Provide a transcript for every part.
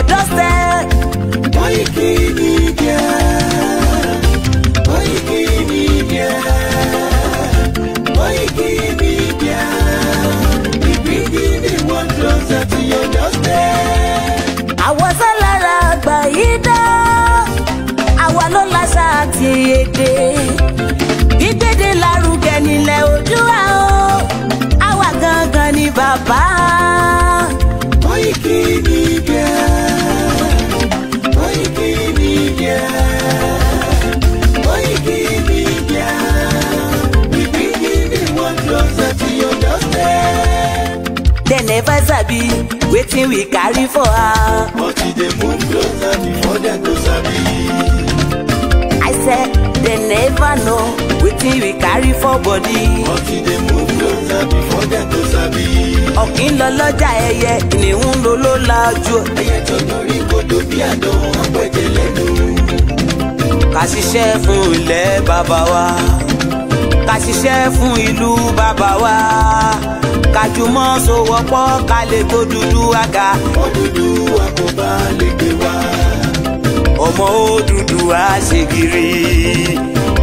your doorstep. adviser be wetin we carry for her. but she dey move closer before dem go sabi. i said dem never know wetin we carry for body. but she dey move closer before dem go sabi. ọ̀kìn lọ lọ́jà ẹyẹ ìníhùn ló ló la ojú. ẹyẹ tó lórí kodò bí àdán ọ̀pẹ̀jẹ̀ lẹ́nu. ká fún ilẹ̀ bàbá wa ká fún ìlú bàbá wa kájùmọ́ sowọ́pọ̀ ká lè kó dúdú dudu ó dúdú àkóbá lè gbé wá. ọmọ ó dúdú á ṣe gírí.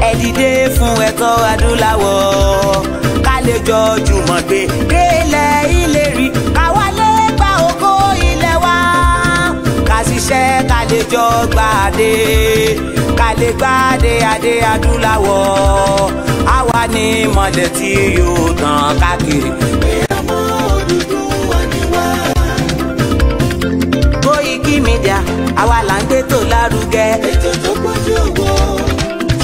ẹ dìde fún ẹ̀tọ́ adúláwọ̀ ká lè jọ jùmọ̀ gbé délẹ̀ ìlérí káwá lè gba ògo ilẹ̀ wa. ká ṣiṣẹ́ jọ gbàdé ká gbàdé adé adúláwọ̀ àwa ni mọ̀lẹ́ tí yóò tàn káàkiri.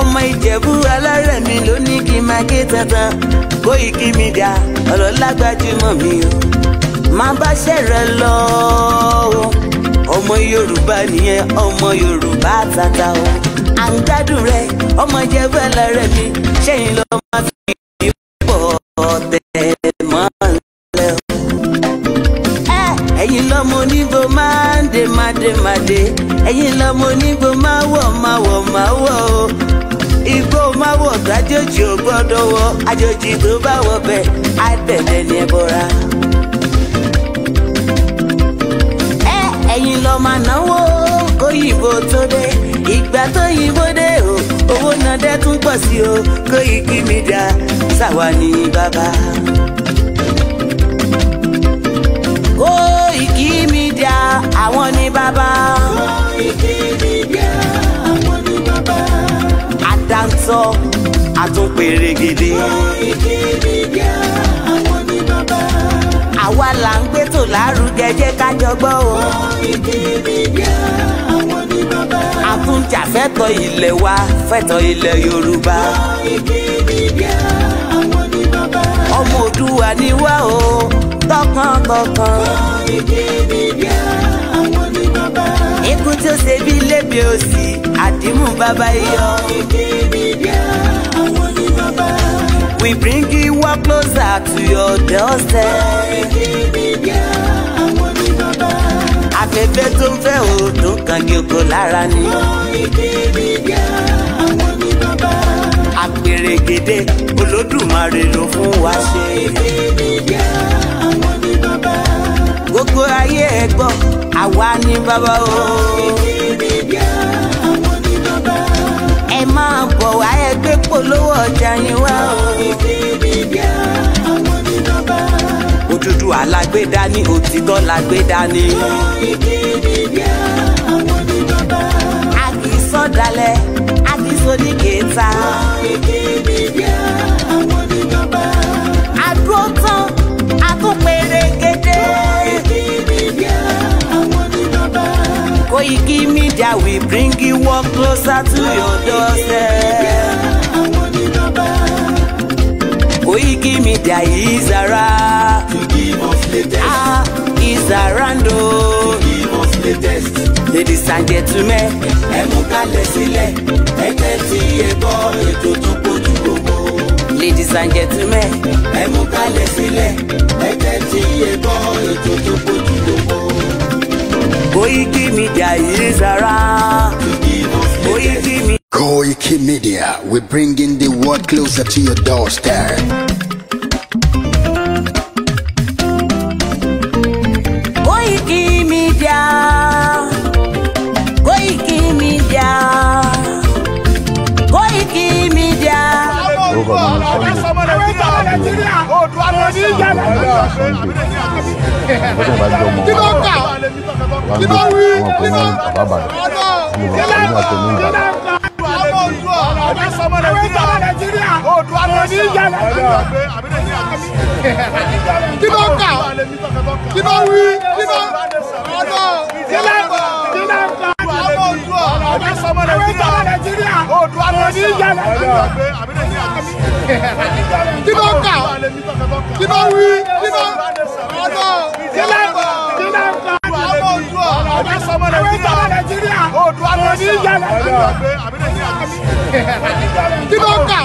ọmọ ìjẹ̀bú alárẹ̀mí ló ní kí n máa ké tantan Koiki Media ọ̀rọ̀ lágbájúmọ̀ mi o máa bá ṣẹ̀rẹ̀ lọ ọmọ yorùbá nìyẹn ọmọ yorùbá tata o à ń gbádùn rẹ ọmọ ìjẹ̀bú alárẹ̀mí ṣẹ́yìn lọ́mọ. àjòjì ò gbọ́dọ̀ wọ àjòjì tó bá wọ bẹ́ẹ̀ á tẹ̀lé ní ẹbọra. ẹ ẹ̀yin lọ máa náwó kóyìnbó tó dé ìgbà tó yìnbó dé o owó náà dẹ́kun pọ̀ sí o kóyì kí mi dá sáwa ní bàbá. kóyì kí mi dá àwọn ní bàbá. kóyì kí mi dá àwọn ní bàbá. àdáńtọ́ àtúnpèrè gidi. ìkíríga àwọn ní bàbá. àwa là ń gbẹ́tò lárugẹ jẹ́ ká jọgbọ́ o. ìkíríga àwọn ní bàbá. àtúnjà fẹ́tọ̀ ilẹ̀ wa fẹ́tọ̀ ilẹ̀ Yorùbá. ìkíríga àwọn ní bàbá. ọmọ Òdùwà ni wá o tọkàntọkàn. ìkíríga àwọn ní bàbá. ikú tó ṣe bí lẹ́bi òsì àdìmú bàbá yọ. ìkíríga. We bring you up closer to your doorstep. I Afẹ́fẹ́ tó ń fẹ́ o tó kàn kí oko lára ni. Àpèrè gèdè Olódùmarè ló fún wa ṣe. Gbogbo ayé ẹ gbọ́, àwa ni bàbá o ẹ máa bọ̀ wá ẹ gbé polówó ọjà yín wá o. òdúdú alágbèdá ní òtítọ́ lágbèdá ní. a kì í sọ̀dálẹ̀ a kì í sódì kẹta. a dúró tán. Oh, give me that we bring you walk closer to your doorstep. Koiki oh, Media is around. To give us the test. Ah, is around. To Ladies and gentlemen, ẹ mú kalẹ̀ sílẹ̀, ẹ tẹ́tí Ladies and gentlemen, ẹ mú kalẹ̀ sílẹ̀, ẹ tẹ́tí ẹ gbọ́ ètò tó kojú gbogbo. Koiki Media is around. Koiki Media. we're bringing the world closer to your doorstep. Koiki Media. Koiki ó sì bá jọ mọ àwọn àgbà wà ní àwọn kò ní àbábà rẹ ní ìgbà tó ní ìgbà rẹ. Kí ló kà? Kí ló wí? Kí ló ọ̀dọ̀? Kí ló kà? Kí ló kà? ọ̀dà sọmọ nàìjíríà oòdùà nàìjíríà kí ló wí kí ló ọ̀nà kílẹ̀ kílẹ̀ ọmọ Oòduà ọmọ sọmọ Nàìjíríà Oòduà lọ sí ọ kí ló kà.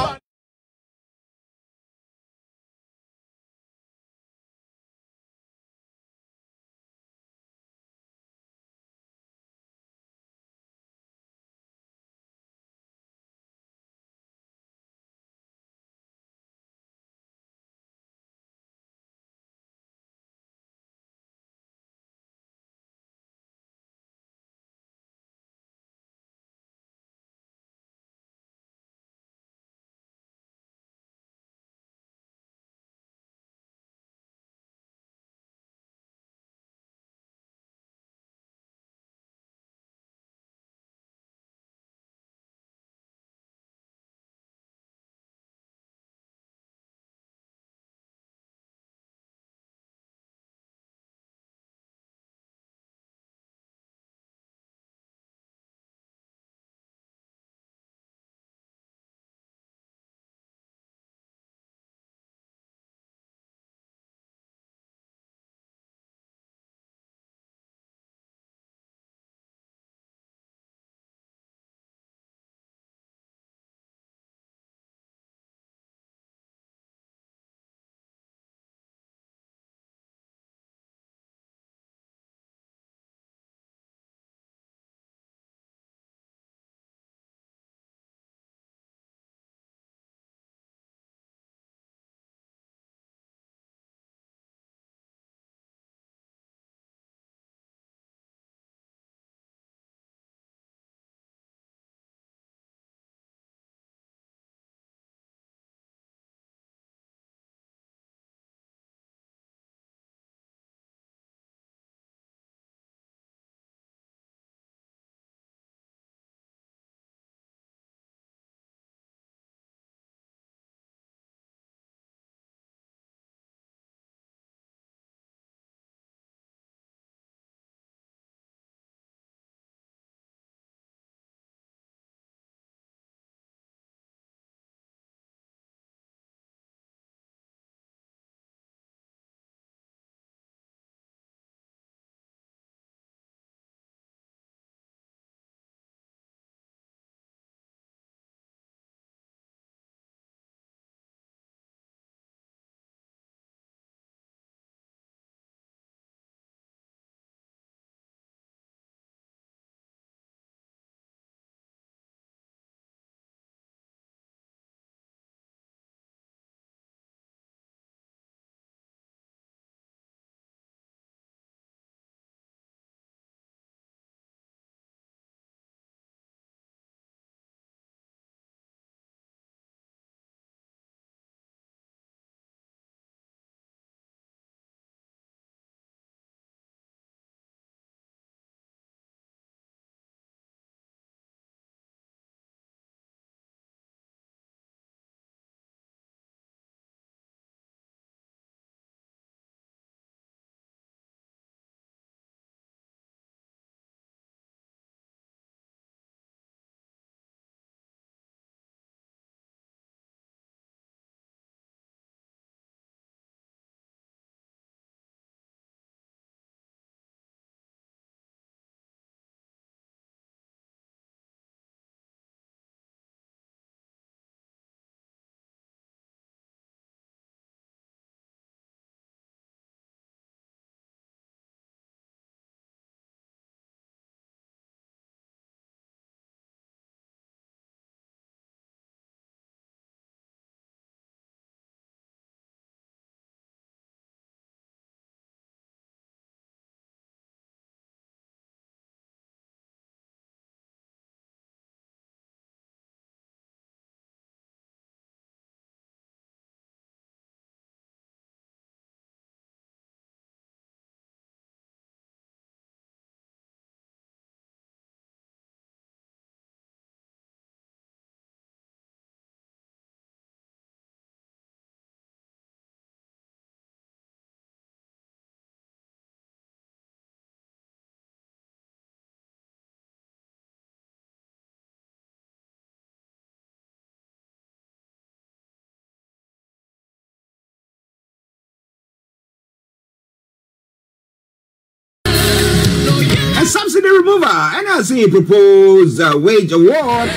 subsidy removal, NRC proposed uh, a wage award.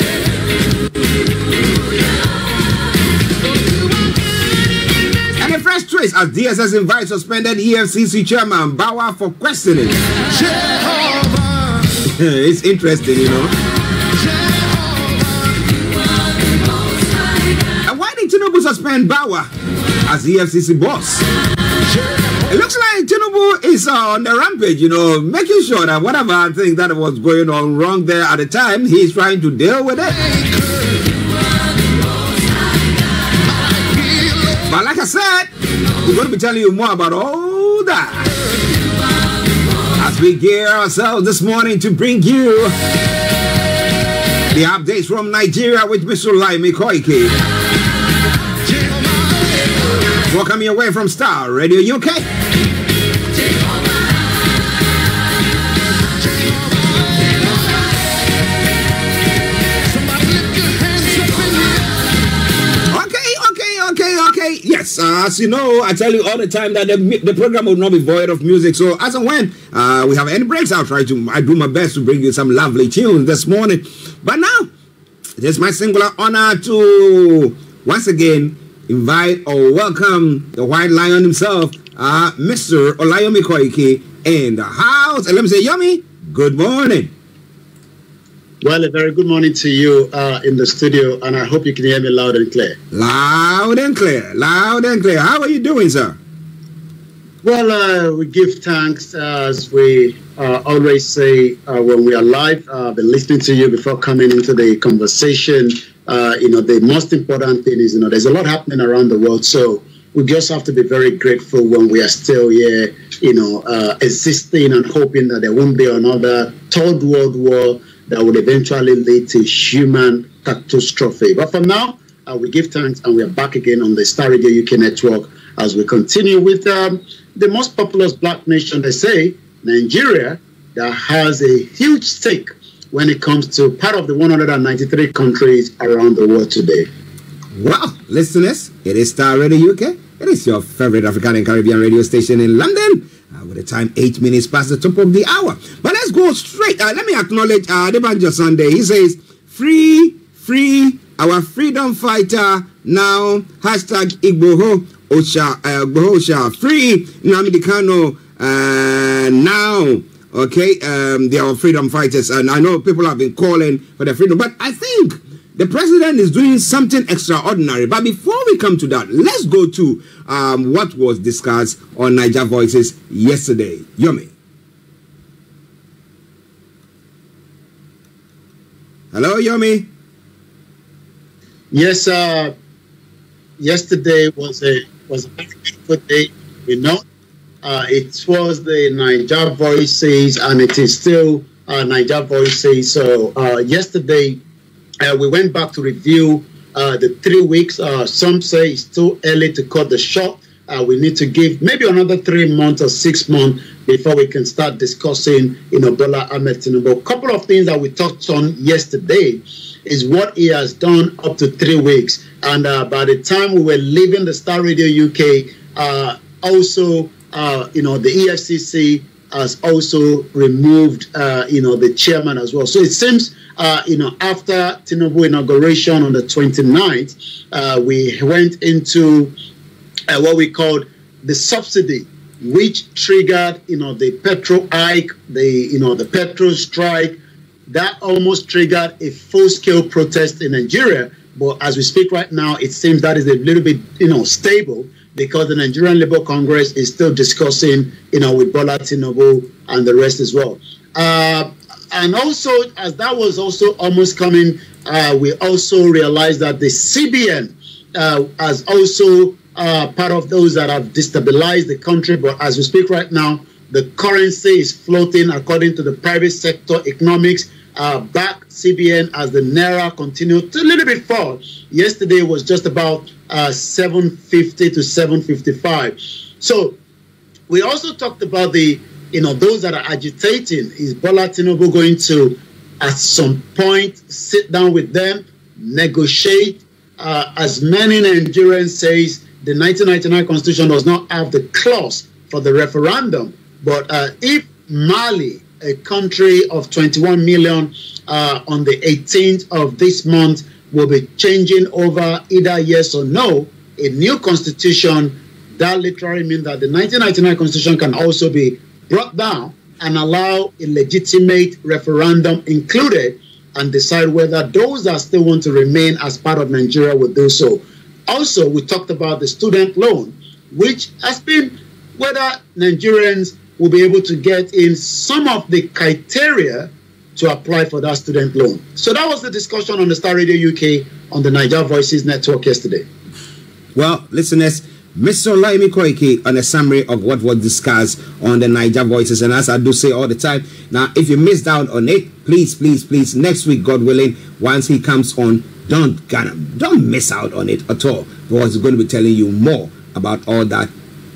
And the fresh twist as DSS invites suspended EFCC chairman Bauer for questioning. it's interesting, you know. And why did Tinubu suspend Bauer as EFCC boss? It looks like is on the rampage, you know, making sure that whatever thing that was going on wrong there at the time, he's trying to deal with it. But like I said, we're going to be telling you more about all that as we gear ourselves this morning to bring you the updates from Nigeria with Mr. Laimi Koike. Welcome your way from Star Radio UK. as you know, I tell you all the time that the, the program will not be void of music. So as and when uh, we have any breaks, I'll try to, I do my best to bring you some lovely tunes this morning. But now, it is my singular honor to once again invite or welcome the white lion himself, uh, Mr. Olayomi Koike in the house. And let me say, Yummy, good morning. Well, a very good morning to you uh, in the studio, and I hope you can hear me loud and clear. Loud and clear, loud and clear. How are you doing, sir? Well, uh, we give thanks uh, as we uh, always say uh, when we are live. Uh, I've been listening to you before coming into the conversation. you know, the most important thing is, you know, there's a lot happening around the world. So we just have to be very grateful when we are still here, you know, existing and hoping that there won't be another third world war that would eventually lead to human catastrophe. But for now, uh, we give thanks and we are back again on the Star Radio UK network as we continue with um, the most populous black nation, they say, Nigeria, that has a huge stake when it comes to part of the 193 countries around the world today. Well, listeners, it is Star Radio UK. It is your favorite African and Caribbean radio station in London. By the time eight minutes past the top of the hour. But let's go straight. Uh, let me acknowledge uh, Devanja Sunday. He says, free, free, our freedom fighter now. Hashtag Igboho Osha, uh, Igboho Osha. Free Namdi Kano uh, now. Okay, um, they are freedom fighters. And I know people have been calling for their freedom. But I think the president is doing something extraordinary. But before we come to that, let's go to um, what was discussed on Niger Voices yesterday. Yomi. Hello, Yomi. Yes, uh, yesterday was a was a very beautiful day. You know, uh, it was the Niger Voices, and it is still uh, Niger Voices. So uh, yesterday Uh, we went back to review uh, the three weeks. Uh, some say it's too early to cut the shot. Uh, we need to give maybe another three months or six months before we can start discussing, you know, Bola Ahmed Tinubu. A couple of things that we touched on yesterday is what he has done up to three weeks. And uh, by the time we were leaving the Star Radio UK, uh, also, you know, the EFCC has also removed, uh, you know, the chairman as well. So it seems, uh, you know, after Tinubu inauguration on the 29th, uh, we went into uh, what we called the subsidy, which triggered, you know, the petrol hike, the, you know, the petrol strike. That almost triggered a full-scale protest in Nigeria. But as we speak right now, it seems that is a little bit, you know, stable. because the Nigerian Labour Congress is still discussing, you know, with Bola Tinubu and the rest as well. Uh, and also, as that was also almost coming, uh, we also realized that the CBN uh, as also uh, part of those that have destabilized the country. But as we speak right now, the currency is floating according to the private sector economics. Uh, back CBN as the Naira continued to a little bit fall. Yesterday was just about uh, 750 to 755. So we also talked about the, you know, those that are agitating. Is Bola Tinubu going to, at some point, sit down with them, negotiate? Uh, as many Nigerians says, the 1999 Constitution does not have the clause for the referendum. But uh, if Mali, a country of 21 million, uh, on the 18th of this month, will be changing over either yes or no, a new constitution, that literally means that the 1999 constitution can also be brought down and allow a legitimate referendum included and decide whether those that still want to remain as part of Nigeria will do so. Also, we talked about the student loan, which has been whether Nigerians will be able to get in some of the criteria to apply for that student loan. So that was the discussion on the Star Radio UK on the Niger Voices Network yesterday. Well, listeners, Mr. Olaimi Koike on a summary of what was discussed on the Niger Voices. And as I do say all the time, now if you missed out on it, please, please, please, next week, God willing, once he comes on, don't gonna, don't miss out on it at all. Because he's going to be telling you more about all that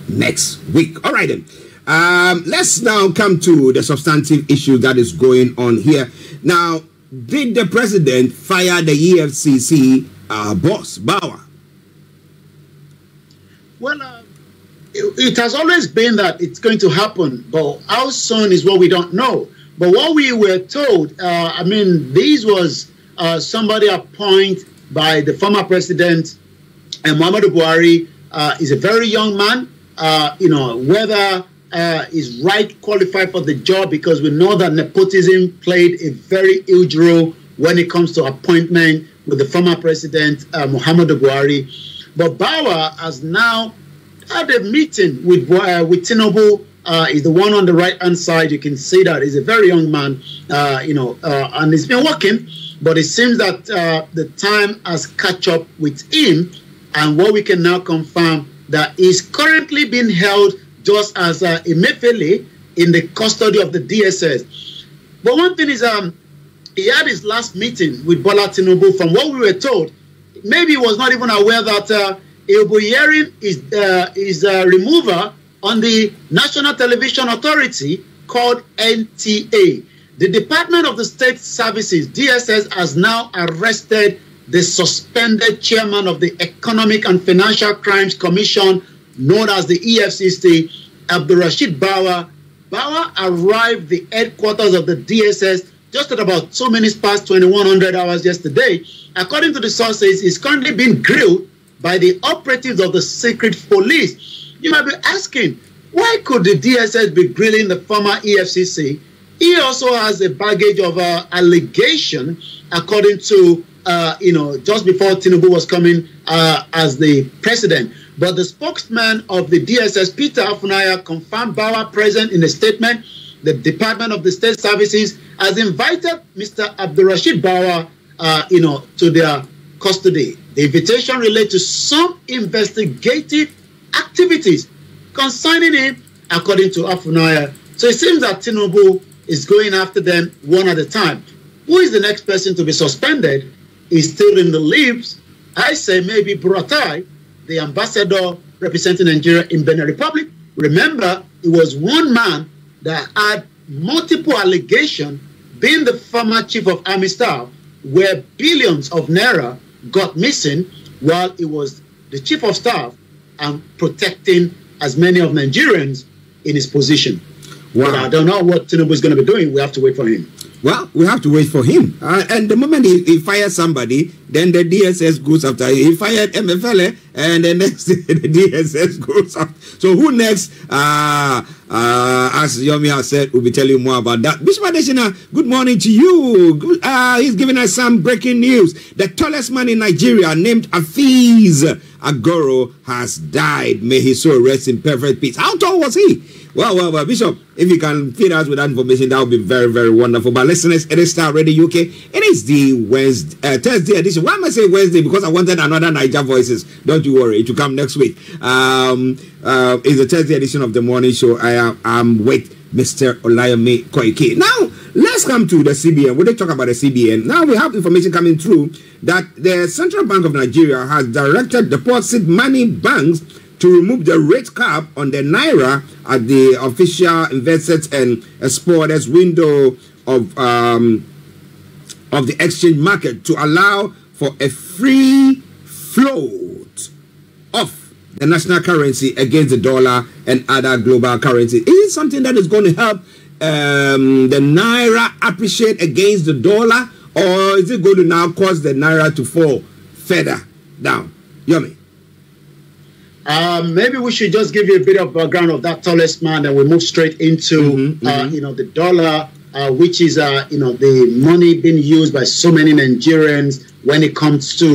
next week. All right then. Um, let's now come to the substantive issue that is going on here. Now, did the president fire the EFCC uh, boss, Bauer? Well, uh, it, it has always been that it's going to happen, but how soon is what we don't know. But what we were told, uh, I mean, this was uh, somebody appointed by the former president, and uh, Muhammadu Buhari uh, is a very young man. Uh, you know, whether uh, is right qualified for the job because we know that nepotism played a very huge role when it comes to appointment with the former president uh, Muhammadu Buhari. But Bauer has now had a meeting with uh, with Tinubu. Uh, he's the one on the right hand side. You can see that he's a very young man, uh, you know, uh, and he's been working. But it seems that uh, the time has catch up with him, and what we can now confirm that he's currently being held just as uh, Emefele in the custody of the DSS. But one thing is, um, he had his last meeting with Bola Tinubu. From what we were told, maybe he was not even aware that uh, he'll be his, uh, his uh, remover on the National Television Authority called NTA. The Department of the State Services, DSS, has now arrested the suspended chairman of the Economic and Financial Crimes Commission known as the EFCC, Abdurrashid Bawa. Bawa arrived the headquarters of the DSS just at about two minutes past 2100 hours yesterday. According to the sources, he's currently being grilled by the operatives of the secret police. You might be asking, why could the DSS be grilling the former EFCC? He also has a baggage of uh, allegation, according to, uh, you know, just before Tinubu was coming uh, as the president. But the spokesman of the DSS, Peter Afunaya, confirmed Bauer present in a statement. The Department of the State Services has invited Mr. Abdurrashid Bauer, uh, you know, to their custody. The invitation relates to some investigative activities concerning him, according to Afunaya. So it seems that Tinubu is going after them one at a time. Who is the next person to be suspended? Is still in the leaves. I say maybe Buratai, the ambassador representing Nigeria in Benin Republic. Remember, it was one man that had multiple allegations, being the former chief of army staff, where billions of naira got missing while he was the chief of staff and protecting as many of Nigerians in his position. Wow. But I don't know what Tinubu is going to be doing. We have to wait for him. Well, we have to wait for him. Uh, and the moment he, he, fires somebody, then the DSS goes after. him. He fired MFLA, and the next day the DSS goes up. So who next? Uh, uh, as Yomi has said, we'll be telling you more about that. Bishop Adesina, good morning to you. Uh, he's giving us some breaking news. The tallest man in Nigeria, named Afiz Agoro, has died. May his soul rest in perfect peace. How tall was he? Well, well, well, Bishop, if you can feed us with that information, that would be very, very wonderful. But listeners, it is Star Radio UK. It is the Wednesday, uh, Thursday edition. Why am I saying Wednesday? Because I wanted another Niger Voices. Don't you? you worry. It will come next week. Um, uh, it's the Thursday edition of the morning show. I am I'm with Mr. Olayemi Koike. Now, let's come to the CBN. We did talk about the CBN. Now, we have information coming through that the Central Bank of Nigeria has directed deposit money banks to remove the rate cap on the Naira at the official investors and exporters window of, um, of the exchange market to allow for a free flow of the national currency against the dollar and other global currencies. Is it something that is going to help um, the naira appreciate against the dollar, or is it going to now cause the naira to fall further down? Yummy. Um, maybe we should just give you a bit of background of that tallest man, and we move straight into mm -hmm, uh, mm -hmm. you know the dollar, uh, which is uh, you know the money being used by so many Nigerians when it comes to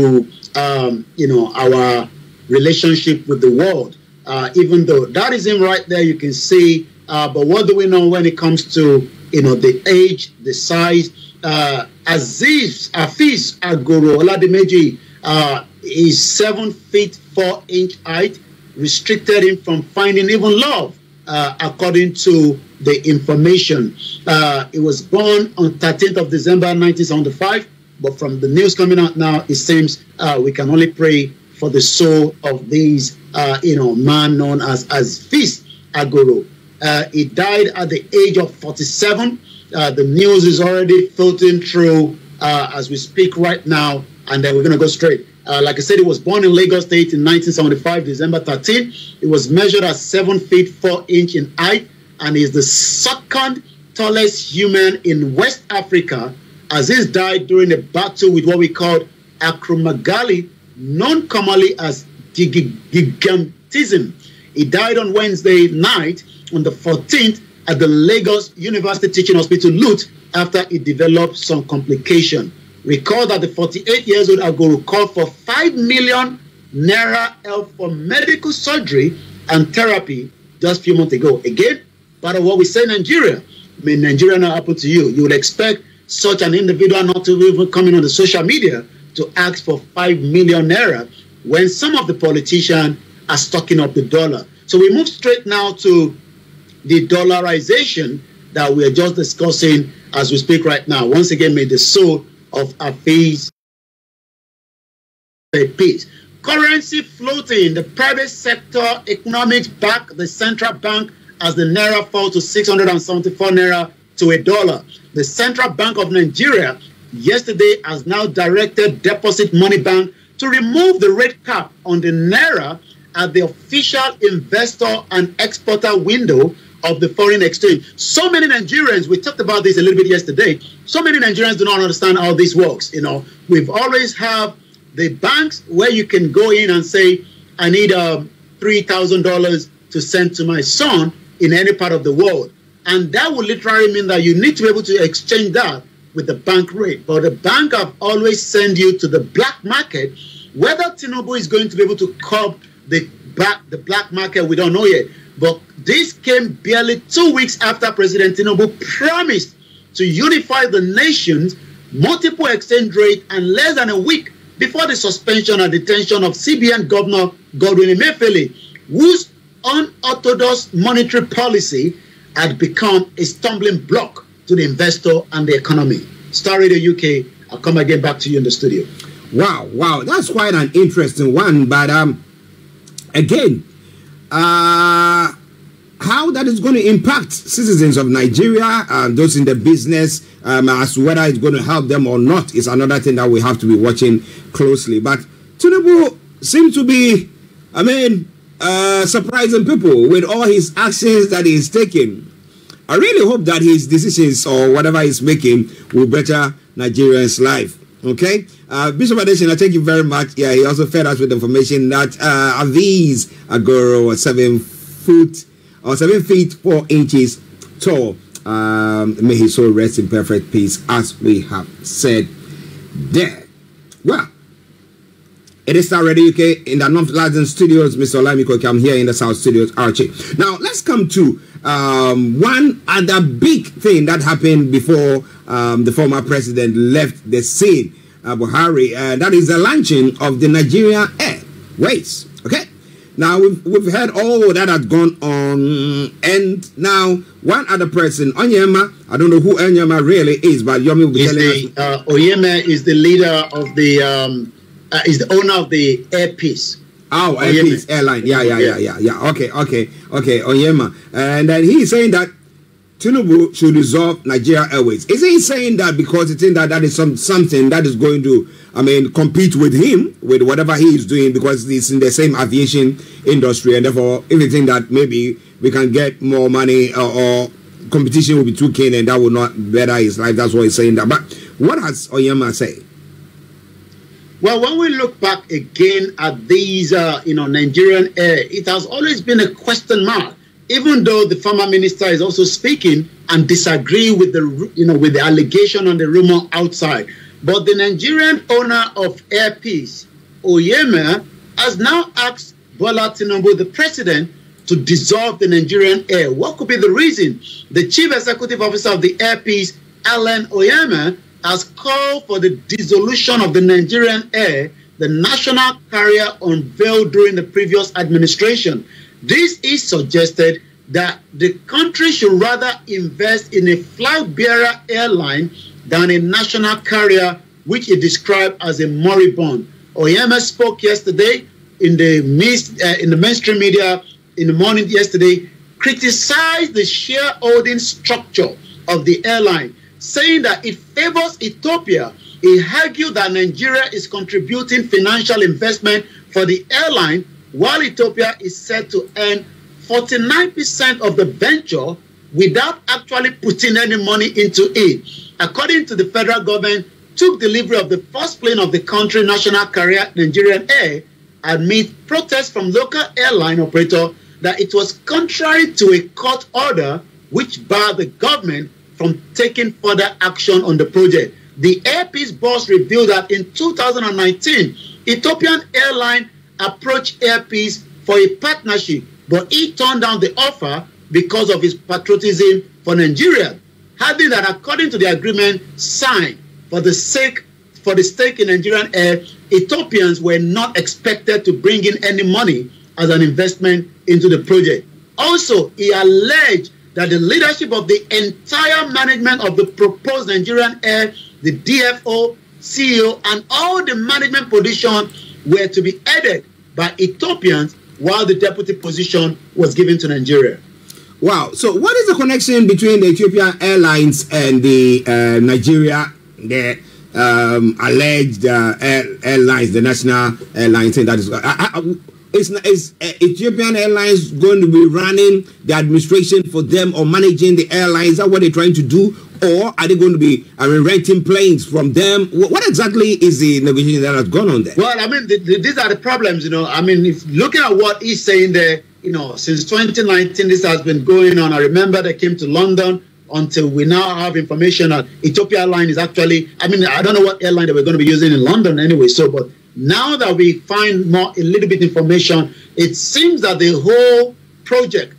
um, you know our relationship with the world. Uh, even though that is in right there, you can see. Uh, but what do we know when it comes to you know the age, the size? Uh, Aziz Afiz Agoro Oladimeji uh, is seven feet four inch height, restricted him from finding even love, uh, according to the information. Uh, he was born on 13th of December 1975, but from the news coming out now, it seems uh, we can only pray for the soul of these, uh, you know, man known as as Aziz Agoro. Uh, he died at the age of 47. Uh, the news is already filtering through uh, as we speak right now, and then we're gonna go straight. Uh, like I said, he was born in Lagos State in 1975, December 13. He was measured at seven feet four inch in height, and is the second tallest human in West Africa. As he died during a battle with what we called acromegaly, known commonly as gigantism. He died on Wednesday night on the 14th at the Lagos University Teaching Hospital, Lut, after he developed some complication. Recall that the 48 years old Agoro called for 5 million naira help for medical surgery and therapy just a few months ago. Again, part of what we say in Nigeria, may Nigeria not happen to you. You would expect such an individual not to even come in on the social media to ask for five million naira when some of the politicians are stocking up the dollar. So we move straight now to the dollarization that we are just discussing as we speak right now. Once again, may the soul of our a peace. Currency floating, the private sector economics back the central bank as the naira falls to 674 naira to a dollar. The Central Bank of Nigeria yesterday has now directed Deposit Money Bank to remove the red cap on the Naira at the official investor and exporter window of the foreign exchange. So many Nigerians, we talked about this a little bit yesterday, so many Nigerians do not understand how this works. You know, we've always have the banks where you can go in and say, I need um, $3,000 to send to my son in any part of the world. And that would literally mean that you need to be able to exchange that with the bank rate. But the bank have always sent you to the black market. Whether Tinubu is going to be able to curb the back, the black market, we don't know yet. But this came barely two weeks after President Tinubu promised to unify the nation's multiple exchange rate and less than a week before the suspension and detention of CBN Governor Godwin Emefiele, whose unorthodox monetary policy had become a stumbling block to the investor and the economy. Star Radio UK, I'll come again back to you in the studio. Wow, wow, that's quite an interesting one. But um, again, uh, how that is going to impact citizens of Nigeria, and those in the business, um, as whether it's going to help them or not is another thing that we have to be watching closely. But Tinubu seems to be, I mean, uh, surprising people with all his actions that he's taking. I really hope that his decisions or whatever he's making will better Nigerians' life. Okay, uh, Bishop Adesina, thank you very much. Yeah, he also fed us with information that uh, Aviz Agoro was seven foot or seven feet four inches tall. Um, may his soul rest in perfect peace, as we have said there. Well, it is now ready, UK, in the North London studios. Mr. Olamiko, I'm here in the South studios, Archie. Now, let's come to um, one other big thing that happened before um, the former president left the scene, uh, Buhari, uh, that is the launching of the Nigeria Airways. Okay? Now, we've, we've heard all that had gone on, and now one other person, Onyema, I don't know who Onyema really is, but Yomi will be telling the, us. Uh, Oyema is the leader of the, um, uh, is the owner of the Airpeace Oh, Airpeace eh, Airline. Yeah, yeah, yeah, yeah, yeah. Okay, okay, okay. Oyema, and then he is saying that Tinubu should dissolve Nigeria Airways. Is he saying that because he think that that is some something that is going to, I mean, compete with him with whatever he is doing because it's in the same aviation industry and therefore anything that maybe we can get more money or, or competition will be too keen and that will not better his life. That's what he's saying. That, but what has Oyema said? Well, when we look back again at these, uh, you know, Nigerian air, it has always been a question mark. Even though the former minister is also speaking and disagree with the, you know, with the allegation and the rumor outside, but the Nigerian owner of Air Peace, Oyema, has now asked Bola Tinubu, the president, to dissolve the Nigerian air. What could be the reason? The chief executive officer of the Air Peace, Alan Oyema, has called for the dissolution of the Nigerian Air, the national carrier unveiled during the previous administration. This is suggested that the country should rather invest in a flag bearer airline than a national carrier, which it described as a moribund. Oyema spoke yesterday in the, uh, in the mainstream media in the morning yesterday, criticized the shareholding structure of the airline saying that it favors Ethiopia. He argued that Nigeria is contributing financial investment for the airline, while Ethiopia is set to earn 49% of the venture without actually putting any money into it. According to the federal government, took delivery of the first plane of the country, national carrier Nigerian Air, amid protests from local airline operator that it was contrary to a court order which barred the government from taking further action on the project. The Airpeace boss revealed that in 2019, Ethiopian Airline approached Airpeace for a partnership, but he turned down the offer because of his patriotism for Nigeria, having that according to the agreement signed for the sake for the stake in Nigerian Air, Ethiopians were not expected to bring in any money as an investment into the project. Also, he alleged that the leadership of the entire management of the proposed Nigerian Air, the DFO, CEO, and all the management position were to be headed by Ethiopians while the deputy position was given to Nigeria. Wow. So, what is the connection between the Ethiopian Airlines and the uh, Nigeria, the um, alleged uh, air, airlines, the national airlines that is. I, uh, I, uh, uh, Is, is uh, Ethiopian Airlines going to be running the administration for them or managing the airlines? Is that what they're trying to do? Or are they going to be I mean, renting planes from them? What exactly is the negotiation that has gone on there? Well, I mean, the, the, these are the problems, you know. I mean, if looking at what he's saying there, you know, since 2019, this has been going on. I remember they came to London until we now have information that Ethiopia Line is actually, I mean, I don't know what airline that we're going to be using in London anyway. So, but now that we find more, a little bit information, it seems that the whole project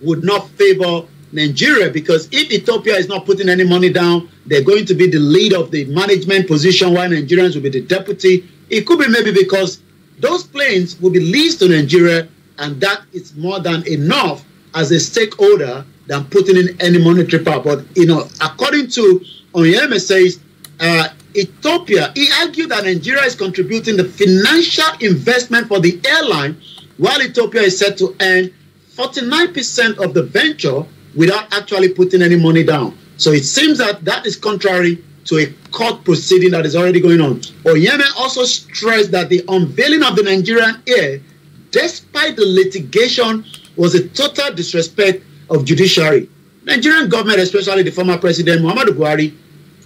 would not favor Nigeria because if Ethiopia is not putting any money down, they're going to be the lead of the management position while Nigerians will be the deputy. It could be maybe because those planes will be leased to Nigeria and that is more than enough as a stakeholder than putting in any monetary power. But, you know, according to Onyeme says, uh, Ethiopia, he argued that Nigeria is contributing the financial investment for the airline, while Ethiopia is set to earn 49% of the venture without actually putting any money down. So it seems that that is contrary to a court proceeding that is already going on. Oyeme also stressed that the unveiling of the Nigerian air, despite the litigation, was a total disrespect of judiciary. Nigerian government, especially the former president Muhammadu Buhari,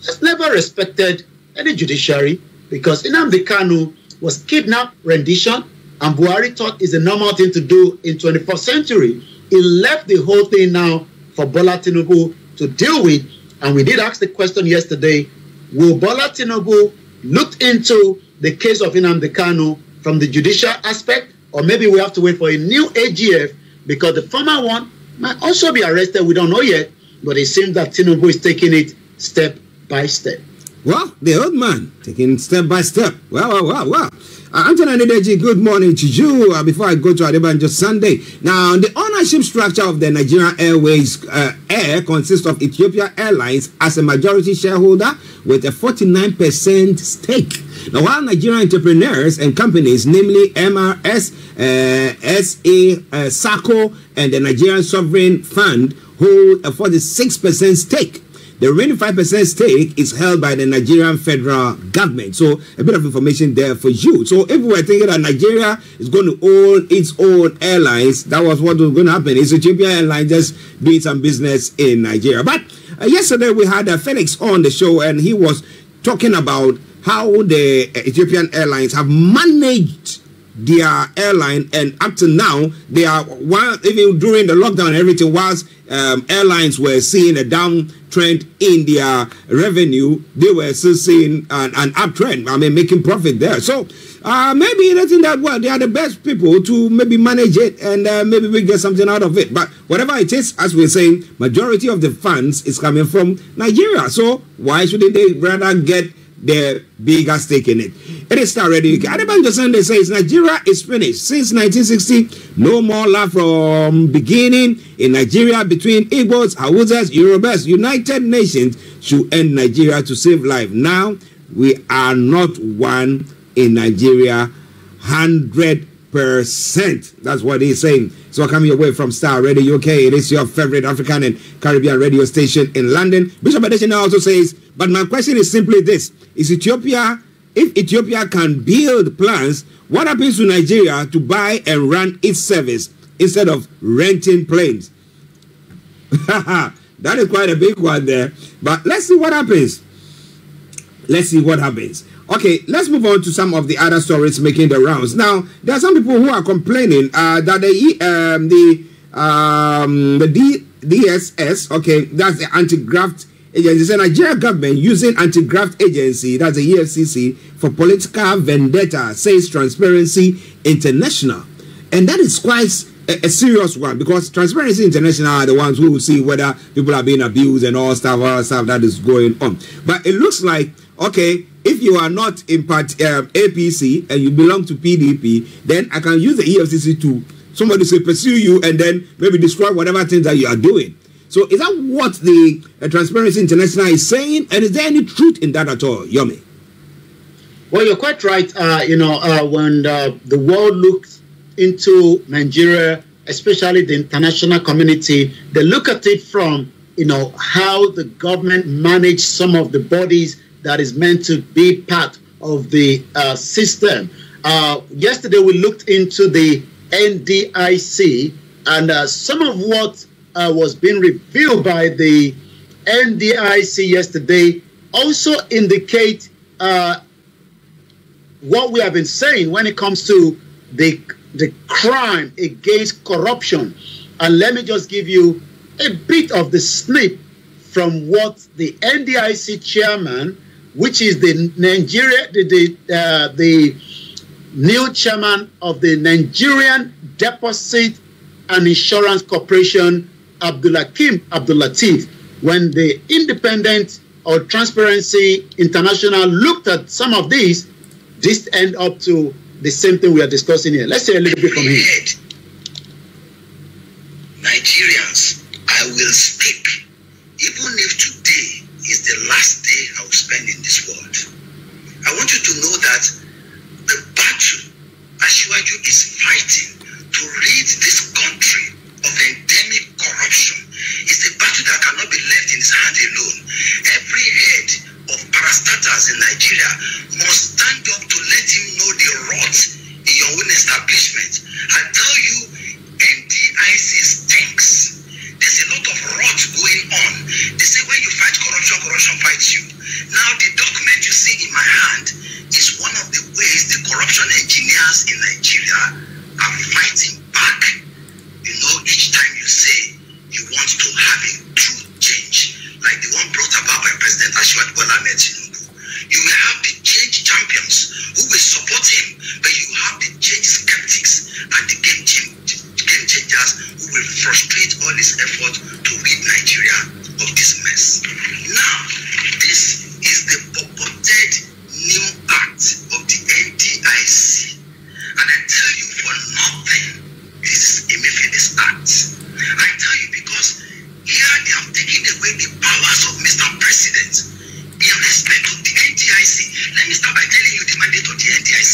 has never respected any judiciary because Inamdi Kanu was kidnapped, rendition, and Buhari thought is a normal thing to do in 21st century. He left the whole thing now for Bola Tinubu to deal with, and we did ask the question yesterday, will Bola Tinubu look into the case of Inamdi Kanu from the judicial aspect, or maybe we have to wait for a new AGF because the former one might also be arrested. We don't know yet, but it seems that Tinubu is taking it step by step. Well, the old man taking step by step. Well, well, well, well. Uh, Anthony Adedeji, good morning to you. Uh, before I go to Adebanjo Sunday, now the ownership structure of the Nigerian Airways uh, Air consists of Ethiopia Airlines as a majority shareholder with a 49% stake. Now, while Nigerian entrepreneurs and companies, namely MRS, uh, SA, uh, SACO, and the Nigerian Sovereign Fund, hold a 46% stake. The remaining 5% stake is held by the Nigerian federal government. So a bit of information there for you. So if we are thinking that Nigeria is going to own its own airlines, that was what was going to happen. It's Ethiopian Airlines just doing some business in Nigeria. But uh, yesterday we had uh, Felix on the show and he was talking about how the uh, Ethiopian Airlines have managed their airline and up to now they are while even during the lockdown and everything was um, airlines were seeing a downtrend in their revenue, they were still seeing an, an uptrend. I mean, making profit there. So uh, maybe in that well. They are the best people to maybe manage it, and uh, maybe we get something out of it. But whatever it is, as we're saying, majority of the funds is coming from Nigeria. So why shouldn't they rather get their bigger stake in it. It is not ready. Adebanjo Sunday says Nigeria is finished. Since 1960, no more love from beginning in Nigeria between Igbos, Hausas, Yorubas. United Nations should end Nigeria to save life. Now, we are not one in Nigeria Hundred percent. That's what he's saying. So coming away from Star Radio UK, it is your favorite African and Caribbean radio station in London. Bishop Adesina also says, But my question is simply this Is Ethiopia, if Ethiopia can build plans, what happens to Nigeria to buy and run its service instead of renting planes? that is quite a big one there. But let's see what happens. Let's see what happens. Okay, let's move on to some of the other stories making the rounds. Now, there are some people who are complaining uh, that the um, the um, the D- DSS, okay, that's the anti-graft agency. The Nigeria government using anti-graft agency, that's the EFCC, for political vendetta, says Transparency International. And that is quite a, a, serious one because Transparency International are the ones who will see whether people are being abused and all stuff, all stuff that is going on. But it looks like, okay, if you are not in part, um, APC and you belong to PDP, then I can use the EFCC to somebody say pursue you and then maybe describe whatever things that you are doing. So is that what the uh, Transparency International is saying? And is there any truth in that at all, Yomi? Well, you're quite right. Uh, you know, uh, when the world looks into Nigeria, especially the international community, they look at it from you know how the government managed some of the bodies that is meant to be part of the uh, system. Uh, yesterday, we looked into the NDIC and uh, some of what uh, was being revealed by the NDIC yesterday also indicate uh, what we have been saying when it comes to the the crime against corruption. And let me just give you a bit of the snip from what the NDIC chairman, which is the Nigeria, the the, uh, the new chairman of the Nigerian Deposit and Insurance Corporation, Abdulakim Abdulatif when the independent or Transparency International looked at some of these, this end up to the same thing we are discussing here. Let's hear a little bit from him. Nigerians, I will speak, even if today is the last day I will spend in this world. I want you to know that the battle Ashiwaju is fighting to rid this country of endemic corruption is a battle that cannot be left in his hand alone. Every head of parastatals in Nigeria must stand up to let him know the rot in your own establishment. I tell you, NDIC stinks. There's a lot of rot going on. They say when you fight corruption, corruption fights you. Now, the document you see in my hand is one of the ways the corruption engineers in Nigeria are fighting back. You know, each time you say you want to have a true change, like the one brought about by President Ashwad Bola Tinubu, you will have the change champions who will support him, but you have the change skeptics and the game, change, game changers who will frustrate all his effort to rid Nigeria of this mess. Now, this is the purported new act of the NDIC, and I tell you for nothing is Emefiele's act. I tell you because here they have taken away the powers of Mr. President in respect to the NDIC. Let me start by telling you the mandate of the NDIC.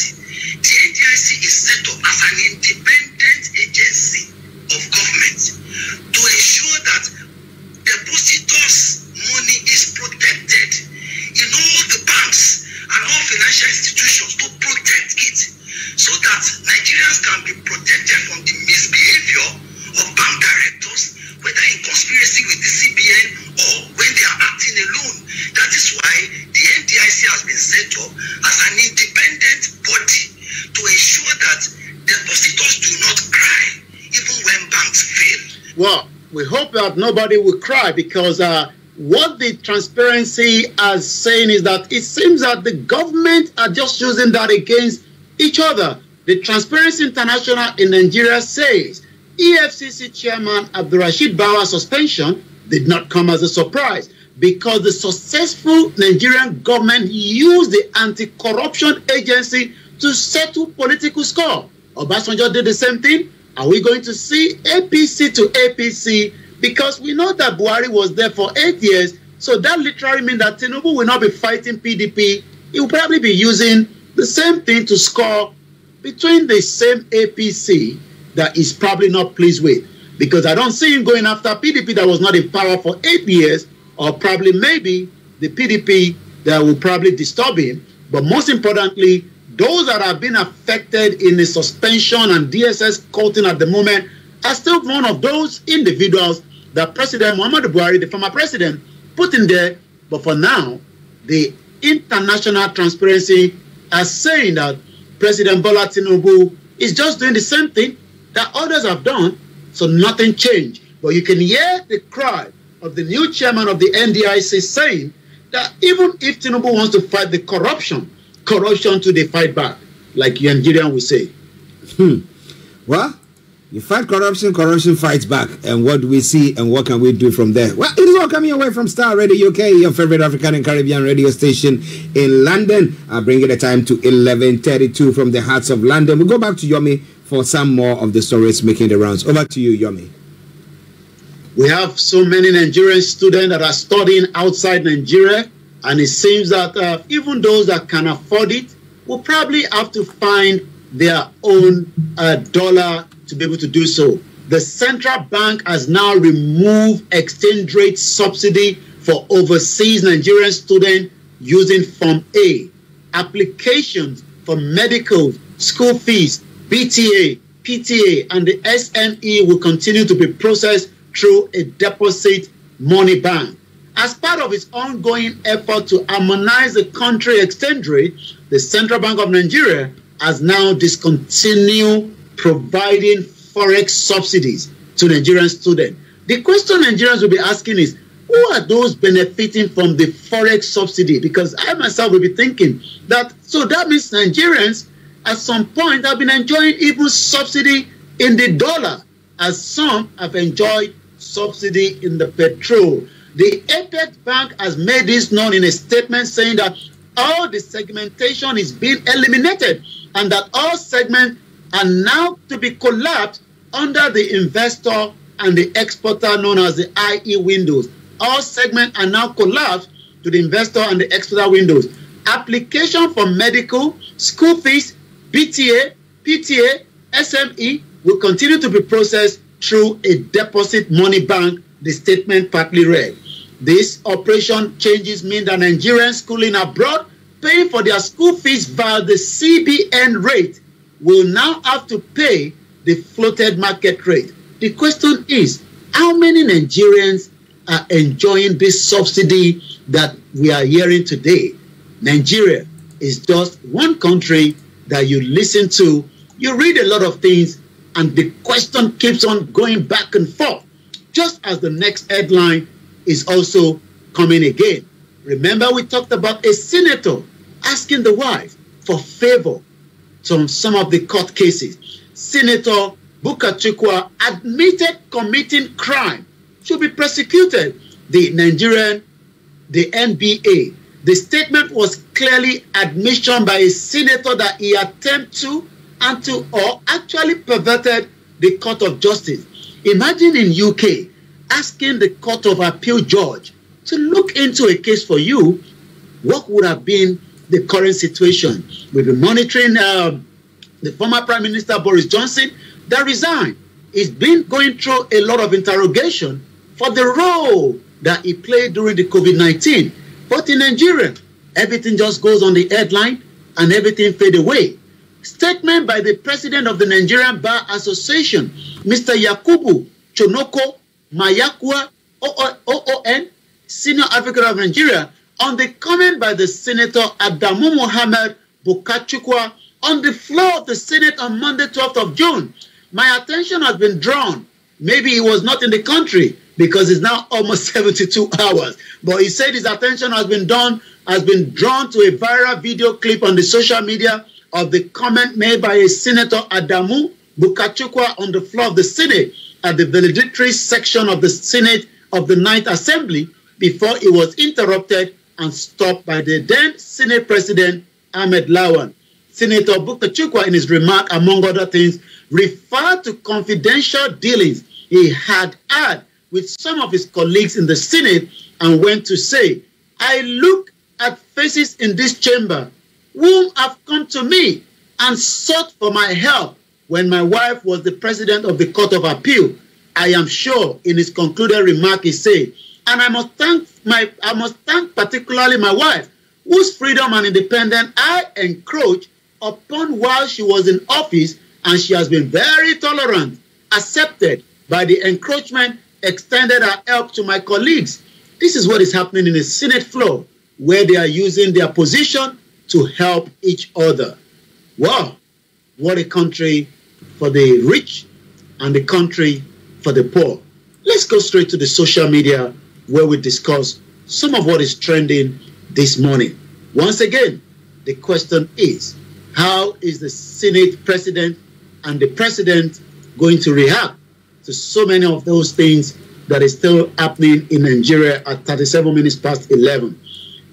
The NDIC is set up as an independent agency of government to ensure that depositors' money is protected In all the banks and all financial institutions to protect it so that Nigerians can be protected from the misbehavior of bank directors whether in conspiracy with the CBN or when they are acting alone. That is why the NDIC has been set up as an independent body to ensure that depositors do not cry even when banks fail. Well, we hope that nobody will cry because uh, what the transparency is saying is that it seems that the government are just using that against each other. The Transparency International in Nigeria says EFCC Chairman Abdurrashid Bawa's suspension did not come as a surprise because the successful Nigerian government used the anti-corruption agency to settle political score. Obasanjo did the same thing. Are we going to see APC to APC Because we know that Buhari was there for eight years, so that literally means that Tinubu will not be fighting PDP. He will probably be using the same thing to score between the same APC that he's probably not pleased with. Because I don't see him going after PDP that was not in power for eight years, or probably maybe the PDP that will probably disturb him. But most importantly, those that have been affected in the suspension and DSS courting at the moment are still one of those individuals that President Muhammad Buhari, the former president, put in there. But for now, the international transparency are saying that President Bola Tinubu is just doing the same thing that others have done, so nothing changed. But you can hear the cry of the new chairman of the NDIC saying that even if Tinubu wants to fight the corruption, corruption to the fight back, like Nigerian would say. Hmm. What? You fight corruption, corruption fights back. And what do we see and what can we do from there? Well, it is all coming away from Star Radio UK, your favorite African and Caribbean radio station in London. I bring it the time to 11.32 from the hearts of London. we we'll go back to Yomi for some more of the stories making the rounds. Over to you, Yomi. We have so many Nigerian students that are studying outside Nigeria. And it seems that uh, even those that can afford it will probably have to find their own uh, dollar to be able to do so. The central bank has now removed exchange rate subsidy for overseas Nigerian students using Form A. Applications for medical, school fees, BTA, PTA, and the SME will continue to be processed through a deposit money bank. As part of its ongoing effort to harmonize the country exchange rate, the Central Bank of Nigeria has now discontinued providing forex subsidies to Nigerian students. The question Nigerians will be asking is, who are those benefiting from the forex subsidy? Because I myself will be thinking that, so that means Nigerians at some point have been enjoying even subsidy in the dollar, as some have enjoyed subsidy in the petrol. The Apex Bank has made this known in a statement saying that all the segmentation is being eliminated and that all segments and now to be collapsed under the investor and the exporter known as the IE windows. All segments are now collapsed to the investor and the exporter windows. Application for medical, school fees, BTA, PTA, SME will continue to be processed through a deposit money bank, the statement partly read. This operation changes mean that Nigerians schooling abroad paying for their school fees via the CBN rate will now have to pay the floated market rate. The question is how many Nigerians are enjoying this subsidy that we are hearing today? Nigeria is just one country that you listen to, you read a lot of things, and the question keeps on going back and forth, just as the next headline is also coming again. Remember, we talked about a senator asking the wife for favor some, some of the court cases. Senator Booker admitted committing crime should be prosecuted. The Nigerian, the NBA, the statement was clearly admission by a senator that he attempted to and to or actually perverted the court of justice. Imagine in UK asking the court of appeal judge to look into a case for you, what would have been the current situation? We've been monitoring uh, the former Prime Minister Boris Johnson that resigned. He's been going through a lot of interrogation for the role that he played during the COVID 19. But in Nigeria, everything just goes on the headline and everything fade away. Statement by the president of the Nigerian Bar Association, Mr. Yakubu Chonoko Mayakwa OON, senior advocate of Nigeria, on the comment by the senator Adamu Mohammed Bukachukwa on the floor of the Senate on Monday, 12th of June. My attention has been drawn. Maybe he was not in the country because it's now almost 72 hours. But he said his attention has been done, has been drawn to a viral video clip on the social media of the comment made by a Senator Adamu Bukachukwa on the floor of the Senate at the valedictory section of the Senate of the Ninth Assembly before it was interrupted and stopped by the then Senate President Ahmed Lawan. Senator Bukka Chikwa, in his remark, among other things, referred to confidential dealings he had had with some of his colleagues in the Senate and went to say, I look at faces in this chamber whom have come to me and sought for my help when my wife was the president of the Court of Appeal. I am sure in his concluded remark he said, and I must thank my I must thank particularly my wife whose freedom and independence I encroached upon while she was in office, and she has been very tolerant, accepted by the encroachment, extended her help to my colleagues. This is what is happening in the Senate floor, where they are using their position to help each other. Wow, what a country for the rich and the country for the poor. Let's go straight to the social media where we discuss some of what is trending this morning. Once again, the question is how is the Senate president and the president going to react to so many of those things that is still happening in Nigeria at 37 minutes past 11?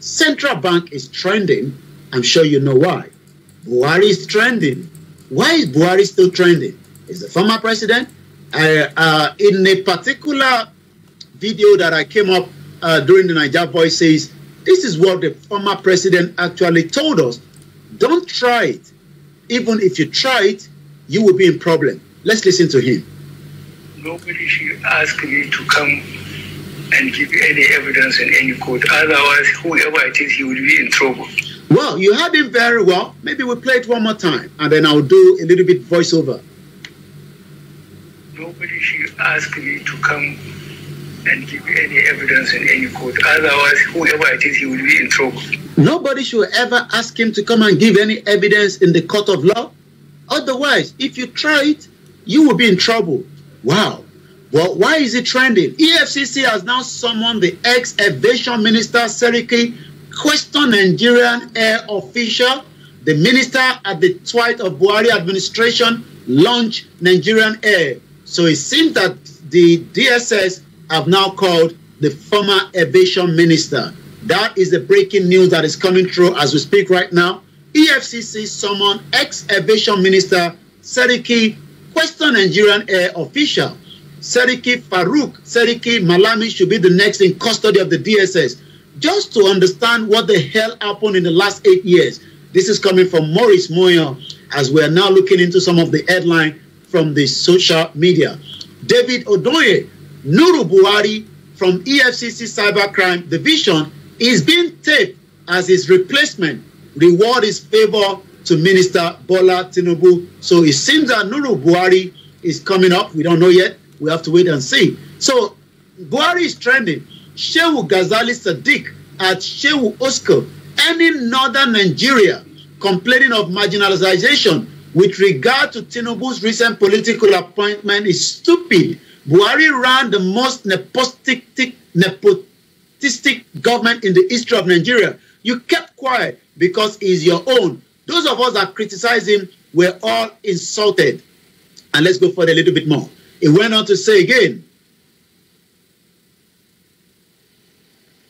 Central bank is trending. I'm sure you know why. Buhari is trending. Why is Buhari still trending? Is the former president? I, uh, in a particular video that I came up uh, during the Niger Voice says This is what the former president actually told us. Don't try it. Even if you try it, you will be in problem. Let's listen to him. Nobody should ask me to come and give any evidence in any court. Otherwise, whoever it is, he will be in trouble. Well, you heard him very well. Maybe we'll play it one more time, and then I'll do a little bit voiceover. Nobody should ask me to come and give any evidence in any court. Otherwise, whoever it is, he will be in trouble. Nobody should ever ask him to come and give any evidence in the court of law. Otherwise, if you try it, you will be in trouble. Wow. Well, why is it trending? EFCC has now summoned the ex aviation minister Seriki, question Nigerian air official. The minister at the twilight of Buhari administration launched Nigerian air. So it seems that the DSS have now called the former aviation minister. That is the breaking news that is coming through as we speak right now. EFCC summoned ex aviation minister Seriki, question Nigerian air official. Seriki Farouk Seriki Malami should be the next in custody of the DSS. Just to understand what the hell happened in the last eight years. This is coming from Maurice Moyo as we are now looking into some of the headline from the social media. David Odoye Nuru Buhari from EFCC Cybercrime Division is being taped as his replacement. Reward is favor to Minister Bola Tinubu. So it seems that Nuru Buhari is coming up. We don't know yet. We have to wait and see. So Buhari is trending. Shehu Ghazali Sadiq at Shehu Osko, any northern Nigeria complaining of marginalization with regard to Tinubu's recent political appointment is stupid Buhari ran the most nepotistic, nepotistic government in the history of Nigeria. You kept quiet because he's your own. Those of us that criticized him were all insulted. And let's go further a little bit more. He went on to say again,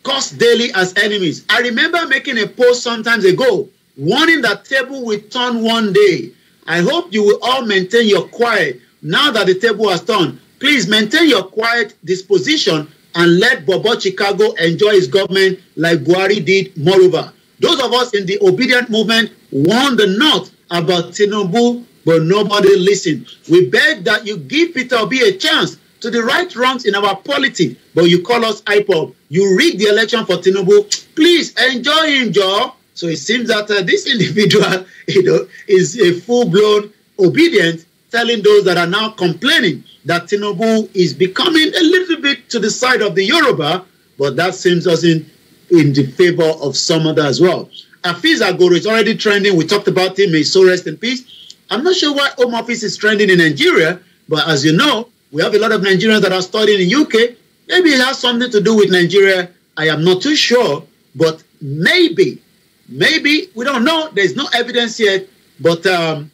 cost daily as enemies. I remember making a post sometimes ago warning that table will turn one day. I hope you will all maintain your quiet now that the table has turned. Please maintain your quiet disposition and let Bobo Chicago enjoy his government like Buhari did. Moreover, those of us in the obedient movement warned the North about Tinubu, but nobody listened. We beg that you give Peter Obi a chance to the right wrongs in our polity, but you call us IPOB. You rigged the election for Tinubu. Please enjoy him, Joe. So it seems that uh, this individual, you know, is a full-blown obedient telling those that are now complaining that Tinubu is becoming a little bit to the side of the Yoruba, but that seems us in, in the favor of some other as well. Afiz Agoro is already trending. We talked about him. May so rest in peace. I'm not sure why Home Office is trending in Nigeria, but as you know, we have a lot of Nigerians that are studying in UK. Maybe it has something to do with Nigeria. I am not too sure, but maybe, maybe we don't know. There's no evidence yet, but um,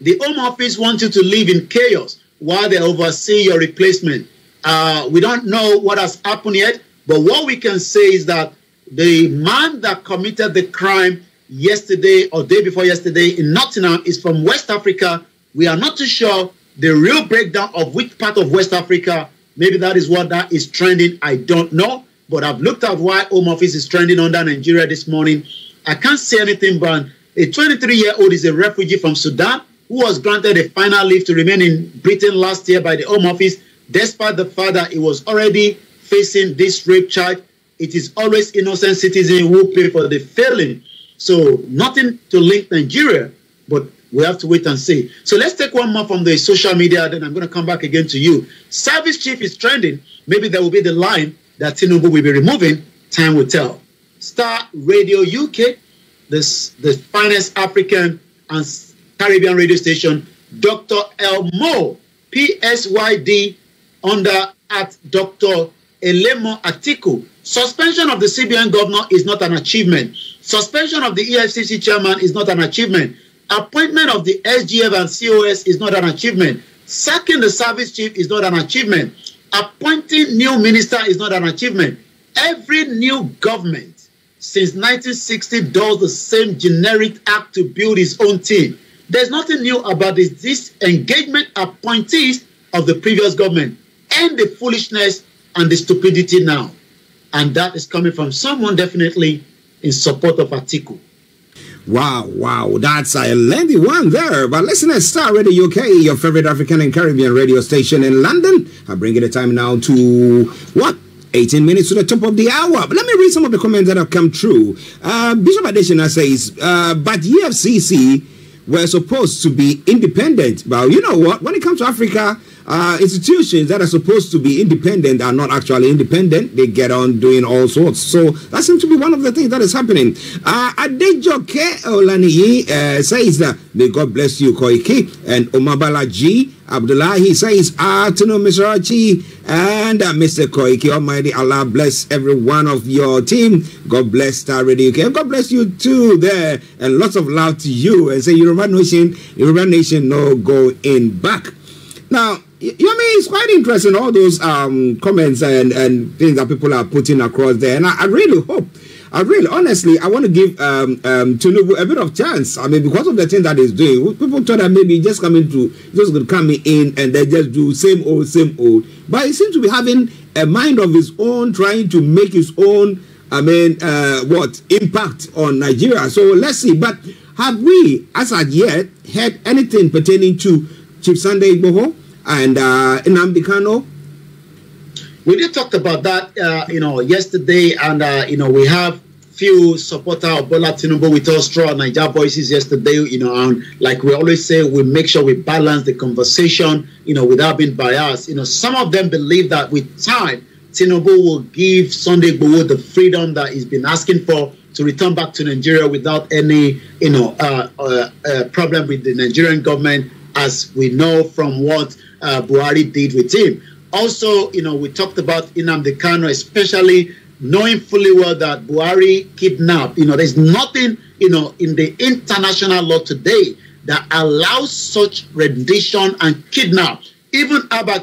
The Home Office wants you to live in chaos while they oversee your replacement. Uh, we don't know what has happened yet, but what we can say is that the man that committed the crime yesterday or day before yesterday in Nottingham is from West Africa. We are not too sure the real breakdown of which part of West Africa. Maybe that is what that is trending. I don't know, but I've looked at why Home Office is trending under Nigeria this morning. I can't say anything, but a 23 year old is a refugee from Sudan who was granted a final leave to remain in Britain last year by the Home Office, despite the fact that he was already facing this rape charge. It is always innocent citizens who pay for the failing. So nothing to link Nigeria, but we have to wait and see. So let's take one more from the social media, then I'm going to come back again to you. Service chief is trending. Maybe that will be the line that Tinubu will be removing. Time will tell. Star Radio UK, this the finest African and Caribbean radio station, Dr. Elmo, PSYD, under at Dr. Elemo Atiku. Suspension of the CBN governor is not an achievement. Suspension of the EFCC chairman is not an achievement. Appointment of the SGF and COS is not an achievement. Sacking the service chief is not an achievement. Appointing new minister is not an achievement. Every new government since 1960 does the same generic act to build his own team. There's nothing new about this disengagement appointees of the previous government and the foolishness and the stupidity now. And that is coming from someone definitely in support of Atiku. Wow, wow, that's a lengthy one there. But listeners, at Star Radio UK, your favorite African and Caribbean radio station in London. I bring it a time now to what? 18 minutes to the top of the hour. But let me read some of the comments that have come through. Uh, Bishop Adeshina says, uh, but EFCC were supposed to be independent. But you know what? When it comes to Africa, uh, institutions that are supposed to be independent are not actually independent. They get on doing all sorts. So that seems to be one of the things that is happening. Uh, Adejoke Olaniyi uh, says that may God bless you, Koiki and Omabala G. Abdullahi says, Afternoon, Mr. Archie and uh, Mr. Koike. Almighty Allah bless every one of your team. God bless Star Radio UK. God bless you too there. And lots of love to you. And say, Yoruba Nation, Yoruba Nation, no going back. Now, you know, I it's quite interesting all those um, comments and, and things that people are putting across there. And I, I really hope I really, honestly, I want to give um, um, Tinubu a bit of chance. I mean, because of the thing that he's doing, people thought that maybe just coming to, just going to come in and they just do same old, same old. But he seems to be having a mind of his own, trying to make his own, I mean, uh, what, impact on Nigeria. So let's see. But have we, as at yet, had anything pertaining to Chief Sunday Igboho and uh, Nnamdi Kano? We did talk about that, uh, you know, yesterday, and uh, you know, we have few supporter of Bola Tinubu with us through our Niger voices yesterday, you know, and like we always say, we make sure we balance the conversation, you know, without being biased. You know, some of them believe that with time, Tinubu will give Sunday Igboho the freedom that he's been asking for to return back to Nigeria without any, you know, uh, uh, uh, problem with the Nigerian government, as we know from what uh, Buhari did with him. Also, you know, we talked about Inam Kano, especially knowing fully well that Buhari kidnapped, you know, there's nothing, you know, in the international law today that allows such rendition and kidnap. Even Abba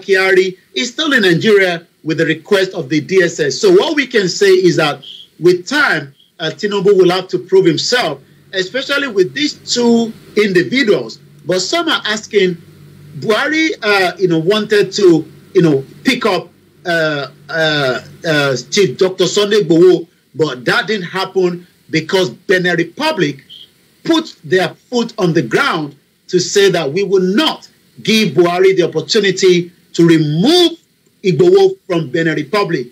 is still in Nigeria with the request of the DSS. So what we can say is that with time, uh, Tinubu will have to prove himself, especially with these two individuals. But some are asking, Buhari, uh, you know, wanted to, you know, pick up Uh, uh, uh, Chief Dr. Sunday Bowo, but that didn't happen because Benin Republic put their foot on the ground to say that we will not give Buhari the opportunity to remove Igbowo from Benin Republic.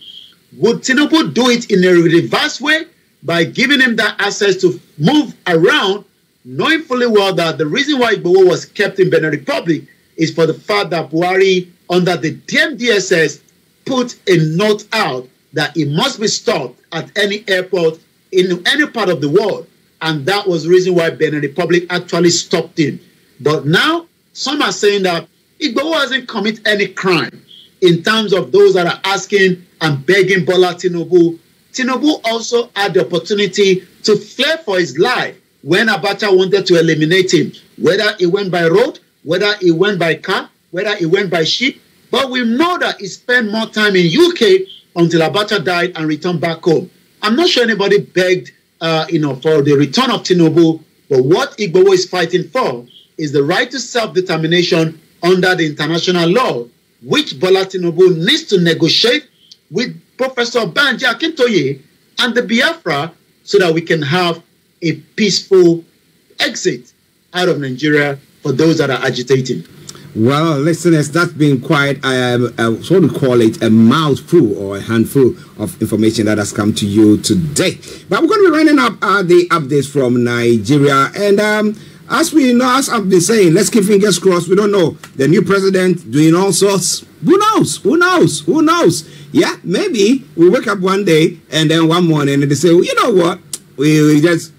Would Tinubu do it in a reverse way by giving him that access to move around, knowing fully well that the reason why Igbowo was kept in Benin Republic is for the fact that Buhari, under the DMDSS, put a note out that it must be stopped at any airport in any part of the world. And that was the reason why Benin Republic actually stopped him. But now some are saying that Igbo hasn't committed any crime in terms of those that are asking and begging Bola Tinubu. Tinubu also had the opportunity to flare for his life when Abacha wanted to eliminate him, whether he went by road, whether he went by car, whether he went by ship, But we know that he spent more time in UK until Abacha died and returned back home. I'm not sure anybody begged, uh, you know, for the return of Tinubu. But what Igbowo is fighting for is the right to self-determination under the international law, which Bola Tinubu needs to negotiate with Professor Banji Akintoye and the Biafra so that we can have a peaceful exit out of Nigeria for those that are agitating. Well, listeners, that's been quite, I am. Um, uh, what do you call it, a mouthful or a handful of information that has come to you today. But we're going to be running up uh, the updates from Nigeria. And um, as we know, as I've been saying, let's keep fingers crossed. We don't know. The new president doing all sorts. Who knows? Who knows? Who knows? Yeah, maybe we wake up one day and then one morning and they say, well, you know what? We, we just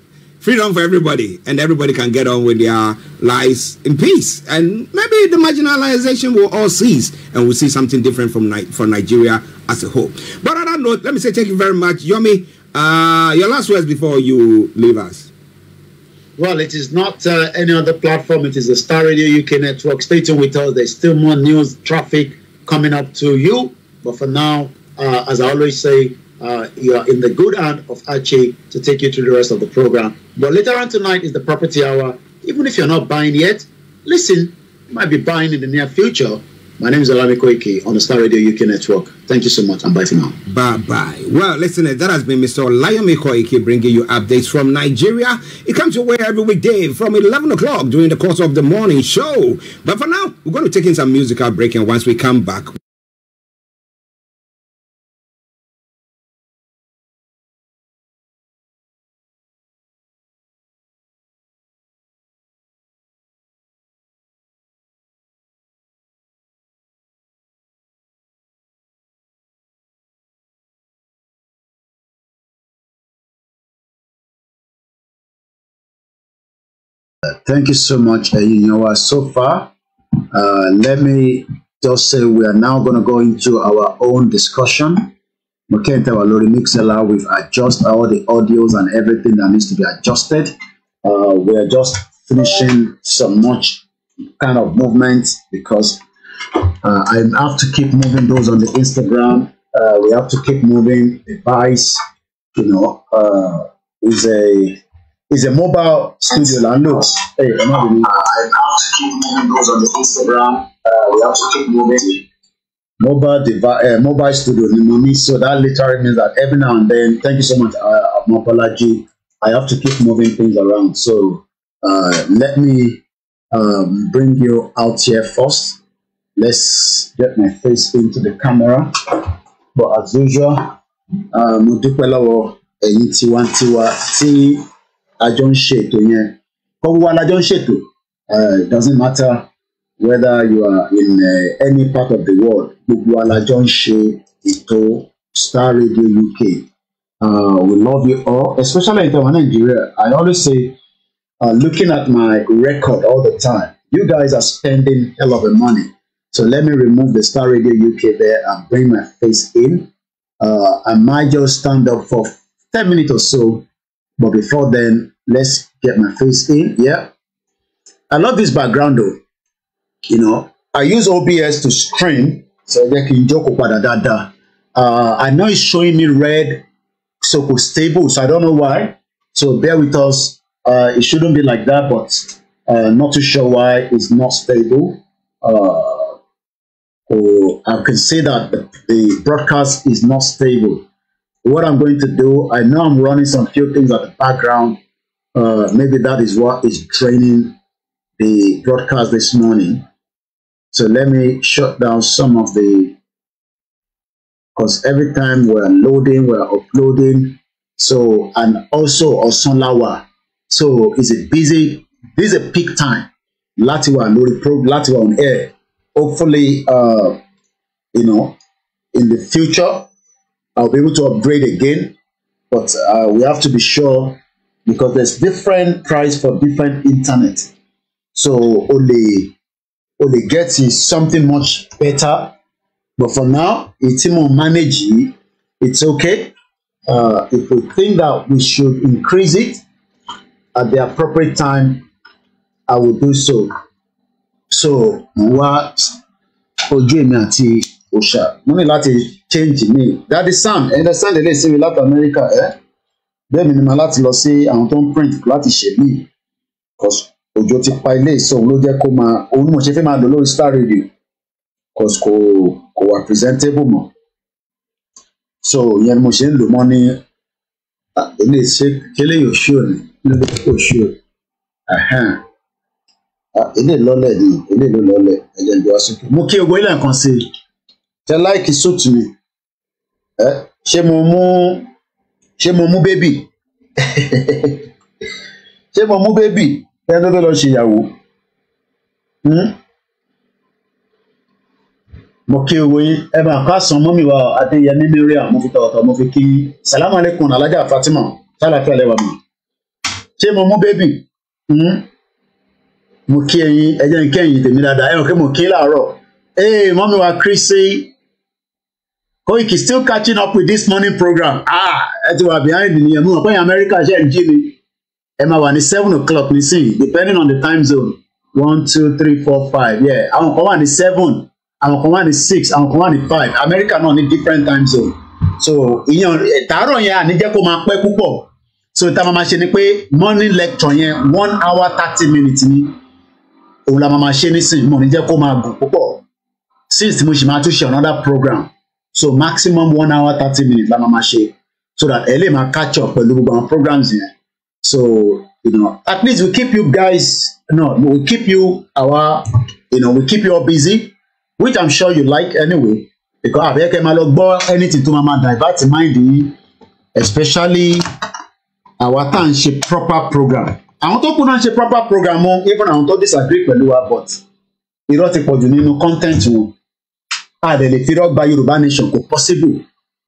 freedom for everybody, and everybody can get on with their lives in peace. And maybe the marginalization will all cease, and we'll see something different from Ni for Nigeria as a whole. But on that note, let me say thank you very much, Yomi. Uh, your last words before you leave us. Well, it is not uh, any other platform. It is the Star Radio UK network. Stay tuned with us. There's still more news traffic coming up to you. But for now, uh, as I always say, uh, you're in the good hand of Archie to take you through the rest of the program. But later on tonight is the property hour. Even if you're not buying yet, listen, you might be buying in the near future. My name is Alami Koike on the Star Radio UK Network. Thank you so much and bye for now. Bye bye. Well, listen, that has been Mr. Layomi Koike bringing you updates from Nigeria. It comes your way every weekday from 11 o'clock during the course of the morning show. But for now, we're going to take in some musical break and once we come back, thank you so much, Eyinyowa. Eh, so far, uh, let me just say we are now going to go into our own discussion. Mokentawa Lori Mixela, we've adjusted all the audios and everything that needs to be adjusted. Uh, we are just finishing some much kind of movement because uh, I have to keep moving those on the Instagram. Uh, we have to keep moving. the vice, you know, uh, is a is a mobile studio and look, hey, I'm not má bínú. Uh, I have to keep moving those on the Instagram. Uh, we have to keep moving. Mobile device, uh, mobile studio ni mo ní so that literally means that every now and then thank you so much uh, Mopalaji I have to keep moving things around so uh, let me um, bring you out here first let's get my face into the camera but as usual uh, mo dúpẹ́ lọ́wọ́ ẹ̀yin tiwantiwa tí. àjọ ń ṣe ètò yẹn kọ́wọ́ alájọ ń ṣètò eh, it doesn't matter whether you are in uh, any part of the world gbogbo alájọ ń ṣe ètò Star Radio UK uh, ah, we love you all especially in Nigeria I always say uh, looking at my record all the time you guys are spending hell of a money so let me remove the Star Radio UK there and bring my face in uh, I might just stand up for ten minutes or so but before then, let's get my face in. Yeah. I love this background though. You know, I use OBS to stream so they can joke about that. Uh, I know it's showing me red so called stable, so I don't know why. So bear with us. Uh, it shouldn't be like that, but uh, not too sure why it's not stable. Uh, or I can say that the broadcast is not stable what I'm going to do, I know I'm running some few things at the background. Uh, maybe that is what is draining the broadcast this morning. So let me shut down some of the, because every time we're loading, we're uploading. So, and also Osanlawa. So is it busy, this is a peak time. Latiwa Latiwa on air. Hopefully, uh, you know, in the future, I'll be able to upgrade again, but uh, we have to be sure because there's different price for different internet. So only only get is something much better, but for now, it's more manage. It's okay. Uh, if we think that we should increase it at the appropriate time, I will do so. So, what? Ojú èmi àti òòṣà. Mo ní láti change mi Daddy Sam ẹnlẹ send eléyìí sí mi láti America, ẹ eh? bẹ́ẹ̀ mi ni màá láti lọ sí àwọn tó ń print láti ṣe mí òjò ti pa ilé ìsọ̀hún ló jẹ́ kó máa òun mo ṣe fẹ́ máa lò lórí Star Radio cause kò kò wà presentable mọ́ so ìyẹn ni mo ṣe ń lò mọ́ ní ah, ilé ṣe kélé yóò ṣó ni níbi tí kò ṣó ilé lọ́lẹ̀ ni ilé ló lọ́lẹ̀ ẹ̀jẹ̀ ìgbà sókè mo kí ogun ilé nǹkan sí i tẹ láìkì sóòtù mi. ṣé mo mú ṣé mo mú bébì mo mú bébì ẹni tó lọ ṣèyàwó hmm? mo kí owó yín ẹ máa ká san mọ́mí wa adéyẹmí mo fi mo fi kí salamu fatima sálàfẹ́ lẹ́wà mi ṣé mo mú bébì hmm? mo kí ẹyin ẹjẹ ń tèmi dáadáa Koiki still catching up with this morning program ah ẹ ti wà behind nìyẹn mú wọn pẹ́yìn America ṣe ń jí ni ẹ máa wà ní seven o'clock nísìnyí depending on the time zone one two three four five yeah àwọn kan wà ní seven àwọn kan wà ní six àwọn kan wà ní five America náà ní different time zone so ìyẹn tààrọ̀ yẹn àníjẹ́ kó máa pẹ́ púpọ̀ so tá a máa ṣe ni pé morning lecture yẹn one hour thirty minutes ni òun la máa ṣe nísìnyí mo ní jẹ́ kó máa gùn púpọ̀ since mo sì máa tún ṣe another program so maximum one hour thirty minutes la máa ṣe so that ẹ lè máa catch up pẹ̀lú gbogbo àwọn programs yẹn so you know at least we keep you guys no we keep you our you know we keep you all busy which i'm sure you like anyway because àbẹ̀kẹ́ máa lọ gbọ́ anything tó máa máa divert mind yìí especially our tá ṣe proper program àwọn tó kù náà ń ṣe proper program o even àwọn tó disagree pẹ̀lú wa but irọ́ ti pọ̀jù nínú content wọn àdè lè fi rọgba yorùbá nation kò pọsibù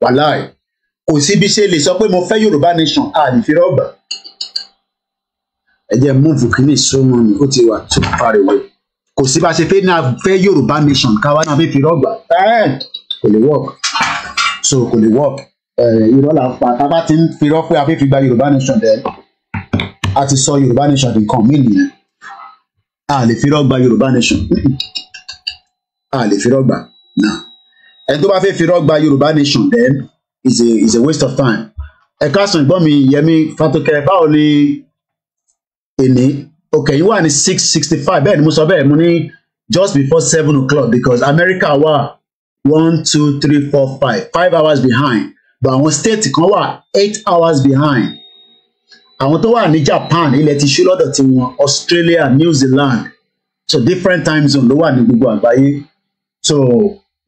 wàláì kò síbi ṣe lè sọ pé mo fẹ́ yorùbá nation àdè fi rọgba ẹ jẹ́ múùfù kìíní súnmọ́ ni ó ti wà tó pariwo kò sí bá ṣe fẹ́ náà fẹ́ yorùbá nation káwa náà fẹ́ fi rọgba kò lè work so kò lè work irọ́ là ń pa tá a bá ti ń firọ́ pé a fẹ́ fi gba yorùbá nation dẹ́ a ti sọ yorùbá nation di nǹkan mí nìyẹn a lè firọ́ gba yorùbá nation a lè firọ́ gbà náà ẹni tó bá fẹ́ fi rọ́gba yorùbá nation then is a is a waste of time ẹ káàsán ìgbọ́n mi yẹmi fatókè báwo ni èní òkè yìí wà ní six sixty five bẹ́ẹ̀ ni mo sọ bẹ́ẹ̀ mo ní just before seven o'clock because america wà one two three four five five hours behind but àwọn state kan wà eight hours behind àwọn tó wà ní japan ilẹ̀ ti ṣú lọ́dọ̀ tiwọn australia new zealand so different time zone ló wà ní gbogbo àgbáyé so.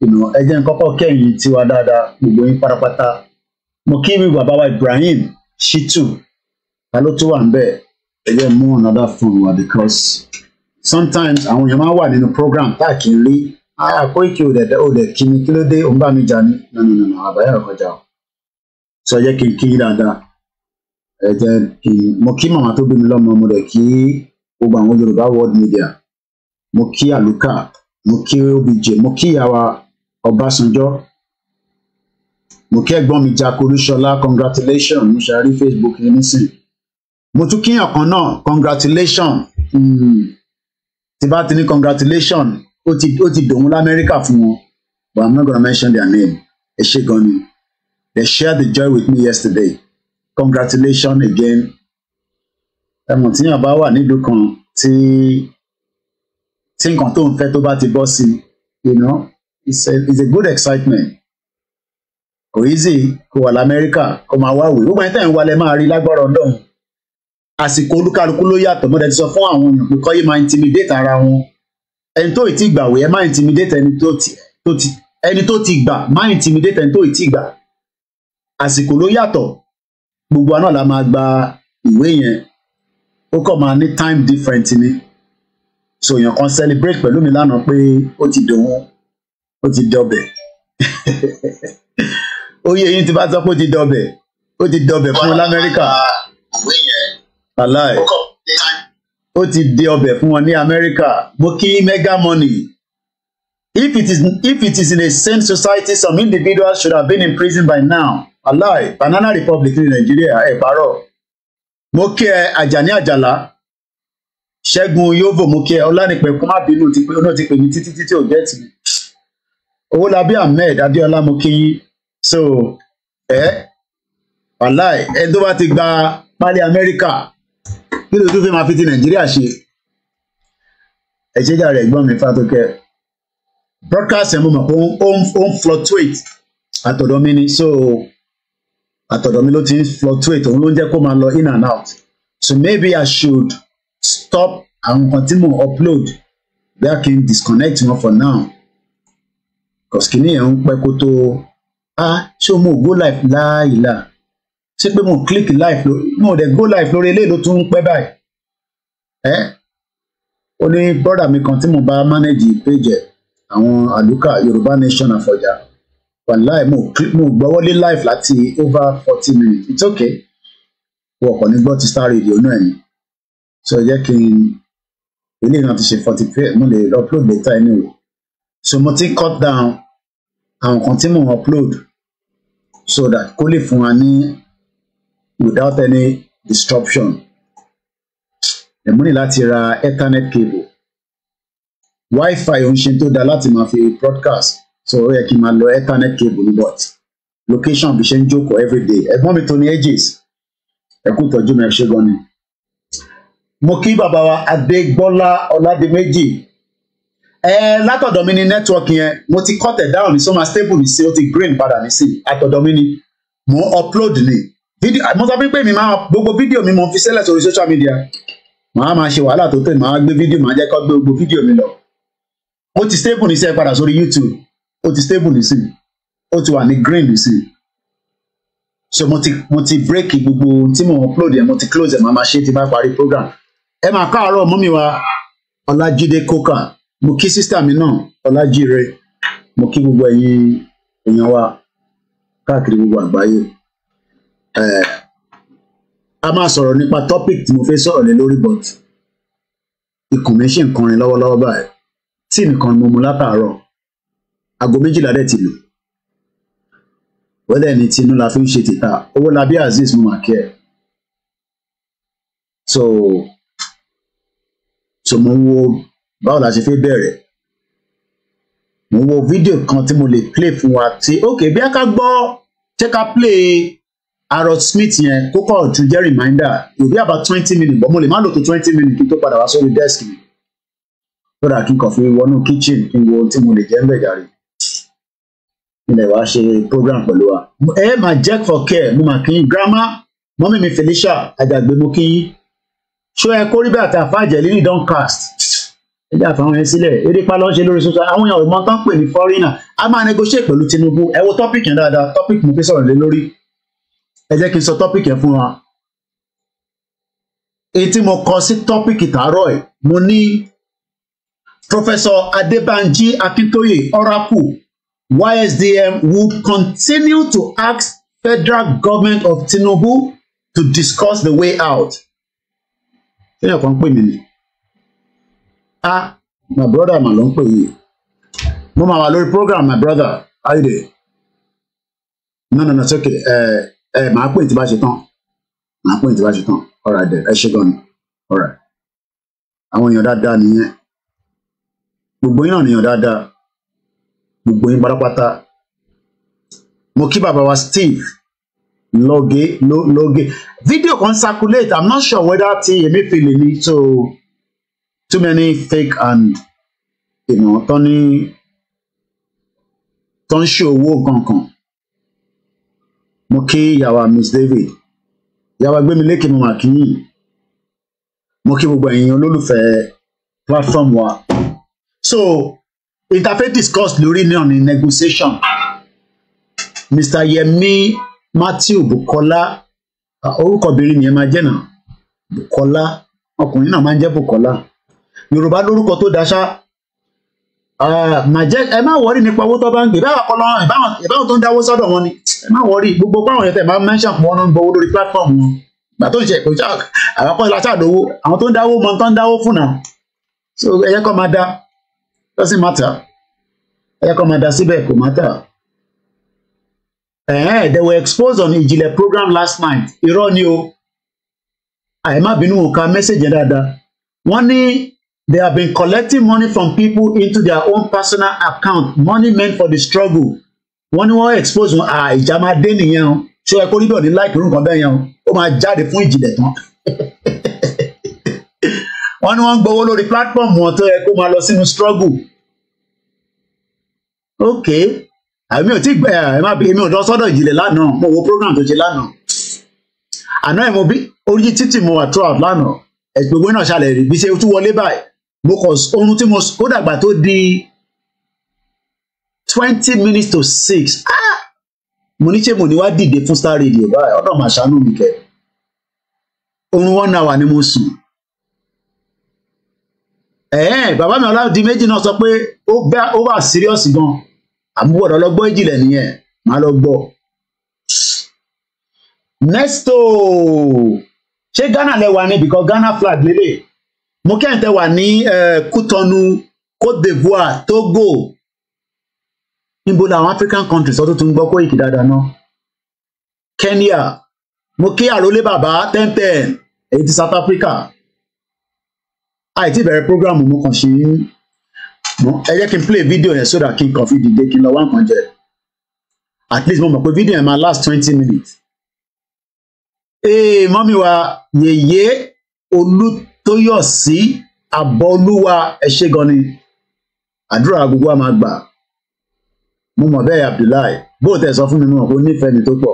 ìnà ẹjẹ kọ́kọ́ kẹ́yìn tiwa dáadáa gbogbo yín pátápátá mo kí bàbá wa Ibrahim Shitu ta ló tó wà ń bẹ ẹjẹ mú another phone wa because sometimes àwọn èèyàn máa wà nínú program tá a kì í rí àkó ìkí ò ò dẹ̀ kí kí ló dé bá o sọ jẹ́ ọbásanjọ́ mo kí ẹ̀gbọ́n mi jakuru oríṣọlá congratulation mo ṣàrí facebook yìí nísìn mo tún kíyàn kan náà congratulation um, hmm, tí bá ti ní congratulation ó ti ó ti dòun lamẹ́ríkà fún wọn but i'm not gonna mention their name ẹ ṣé gan ni they shared the joy with me yesterday congratulation again ẹmọ tíyàn bá wà nílùú kan tí tí nǹkan tó ń fẹ́ tó bá ti bọ́ sí i you know it's a, it's a good excitement kò easy kò wà lamẹ́ríkà kò máa wá wèé gbogbo ẹni tẹ́ ń wálẹ̀ máa rí lágbára ọlọ́run àsìkò olúkálukú ló yàtọ̀ mọ́tẹ́ ti sọ fún àwọn èèyàn pé kọ́ yé máa intimidate ara wọn ẹni tó ti gbà wèé ẹ máa intimidate ẹni tó ti ẹni tó ti gbà máa intimidate ẹni tó ti gbà àsìkò ló yàtọ̀ gbogbo àná la máa gba ìwé yẹn ó kàn máa ní time different ni so èèyàn kan celebrate pẹ̀lú mi lánàá pé ó ti dòun ó ti dọbẹ̀ oyè yìí ti bá sọ pé ó ti dọbẹ̀ ó ti dọbẹ̀ fún lamẹ́ríkà aláì ó ti di ọbẹ̀ fún wọn ní amẹ́ríkà mo kí mega money if it is if it is in a sane society some individuals should have been in prison by now aláì banana republic ní nàìjíríà ẹ̀ parọ́ mo kí ẹ àjàní àjàlá ṣẹ́gun yóò bò mo kí ẹ ọlánìpẹ̀ kó má bínú ti pé ó náà ti pè mí títí títí ò gẹ́tì mi owólabí ahmed adéọlá mo kí yín so ẹ wàláì ẹ tó bá ti gba pálí amẹ́ríkà kí ló tún fẹ́ máa fi ti nàìjíríà ṣe ẹ ṣe jàre ẹ̀gbọ́n mi fatókẹ́ broadcast ẹ̀ mo mọ̀ pé ó ń fluctuate àtọ̀dọ̀ mi ni so àtọ̀dọ̀ mi ló ti ń fluctuate òun ló ń jẹ́ kó máa lọ in and out so maybe I should stop àwọn kan tí mò upload bí a kì disconnect wọn for now kọ̀sìkìnì yẹn ń pẹ́ kó tó a ah, ṣé o mú go live láìla ṣé pé mo click live lórí mo dẹ̀ go live lórí eléyìí ló tún ń pẹ́ báyìí ẹ ó ní bọ́dà mi kan tí mo bá manage page ẹ̀ àwọn àlùkà Yorùbá Nation àfọ̀jà wàláì mo mo gbọ́wọ́lé live láti over forty minutes it's okay wọ́n kàn ní gbọ́ ti star radio náà ẹ̀yìn so ẹ jẹ́ kí n eléyìí náà ti ṣe forty pay mo lè upload later anyway so mo ti cut down àwọn kan tí mò ń upload so that kó lè fún wa ní without any disruption ẹ̀mú ní láti ra ethernet cable wifi òun ṣe tó da láti máa fi broadcast so ó yẹ kí n máa lo ethernet cable but location bí ṣe ń jókòó everyday ẹ̀gbọ́n mi tó ní ages ẹ̀kú tọ́jú mi ẹ̀ ṣe gan ni mo kí bàbá wa Adégbọ́lá Ọládìméjì Eh, látọ̀dọ̀ mi ni network yẹn mo ti cut it down ní so ma stable ní sí ó ti green padà ní sí àtọ̀dọ̀ mi ni mo upload ní fídíò mo sọ fún pé mi máa gbogbo fídíò mi mo fi sílẹ̀ sórí social media màá máa ṣe wàhálà tó tẹ̀ màá gbé fídíò màá jẹ́ kó gbé gbogbo fídíò mi lọ ó ti stable ní sí ẹ padà sórí YouTube o ti stable ní sí o ti wà ní green ní sí so mo ti mo ti break gbogbo tí mo upload yẹn mo ti close ẹ màá máa ṣe tí bá parí program ẹ máa káàárọ̀ mú mi wá Ọlájídé Coker mo kí sísítà mi náà ọlájírẹ mo kí gbogbo ẹ̀yin èèyàn wa káàkiri gbogbo àgbáyé a máa sọ̀rọ̀ nípa topic tí mo fẹ́ sọ̀rọ̀ lé lórí but ikùn mi ṣì ń kọrin lọ́wọ́lọ́wọ́ báyìí tí nìkan mo mu látàárọ̀ aago méjìlá dẹ̀ ti lù wẹ́lẹ̀ ní tinú la fi ń ṣe tìta owó labí azeez mo máa kí ẹ so so mo wo báwo la ṣe fẹ́ bẹ̀rẹ̀ mo wo fídíò kan tí mo lè play fún wa tí ok bí a ká gbọ́ ṣé ká play Harold Smith yẹn kó kọ̀ tún jẹ́ reminder yóò bí about twenty minutes but mo lè má lò tó twenty minutes kí n tó padà wá sórí desk mi lọ́dà kí n kàn fi wọnú kitchen kí n wo tí mo lè jẹ́ ń bẹ̀ jàre ilẹ̀ wa ṣe program pẹ̀lú wa ẹ máa jẹ́ for care mo máa kí n grandma mọ́mí mi Felicia àjàgbé mo kí n ṣó ẹ kórìbẹ́ àti àfáàjẹ́ lílì don cast ẹjá fáwọn yẹn sílẹ̀ eré pa lọ́n ṣe lórí sọ́sọ́ àwọn èèyàn ò mọ tán pè ní fọ́rínà a máa negotiate pẹ̀lú Tinubu ẹ wo topic yẹn dáadáa topic mo fi sọ̀rọ̀ lé lórí ẹ jẹ́ kí n sọ topic yẹn fún wa èyí tí mo kọ sí topic tàárọ̀ ẹ̀ mo ní Professor Adebanji Akintoye oracle YSDM would continue to ask federal government of Tinubu to discuss the way out. ṣé ẹ̀kọ́ ń pè mí ni ah my brother mà ló ń pè yìí mo máa program my brother how you dey no no no it's okay ẹ eh, ẹ eh, màá pè tí bá ṣe tán màá pè tí bá ṣe tán alright then ẹ ṣe gan ni alright àwọn èèyàn dáadáa nìyẹn gbogbo yín náà nìyẹn dáadáa gbogbo yín pátápátá mo kí bàbá wa Steve lóge lóge fídíò kan circulate i'm not sure whether ti èmi fi lè ní so too many fake and èèyàn tó ní tó ń ṣe owó kankan mo kí yàwá miss david yàwá gbẹmí lékè mo mà kí yìí mo kí gbogbo ẹ̀yin olólùfẹ́ platform wa so interfaith discuss lórí náà ní negotiation mr yemi matthew bukola orúkọ obìnrin nìyẹn máa jẹ́ náà bukola ọkùnrin náà máa ń jẹ́ bukola yorùbá lórúkọ tó daṣá màjẹ ẹ má wọrí nípa owó tó bá ń gbé báwọn kọ lọ́wọ́ ìbáwọn tó ń dáwó sọ́dọ̀ wọn ni ẹ má wọrí gbogbo páwọn yẹn tẹ̀ máa mẹ́ńṣà fún wọn ń bọ owó lórí platform wọn gbà tó ń ṣe ìpèjọ àwọn kọ́ ìlà ṣàdówó àwọn tó ń dáwó mọ tó ń dáwó fún náà so ẹyẹ kọ́ máa da doesn't matter ẹyẹ kọ́ máa da síbẹ̀ kò matter. Eh, they were exposed on ìjìnlẹ̀ program last night irọ́ ni o àyè má bínú òka mẹ́sẹ̀jì dáadáa wọ́n ní They have been collecting money from people into their own personal account, money meant for the struggle. Wọ́n ní wọ́n expose wọn à ah, ìjà máa dé nìyẹn o. Ṣé ẹ kó níbẹ̀ ní láìpẹ́ orúkọ bẹ́ẹ̀ yẹn o? Ó máa jáde fún ìjìnlẹ̀ tán. Wọ́n ní wọ́n ń gbowó lórí platform wọn tó yẹ kó máa lọ sínú struggle. Ok, àmì ò tí gbẹ ẹ má bí èmi ò lọ sọ́dọ̀ ìjìnlẹ̀ lánàá, mo wo program tó ṣe lánàá. Àná ẹ̀ mo bí orí títì mo wà throughout lánàá, ẹ̀gbẹ̀gbẹ̀ náà ṣàlẹ̀ rí bí ṣe tún wọlé báyìí. Because kàn oorun tí mo ó dàgbà tó di twenty minutes to six ah mo ní ṣé mo ní wá dìde fún star radio báyìí ọ̀dọ̀ màá ṣàánú mi kẹ oorun one hour ni mo sùn bàbá mi ọládi méjì náà sọ pé ó bá ó wà serious gan àmúbọ̀dọ̀ ọlọ́gbọ́n ìjìnlẹ̀ nìyẹn màá lọ gbọ́. next ooo ṣé Ghana lẹ wà ní because Ghana flag lélẹ̀ mo kẹ́yìn tẹ́ wà ní Kútọ́nù Côte d'Ivoire Togo níbo làwọn African countries ọdún tó ń gbọ́ Kóìkì dáadáa náà Kenya mo kí àrólé bàbá ten ten èyí ti South Africa àìtí ìbẹ̀rẹ̀ program mo kàn ṣe ẹ jẹ́ kí n play video yẹn so that kí n kàn fi dìde kí n lọ wá nǹkan jẹ at least mo mọ̀ pé video yẹn máa last twenty minutes. ee mọ́mí wa yèyé olú tó yọ̀ sí àbọ̀ olúwa ẹ gan ni àdúrà gbogbo a máa gbà mo mọ̀ bẹ́ẹ̀ Abdullahi bó o tẹ̀ sọ fún mi mọ̀ kó nífẹ̀ẹ́ mi tó pọ̀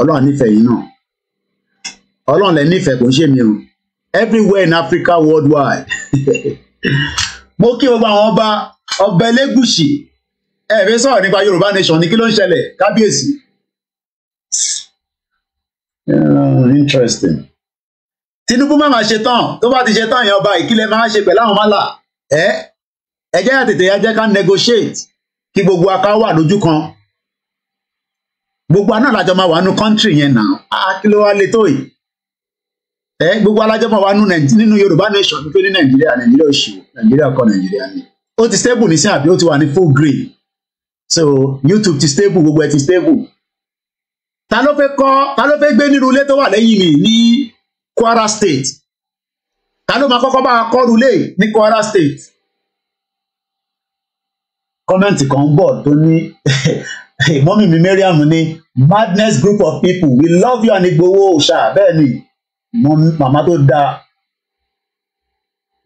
ọlọ́run nífẹ̀ẹ́ yìí náà ọlọ́run lẹ nífẹ̀ẹ́ kò ń ṣe mi o everywhere in Africa worldwide mo kí gbogbo àwọn ọba ọba Ẹlẹ́gùṣì ẹ̀ẹ́dẹ́ sọ̀rọ̀ nípa Yorùbá nation ní kí ló ń ṣẹlẹ̀ kábíyèsí. interesting. Tinubu má máa ṣe tán tó bá ti ṣe tán yẹn ọba ìkílẹ̀ máa ṣe pẹ̀lú àwọn mọ́là ẹ ẹ jẹ́ yà tètè yà jẹ́ ká negotiate kí gbogbo aká wà lójú kan gbogbo aná làjọ máa wà nù country yẹn nà á ah, kí ló wá lè tó yìí ẹ gbogbo alájọ máa wà nù nínú Yorùbá nation pípé ní Nàìjíríà Nàìjíríà oṣù Nàìjíríà kọ Nàìjíríà ni ó ti stable ní sí àbí ó ti wà ní full green so YouTube ti stable gbogbo ẹ ti stable ta ló fẹ́ kọ́ ta ló fẹ́ gbé nínú ilé tó wà lẹ́yìn mi ní Kwara State ta ló máa kọ́kọ́ bá a lé ní Kwara State kọ́mẹ́ǹtì kan ń bọ̀ tó ní mọ́mí mi Mariam ní madness group of people we love you and Igboho ṣá bẹ́ẹ̀ ni màmá tó dáa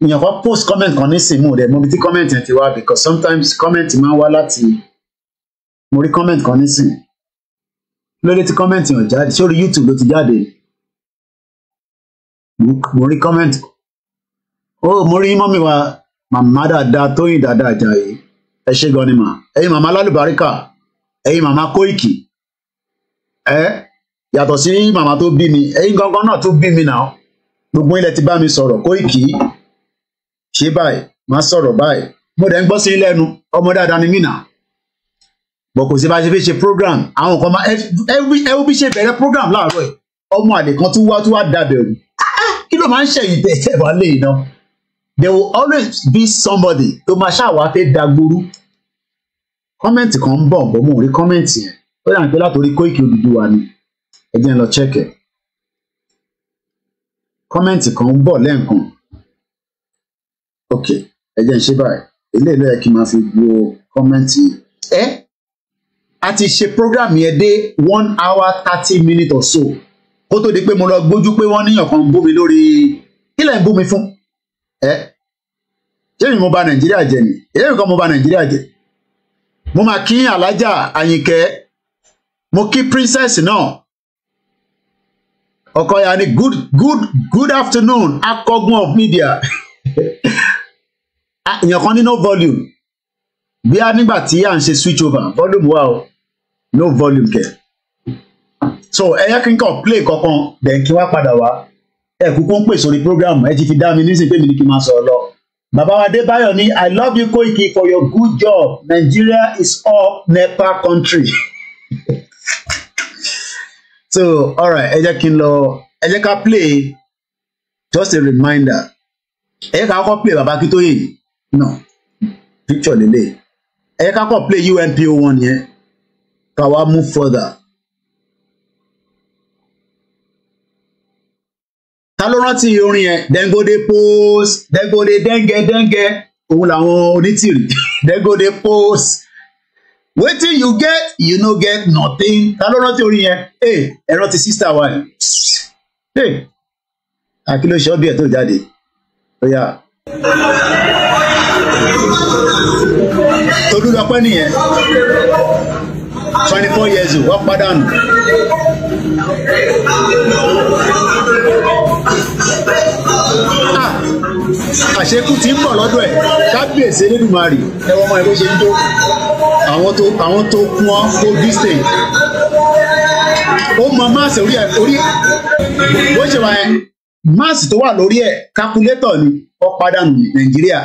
èèyàn kan post comment kan nísìnyí mo dẹ̀ mo bi comment yẹn ti wá because sometimes comment máa ń wá láti mo rí comment kan nísìnyí lórí tí comment yẹn jáde sórí YouTube ló ti jáde mo rí kọ́mẹ́ǹtì o oh, mo rí mọ́mí wa màmá dáadáa tóyìn dáadáa Àjàyí ẹ ṣe gan ni mà ẹ̀yin màmá lálùbáríkà ẹ̀yin màmá Kóìkì ẹ yàtọ̀ sí màmá tó bí mi ẹ̀yin gangan náà tó bí mi náà gbogbo ilẹ̀ ti bá mi sọ̀rọ̀ Kóìkì ṣe báyìí má sọ̀rọ̀ báyìí mo dẹ̀ ń gbọ́ sí lẹ́nu ọmọ dáadáa ni mí náà bọ̀ kò sí bá ṣe fi ṣe program àwọn kan máa ẹ ẹ bí ṣe bẹ̀rẹ̀ program láàárọ̀ ẹ̀ ọmọ àlè tún wá tún wá dàbẹ̀rù kí ló máa ń ṣẹ̀yìn tẹ̀ tẹ̀ wá lè iná there will always be somebody tó máa ṣàwá fẹ́ dagboru kọ́mẹ̀ntì kan ń bọ̀ bọ́ mo rí kọ́mẹ̀ntì yẹn ó dà ní pé látòrí Kóìkì Odùduwà ni ẹ jẹ́ ń lọ chẹ́kẹ̀ kọ́mẹ̀ntì kan ń bọ̀ lẹ́ẹ̀kan ok ẹ jẹ́ ń ṣe báyìí eléyìí ló yẹ kí n máa fi gbọ́ kọ́mẹ̀ntì yẹn ẹ a ti ṣe program yẹn dé one hour thirty minutes or so kó tó di pé mo lọ gbójú pé wọ́n níyàn kan bú mi lórí kílẹ̀ ń bú mi fún ẹ jẹ́mi mo bà nàìjíríà jẹ́ ni èyí kan mo bà nàìjíríà jẹ́ mo máa kí alájà àyìnkẹ́ mo kí princess náà ọkọya ni good good good afternoon akọgun of media èèyàn kan ní no volume bí a nígbà tí à ń ṣe switch over volume wà o no volume kẹ so ẹyẹ kí n kàn play kankan then kí n wá padà wá ẹ kúkú ń pè sórí program ẹ ti fi dá mi nísìnyí pé mi ni kí n máa sọ̀rọ̀ lọ. Bàbá wa Adébáyọ̀ ní I love you Koiki for your good job. Nigeria is all NEPA country. so alright ẹ jẹ́ kí n lọ ẹ jẹ́ ká play just a reminder ẹ jẹ́ ká kọ́ play Bàbá Akíntóyè náà picture lélẹ̀ ẹ jẹ́ ká kọ́ play UNPO one yẹn ká wá move further. ta ló rántí orin yẹn dengode pose dengode denge denge òun làwọn onítìrì dengode pose wetin you get you no get nothing ta ló rántí orin yẹn ẹ ẹ rántí sísá wa yìí ẹ àkìlọ ṣe ọbẹ ẹ tó jáde ó yà. tolúlọpẹ nìyẹn twenty four years old wọn padà nù. Ah, àṣekú ti ń bọ̀ lọ́dọ̀ ẹ̀ kábíyèsí elédùnmarè ẹ wọ́n máa ẹ bó ṣe ń tó àwọn tó àwọn tó kún ọ́ kó bí stage ó mọ máàsì orí ẹ orí bó ṣe wà yẹn máàsì tó wà lórí ẹ kákúlétọ̀ ni ó padànù nàìjíríà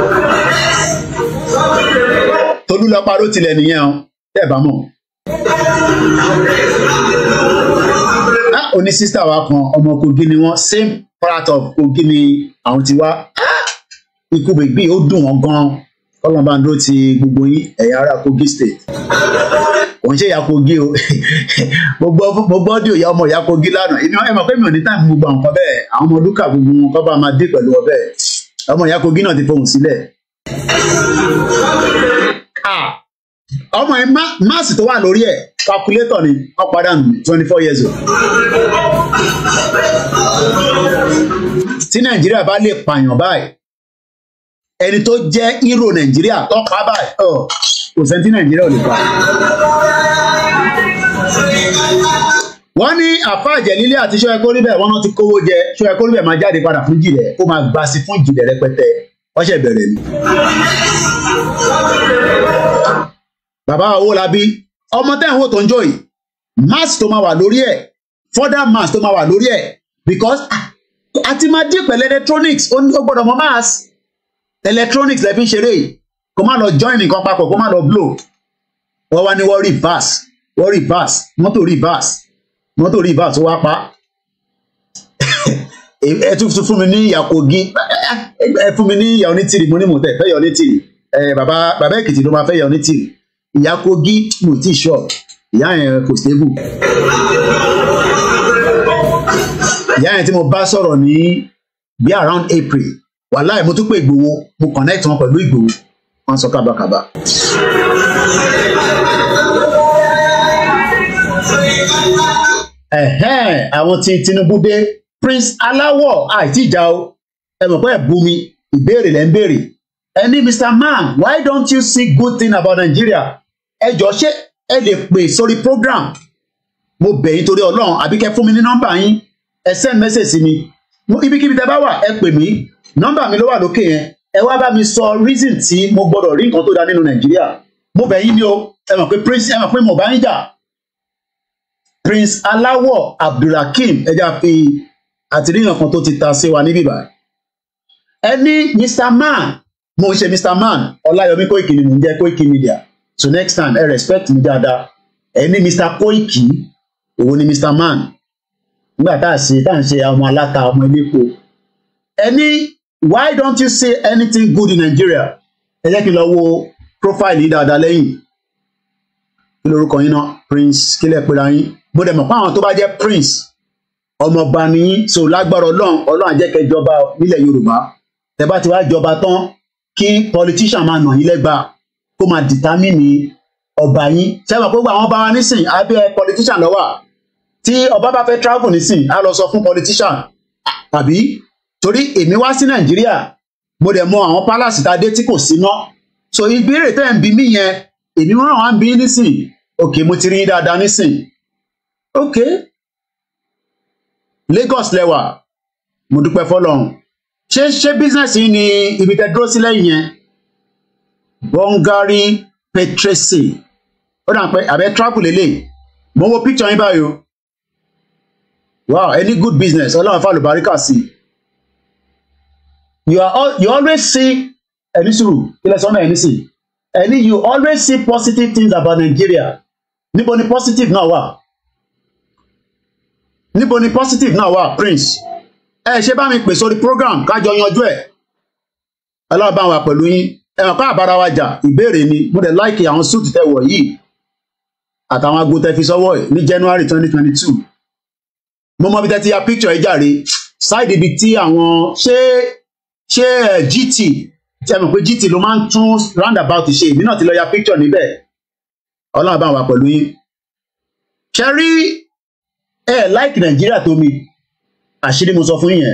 tolúlọparó tilẹ̀ nìyẹn o ẹ bá mọ̀ oní sísítà wa kan ọmọ Kogi ni wọ́n same part of Kogi ni àwọn ti wá ikú gbègbè ó dùn wọ́n gan kọ́lọ́n bá ń dúró ti gbogbo yín ẹ̀yà ara Kogi state òun ṣe ìyá Kogi o mo gbọ́ dí òyà ọmọ ìyá Kogi lánàá èmi ẹ mọ̀ pé mi ò ní táìmù gbogbo àwọn nǹkan bẹ́ẹ̀ àwọn ọmọ lúkà gbogbo wọn kọ́ bá máa dé pẹ̀lú ọbẹ̀ ọmọ ìyá Kogi náà ti fohùn sílẹ̀ ah! ọmọ yẹn máàsì tó wà lórí ẹ̀ calculator ni wọ́n padà nù twenty four years old. tí nàìjíríà bá lè pààyàn báyìí ẹni tó jẹ́ hero nàìjíríà tọ́ka báyìí kò sẹ́ni tí nàìjíríà ò lè pa. wọ́n ní àfa àjẹlílẹ̀ àti ṣọ́ ẹ̀kọ́ níbẹ̀ wọ́n náà ti kówó jẹ ṣọ́ ẹ̀kọ́ níbẹ̀ máa jáde padà fún jìrẹ̀ ó máa gbàsí fún jìrẹ̀ rẹpẹtẹ wọ́n ṣẹ̀ bẹ̀rẹ̀ ni bàbá Owólabí ọmọ tẹ́ ń wò tó ń jọ yìí mass tó máa wà lórí ẹ̀ further mass tó máa wà lórí ẹ̀ because àti máa dín pẹ̀lú electronics ó gbọ́dọ̀ mọ mass electronics lẹ́ẹ̀fi ń ṣeré yìí kó má lọ join nǹkan papọ̀ kó má lọ blow wọ́n wá ní wọ́n reverse wọ́n reverse mọ́tò reverse mọ́tò reverse wá pa ẹ tún fún mi ní ìyá kogi ẹ fún mi ní ìyá onítìrì mo ní mò ń tẹ̀ fẹ́ yọ onítìrì bàbá bàbá èkìtì ló máa fẹ́ yọ onítìrì ìyá kogi mo ti sọ ìyá yẹn kò stable ìyá yẹn tí mo bá sọ̀rọ̀ ní bí around April wàláì mo tún pè Ìgbòho mo connect wọn pẹ̀lú Ìgbòho wọn sọ kábàkàbà. ẹ̀hẹ́n àwọn tí Tinubu dé Prince aláwọ̀ àìtíjà o ẹ mọ̀ pé ẹ̀ bumi. mi ìbéèrè lẹ́ ń béèrè ẹni mr man why don't you see good thing about nigeria ẹ jọ ṣé ẹ lè pè sórí program mo bẹ̀ yín torí ọlọ́run àbí kẹ́ fún mi ní nọ́mbà yín ẹ send message sí mi ibikíbi tẹ́ bá wà ẹ pè mí nọ́mbà mi ló wà lókè yẹn ẹ wá bá mi sọ reason tí mo gbọ́dọ̀ rí nǹkan tó dá nínú nàìjíríà mo bẹ̀ yín ni o ẹ mọ̀ pé prince ẹ mọ̀ pé mo bá ń jà prince aláwọ̀ abdulrakeem ẹ já fi àtìríyàn kan tó ti ta sí wa níbí báyìí ẹ ní mr man mo ṣe Mr Man Ọláyọmí Koiki ni mò ń jẹ́ Koiki Media so next time ẹ respect mi dáadáa ẹ ní Mr Koiki òun ni Mr Man nígbà tá a ṣe tá à ń ṣe ọmọ aláta ọmọ elépo ẹ ní why don't you say anything good in Nigeria ẹ jẹ́ kí n lọ wo profile yìí dáadáa lẹ́yìn kí lorúkọ yín náà Prince kílẹ̀ pera yín mo dẹ̀ mọ̀ pé àwọn tó bá jẹ́ Prince ọmọọba nìyí so lágbára Ọlọ́run Ọlọ́run àjẹkẹjọba nílẹ̀ Yorùbá tẹ bá ti wá jọba tán kí politician máa nà yín lẹ́gba kó máa determine ọba yín sẹ́wọ̀n pé gbogbo àwọn ọba wa nísìn abẹ́ politician lọ́wọ́ tí ọba bá fẹ́ travel nísìn á lọ sọ fún politician àbí torí èmi wá sí nàìjíríà mo dẹ̀ mọ àwọn palace tá a dé tí kò sí ná so ìbéèrè tẹ́ ń bi mí yẹn èmi ràn wá ń bi nísìn ok mo ti rí dáadáa nísìn ok Lagos lẹ́wà mo dúpẹ́ fọ́lọ́run ṣé business bísínẹ́sì ni ibi tẹ dúró sílẹ̀ yẹn bongari petresi ó dà pé àbẹ travel lélẹ̀ mo wo picture yín báyìí o wow any good business ọlọ́run fàlù baríkà sí you are you always see ẹni sùúrù ilẹ̀ sọ́nà ẹni sì ẹni you always see positive things about Nigeria níbo ni positive náà wà níbo ni positive náà wà Prince ẹ ṣe bá mi pè sórí program kájọ yanjú ẹ̀ ọlọ́run bá wà pẹ̀lú yín ẹ̀wọ̀n ká àbára wa jà ìbéèrè ni mo dẹ̀ láìkì àwọn súùtù tẹ̀ wọ̀ yìí àtàwọn ago tẹ́ fi sọ́wọ́ ẹ̀ ní January twenty twenty two mo mọ ibi tẹ́ ti ya picture ẹ̀ jàre ṣáìdì ibi tí àwọn ṣé ṣé GT ṣe mọ̀ pé GT ló máa ń tún about ṣe èmi náà ti lọ ya picture níbẹ̀ ọlọ́run bá wà pẹ̀lú yín ṣe rí ẹ̀ láìkì Nàìjíríà tó mi àṣírí mo sọ fún yín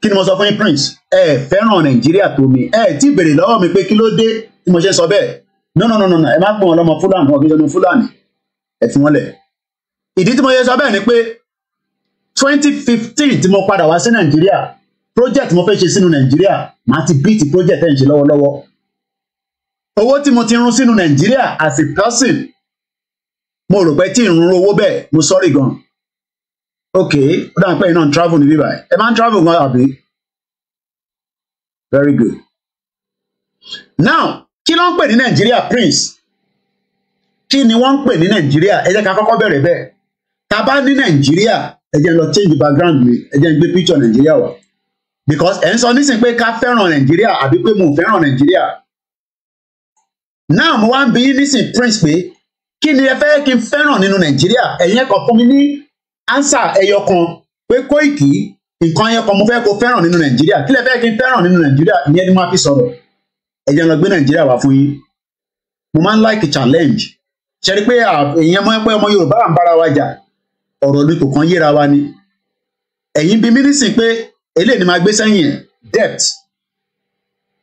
kí ni mo sọ fún yín prince ẹ fẹ́ràn nàìjíríà tó mi ẹ tí béèrè lọ́wọ́ mi pé kí ló dé tí mo ṣe sọ bẹ́ẹ̀ no no no no ẹ má pọ̀ wọn lọ́mọ fúlàní wọn kì í ṣe ọmọ fúlàní ẹ fi wọn lẹ̀ ìdí tí mo ṣe sọ bẹ́ẹ̀ ni pé twenty fifteen tí mo padà wá sí nàìjíríà project mo fẹ́ ṣe sínú nàìjíríà màá ti beat project ẹ̀ ń ṣe lọ́wọ́lọ́wọ́ owó tí mo ti run sínú nàìjíríà as a person mo rò pé tí ìrun owó bẹ́ẹ̀ mo sọ́rí gan-an Okay, ó dáhùn pé iná travel níbí báyìí ẹ máa ń travel gan àbí very good now kí ló ń pè ní nàìjíríà prince kí ni wọ́n ń pè ní nàìjíríà ẹ jẹ́ ká kọ́kọ́ bẹ̀rẹ̀ bẹ́ẹ̀ tá a bá ní nàìjíríà ẹ jẹ́ lọ change background mi ẹ jẹ́ gbé picture nàìjíríà wá because ẹ̀ ń sọ nísìnyí pé ká fẹ́ràn nàìjíríà àbí pé mo fẹ́ràn nàìjíríà now mo wá ń bi nísìnyí prince pé kí ni ẹ fẹ́ kí n fẹ́ràn nínú nàìjíríà ẹ̀yin ẹ̀kọ́ fún mi ní ánsà ẹyọ kan pé Kóìkì nǹkan ẹyọ kan mo fẹ́ kó fẹ́ràn nínú nàìjíríà kí lẹ fẹ́ kí n fẹ́ràn nínú nàìjíríà ìyẹn ni mo fi sọ̀rọ̀ ẹ jẹ́ lọ gbé nàìjíríà wá fún yín mo máa ń like challenge ṣe rí pé ìyẹn mọ́ pé ọmọ yorùbá à ń bára wa jà ọ̀rọ̀ ni kò kàn yéra wa ni ẹ̀yin bí mínísìn pé eléyìí ni máa gbé sẹ́yìn debt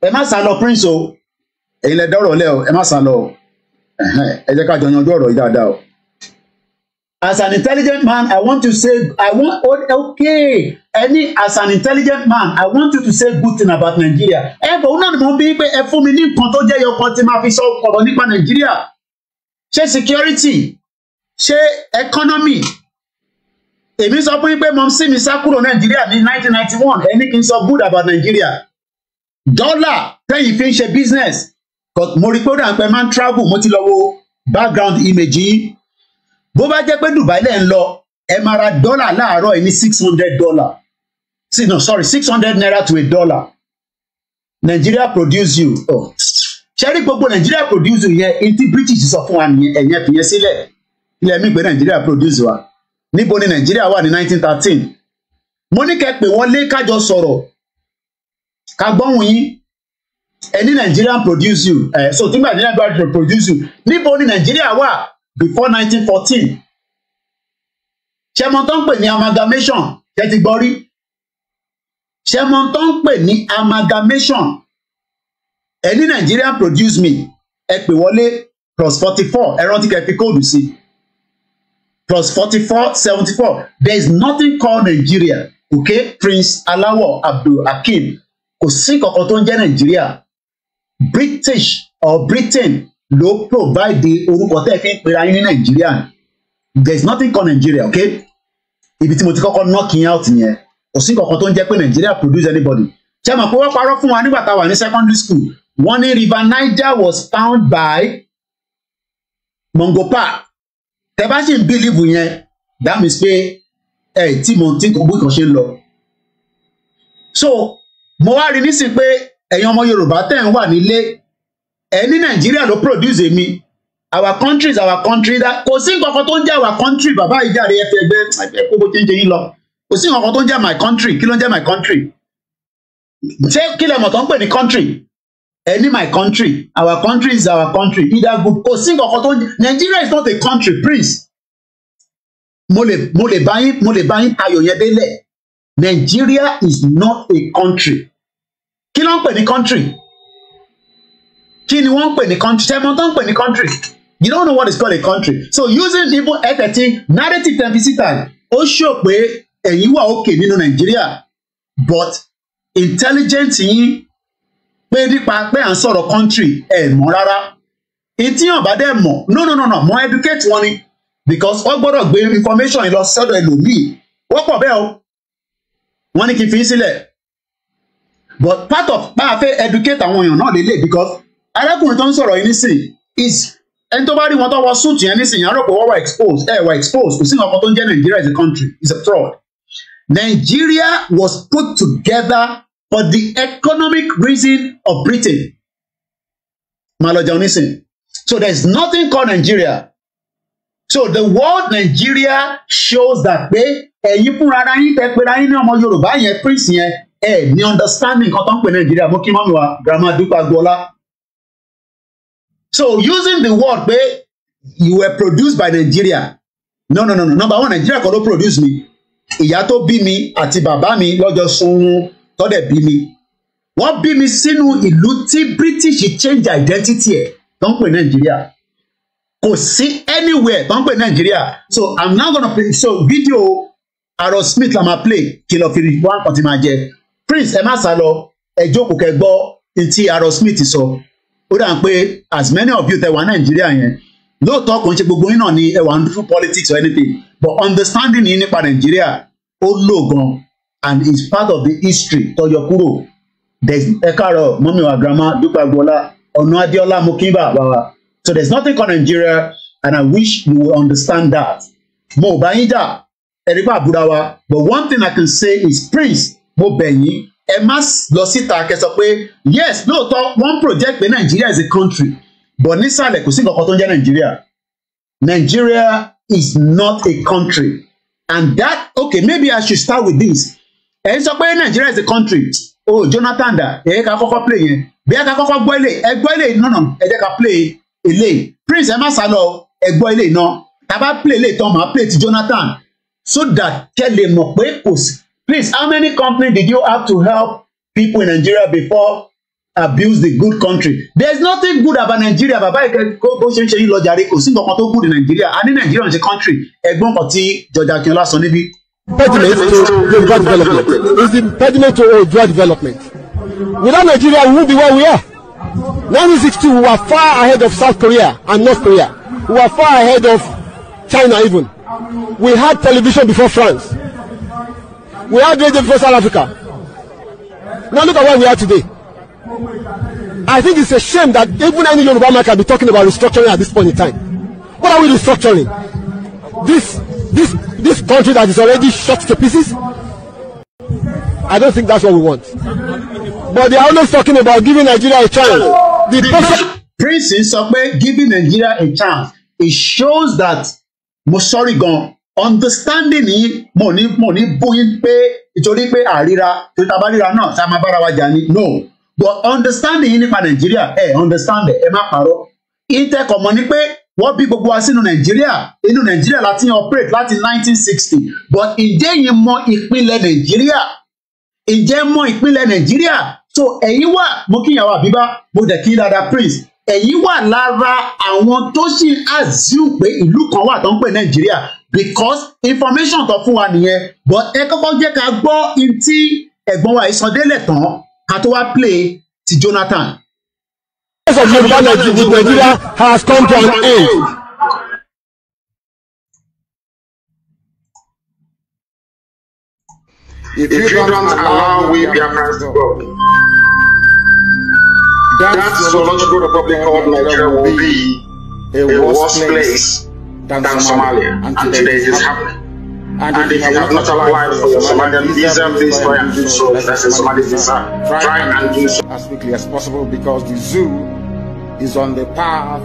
ẹ má sá lọ prince o ẹ̀yin lẹ dọ́rọ̀ lẹ́ o ẹ má sá lọ o ká jọ yanjú ọ̀rọ̀ yìí dáadáa o as an intelligent man i want to say i want okay any as an intelligent man i want you to say good thing about nigeria ẹ bọ̀ òun náà ni mo bí pé ẹ fún mi ní nǹkan tó jẹ́ yọkan tí máa fi sọ ọ̀rọ̀ nípa nàìjíríà ṣé security ṣé economy èmi sọ fún yín pé mo sì mi sá kúrò nàìjíríà ní nineteen ninety one ẹni kì í sọ good about Nigeria? dọ́là tẹ́yìn fi ń ṣe business mo rí pé ó dà pé máa ń travel mo ti lọ wo background image yìí bó bá jẹ́ pé Dubai lẹ́ ń lọ ẹ máa ra dọ́là láàárọ̀ yìí ní six hundred dollar sí no sorry six hundred naira to a dollar Nigeria produce you oh. ṣẹ́rí gbogbo Nigeria produce you yẹn etí British sọ fún wa nìyẹn ẹ̀yẹn fìyẹn sílẹ̀ ilẹ̀ mi pé Nigeria produce wa níbo ni Nigeria wà ní nineteen thirteen mo ní kẹ́ pé wọ́n lé kájọ sọ̀rọ̀ ká gbọ́hùn yín ẹni Nigerian produce you ẹ̀ eh, so tí Nigeria produce you níbo ni Nigeria wà before 1914 ṣẹ́mọ́ tó ń pè ní amalgamation ṣe ti gbọ́ rí ṣẹ́mọ́ tó ń pè ní amalgamation ẹ Nigeria produce me ẹ pè wọlé plus forty four ẹ rántí kẹ́ fi kóòdù sí plus forty four seventy four there is nothing called Nigeria okay Prince Alawo Abdulhakeem kò sí kankan tó ń jẹ́ Nigeria British or Britain ló provide orúkọ tẹ́ ẹ fi ń pera yín ní nàìjíríà there is nothing called nigeria okay ibi tí mo ti kọ́kọ́ knocking out yẹn kò sí kankan tó ń jẹ́ pé nigeria produce anybody ṣé mo pé wọ́n parọ́ fún wa nígbà tá a wà ní secondary school wọ́n ní river niger was found by mongopa tẹ́ bá sì ń bílíìfù yẹn that means pé ẹ tí mo ti kò bó kan ṣe ń lọ so mo wá rí nísìnyí pé ẹ̀yin ọmọ yorùbá tẹ̀ ń wà nílé ẹ ní nàìjíríà ló produce èmi our country is our country that kò sí nǹkan kan tó ń jẹ́ our country bàbá ìjàre ẹ fi ẹgbẹ́ ẹgbẹ́ kó bó ti ń jẹ yín lọ kò sí nǹkan kan tó ń jẹ́ my country kí ló ń jẹ́ my country ṣé kí lè mọ̀ tó ń pè ní country ẹ ní my country our country is our country either group kò sí nǹkan kan tó ń jẹ́ Nigeria is not a country please mo lè mo lè bá yín mo lè bá yín ayò yẹn délẹ̀ Nigeria is not a country kí ló ń pè ní country kí ni wọ́n ń pè ní country ṣẹ́mọ́ tó ń pè ní country you don't know what is called a country so using even ẹ̀tẹ̀tì narrative tempisita ó ṣò pé ẹ̀yin wà òkè nínú nàìjíríà but intelligent yín pé nípa pé à ń sọ̀rọ̀ country ẹ̀ mọ́ rárá etí hàn bá dẹ̀ mọ̀ no no no no mọ̀ educate wọn ni because wọ́n gbọ́dọ̀ gbé information yìí lọ sọ́dọ̀ ẹlòmíì wọ́pọ̀ bẹ́ẹ̀ o wọ́n ní kí n fi sílẹ̀ but part of bá a fẹ́ educate àwọn èèyàn náà lélẹ̀ because arákùnrin tó ń sọ̀rọ̀ yìí nísìn is ẹni tó bá rí wọn tó wọ suit yẹn nísìn yẹn rò pé wọ́n wà exposed ẹ̀ wà exposed kò sí nǹkan tó ń jẹ́ Nigeria is a country is a fraud Nigeria was put together for the economic reason of Britain máa lọ jẹun so there is nothing called Nigeria so the word Nigeria shows that pé ẹ̀yin fúnra ara yín tẹ́ pera yín ní ọmọ Yorùbá yẹn prince yẹn ẹ̀ ní understanding kan tó ń pè Nàìjíríà mo kí mọ́mi wa grandma Dúpẹ́ Agboola so using the word pé you were produced by Nigeria no no no no number one Nigeria kan ló produce mi ìyá tó bí mi àti bàbá mi lọ́jọ́ sunrun tọ́dẹ̀ bí mi wọ́n bí mi sínú ìlú tí British change identity ẹ̀ tó ń pè Nàìjíríà kò sí anywhere tó ń pè Nigeria. so i'm now gonna play so video Aerosmith la máa play kìlọ̀ fìrí one kan ti máa jẹ Prince ẹ má sá lọ ẹ jókòó kẹ́ gbọ́ ntí Aerosmith sọ. So ó dà ń pé as many of you tẹ wá nàìjíríà yẹn lóòótọ́ kò ń ṣe gbogbo yín náà ni ẹ ń dúró politics or anything but understanding yín nípa nàìjíríà ó lò gan and is part of the history tọyọ kúrò ẹ káàárọ̀ mọ́mí wa grandma dúpẹ́ agboola ọ̀nà adéọlá mokínbà bàbá so there's nothing called nigeria and i wish you will understand that mo ò bá yín jà ẹ̀rí bá àbúrà wa but one thing i can say is prince mo bẹ̀ yín ẹ má lọ síta kẹ́ sọ pé yes lóòótọ́ wọ́n project pé Nigeria is a country but nísàlẹ̀ kò sí nǹkan kan tó ń jẹ́ Nigeria Nigeria is not a country and that okay maybe I should start with this ẹ sọ pé Nigeria is a country o oh, Jonathan da ẹ ká kọ́kọ́ play yẹn bí ẹ ká kọ́kọ́ gbọ́ ilé ẹ gbọ́ ilé náà ẹ jẹ́ ká play ilé Prince ẹ má sá lọ ẹ gbọ́ ilé náà tá a bá play ilé tán màá play ti Jonathan so that kẹ́ lè mọ̀ pé kò sí Please, how many companies did you have to help people in Nigeria before abuse the good country? There's nothing good about Nigeria. Bàbá ìkẹ́ kó ṣe ń ṣe yín lọ jàre kò sí nǹkan tó good in Nigeria. A ní Nigeria is a country. Ẹ̀gbọ́n kan tí Jọjà Akínọlá sọ níbí. Pertinent to Yoruba development is pertinent to Oodua development. Without Nigeria, we won't be where we are. 1962, we were far ahead of South Korea and North Korea. We were far ahead of China even. We had television before France we had raised them South Africa. Now look at where we are today. I think it's a shame that even any Yoruba man can be talking about restructuring at this point in time. What are we restructuring? This this this country that is already shot to pieces? I don't think that's what we want. But they are always talking about giving Nigeria a chance. The, the Prince sọ pé giving Nigeria a chance it shows that mo gone understanding yìí mo ní mo ní bóyin pé ìtorí pé àríra tó ta bá ríra náà tá a máa bára wa jà ni no but understanding yìí nípa nàìjíríà ẹ understand ẹ má parọ́ intec ọmọ ni pé wọ́n bí gbogbo wa sínú nàìjíríà inú nàìjíríà láti operate láti 1960 but ǹjẹ́ yìí mọ ìpínlẹ̀ nàìjíríà ǹjẹ́ mọ ìpínlẹ̀ nàìjíríà so ẹ̀yin wà mo kíyàwó àbíbá mo dẹ̀ kí dada prince ẹ̀yin wà lára àwọn tó ṣì àzíù pé ìlú kan wà tó ń pè nàìjíríà because information tó fún wa nìyẹn but ẹ kọ́kọ́ jẹ́ ká gbọ́ in tí ẹ̀gbọ́n wa ìsọdélẹ̀ tán ká tó wá play ti Jonathan. the case of Yoruba Nation Nigeria has come to an end. If, you don't, allow we Biafrans to go, that zoological republic of Nigeria will be a worse place. place. than, than Somalia. And, and today it is happening. And, and if you have not applied for your Somalian visa, please try and do so. That's a Somali visa. Try and do so as quickly as possible because the zoo is on the path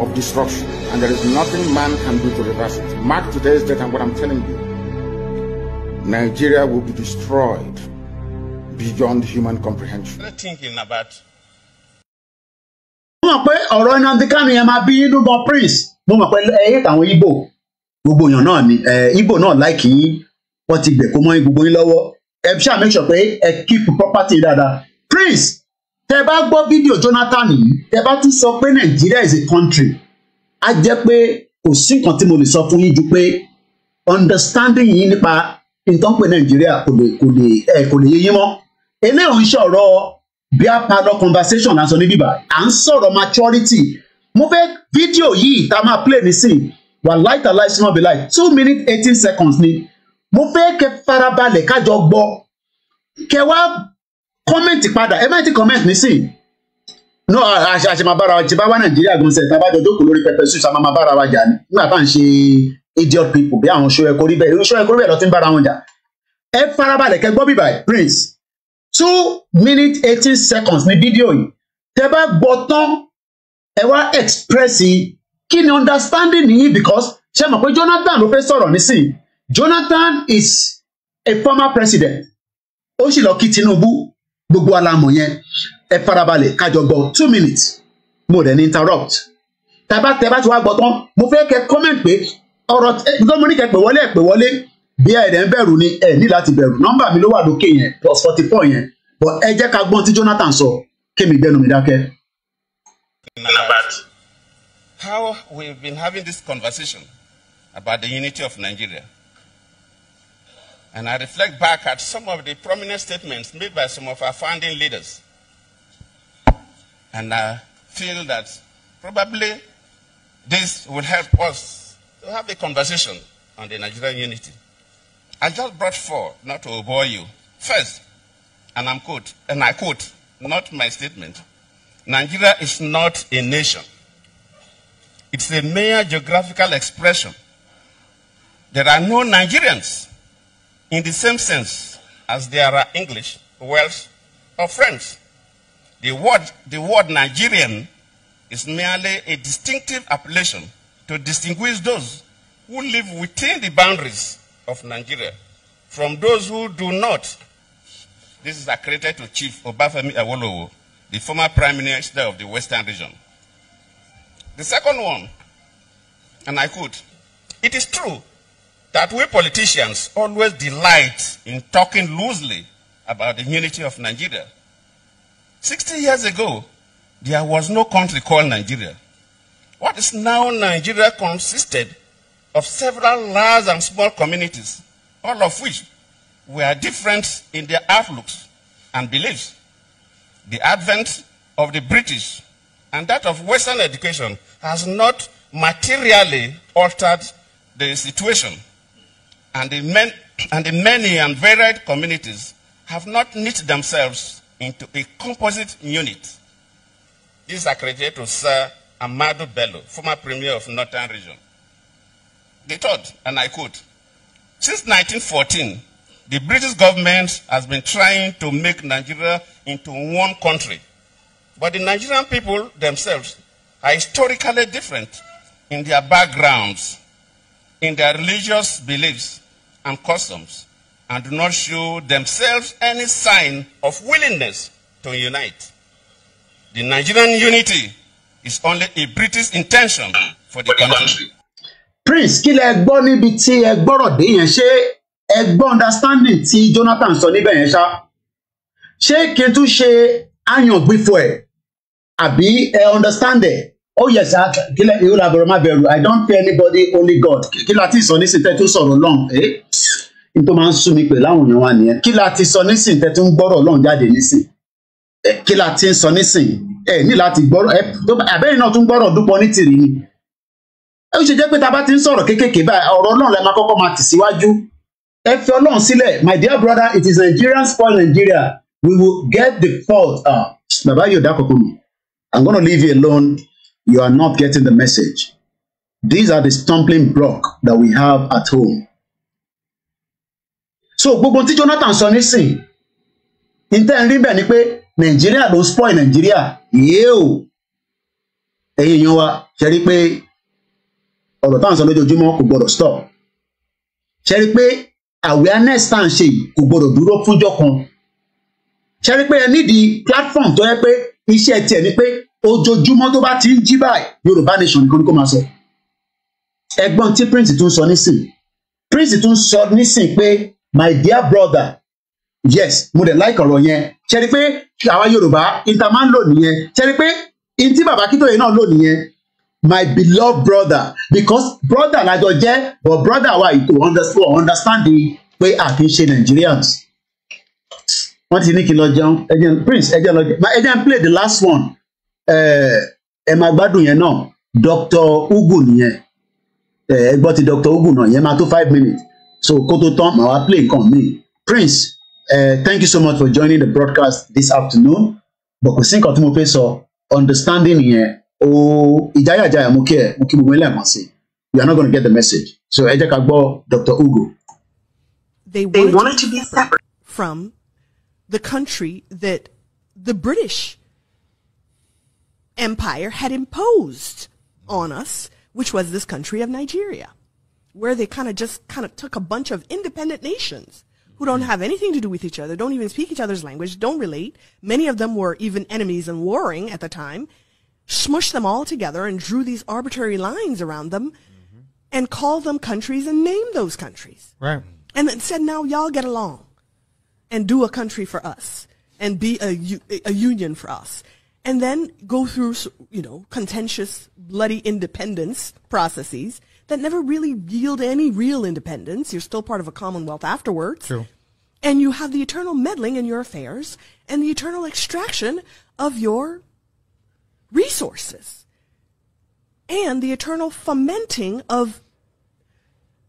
of destruction and there is nothing man can do to reverse it. Mark today's date and what I'm telling you. Nigeria will be destroyed beyond human comprehension. I'm Thinking about mo mọ̀ pé ọ̀rọ̀ Nnamdi Kanu yẹn máa bí inú bọ prince mo mọ̀ pé ẹ̀yẹ́ tàwọn Ibo, gbogbo èèyàn náà ni Igbo náà láìkì yín wọ́n ti gbẹ̀kọ́ mọ́ gbogbo yín lọ́wọ́ ẹ ṣáà make sure pé ẹ keep property dáadáa prince tẹ bá gbọ́ fídíò Jonathan yìí tẹ bá tún sọ pé Nàìjíríà is a country á jẹ́ pé kò sí nǹkan tí mo lè sọ fún yín ju pé understanding yín nípa nǹkan pé Nàìjíríà kò lè kò lè ẹ kò lè yé yín mọ́ eléyìí ń ṣọ̀rọ̀ beer parlour conversation à ń sọ ní bíbá à ń sọ̀rọ̀ maturity mo fẹ́ fídíò yìí tá a máa play nísìn wà láìta láìsí náà bí láì two minutes eighteen seconds ni mo fẹ́ kẹ́ farabalẹ̀ kájọ gbọ́ kẹ́ wá kọ́mẹ̀ntì padà ẹ má ti kọ́mẹ̀ntì nísìn no àṣẹ máa bára wa jẹ bá wá nàìjíríà gan sẹ tá a bá jọ jókòó lórí pẹpẹ sùn sábà máa bára wa jà ní nígbà tá à ń ṣe idiot people bí àwọn ṣó ẹkọ rí bẹ́ẹ̀ ṣó ẹkọ rí bẹ́ẹ̀ lọ ti ń bára wọn jà ẹ farabalẹ̀ kẹ́ gbọ́ bíbá prince two minutes eighteen seconds ní fídíò yìí tẹ́ bá gbọ́ tán ẹ wá express kí ni understanding yìí because ṣe mọ̀ pé Jonathan ló fẹ́ sọ̀rọ̀ nísìnyí Jonathan is a former president ó sì lọ kí Tinubu gbogbo alamọ yẹn ẹ farabalẹ̀ kájọ gbọ́ two minutes mo dẹ̀ ní interrupt tàbá tẹ́ bá ti wá gbọ́ tán mo fẹ́ kẹ́ comment pé ọ̀rọ̀ gómìnà kẹ́ pè wọlé ẹ̀ pè wọlé bí ẹ̀dẹ̀ ń bẹ̀rù ni ẹ ní láti bẹ̀rù nọ́mbà mi ló wà lókè yẹn plus forty four yẹn but ẹ jẹ́ ká gbọ́n tí Jonathan sọ kémi gbẹnu mi dákẹ́. How we've been having this conversation about the unity of Nigeria. And I reflect back at some of the prominent statements made by some of our founding leaders. And I feel that probably this will help us to have a conversation on the Nigerian unity. I just brought four, not to bore you. First, and I'm quote, and I quote, not my statement. Nigeria is not a nation. It's a mere geographical expression. There are no Nigerians in the same sense as there are English, Welsh, or French. The word, the word Nigerian is merely a distinctive appellation to distinguish those who live within the boundaries of Nigeria from those who do not. This is accredited to Chief Obafemi Awolowo, the former Prime Minister of the Western Region. The second one, and I quote, it is true that we politicians always delight in talking loosely about the unity of Nigeria. 60 years ago, there was no country called Nigeria. What is now Nigeria consisted of several large and small communities, all of which were different in their outlooks and beliefs. The advent of the British and that of Western education has not materially altered the situation. And the, men, and the many and varied communities have not knit themselves into a composite unit. This accredited to Sir Amado Bello, former Premier of Northern Region. They thought, and I quote, since 1914, the British government has been trying to make Nigeria into one country. But the Nigerian people themselves are historically different in their backgrounds, in their religious beliefs and customs, and do not show themselves any sign of willingness to unite. The Nigerian unity is only a British intention for the, for the country. country. prince kí lẹ gbọ́ níbi tí ẹ gbọ́rọ̀ dé yẹn ṣé ẹ gbọ́ understanding tí jonathan sọ níbẹ̀ yẹn ṣá ṣé kí n tún ṣe àyàngbífọ ẹ àbí ẹ understand ẹ oh yes sir kí lẹ ìwúlò àbẹ̀rẹ̀ má bẹ̀rù i don't pay anybody only god kí la ti sọ nísìnyí tẹ́ tó sọ̀rọ̀ lọ́n ẹ n tó máa ń sú mi pè láwọn èèyàn wa nìyẹn kí la ti sọ nísìnyí tẹ́ tó ń gbọ́rọ̀ jáde nísìnyí kí la ti ń sọ nísìnyí ẹ ní láti gbọ́rọ̀ ẹ àbẹ́yìn náà tún gbọ́rọ̀ dúpọ̀ ní tìrì ni ó ṣe jẹ́ pé tá bá ti ń sọ̀rọ̀ kéékèèké báyìí ọ̀rọ̀ Ọlọ́run la máa máa tì síwájú ẹ fi Ọlọ́run sílẹ̀ my dear brother it is Nigerians spoil Nigeria we will get the fault out ah, bàbá Yorùbá kọkọ mi I'm gonna leave you alone you are not getting the message these are the stumbling block that we have at home so gbogbo tí Jonathan sọ nísìn níta ń rí bẹ́ẹ̀ ni pé Nàìjíríà ló spoil Nàìjíríà yéé o ẹ̀yin èèyàn wa ṣe rí pé ọ̀rọ̀ táwọn sọ lójoojúmọ́ kò gbọdọ̀ stop ṣe rí i pé awareness tá à ń ṣe yìí kò gbọdọ̀ dúró fúnjọ́ kan ṣe rí i pé ẹ nídìí platform tó yẹ pé iṣẹ́ tiẹ̀ ni pé ojoojúmọ́ tó bá ti ń jí báyìí Yorùbá nation nìkan ni kó máa sọ ẹ̀gbọ́n tí prince tún sọ nísìn prince tún sọ nísìn pé my dear brother yes mo dẹ̀ like ọ̀rọ̀ yẹn ṣe rí i pé àwa Yorùbá ìta máa ń lò nìyẹn ṣe rí i pé ìtí bàbá Akíntóyè náà lò nìyẹn my beloved brother because brother lájọ jẹ́ but brother wa to understand understand pé a kì ṣe Nigerians wọ́n ti ní kí n lọ jẹun ẹjẹ prince ẹjẹ lọ jẹun ẹjẹ n play the last one eh, ẹ máa gbádùn yẹn náà Dr. Ugu nìyẹn eh, ẹ gbọ́ ti Dr. Ugu náà yẹn máa tó five minutes so kó tó tán màá wá play nǹkan míì prince uh, thank you so much for joining the broadcast this afternoon but kò sí nǹkan tí mo fẹ́ sọ understanding yẹn Oh, ìjáyàjáyà mú kí ẹ mú kí you are not going to get the message so ẹ jẹ́ Dr. Ugo. They wanted, they wanted to be separate from the country that the British Empire had imposed on us, which was this country of Nigeria, where they kind of just kind of took a bunch of independent nations who don't have anything to do with each other, don't even speak each other's language, don't relate. Many of them were even enemies and warring at the time, smushed them all together and drew these arbitrary lines around them mm-hmm. and called them countries and named those countries. Right. And then said, now y'all get along and do a country for us and be a, a union for us. And then go through, you know, contentious, bloody independence processes that never really yield any real independence. You're still part of a commonwealth afterwards. True. And you have the eternal meddling in your affairs and the eternal extraction of your resources and the eternal fomenting of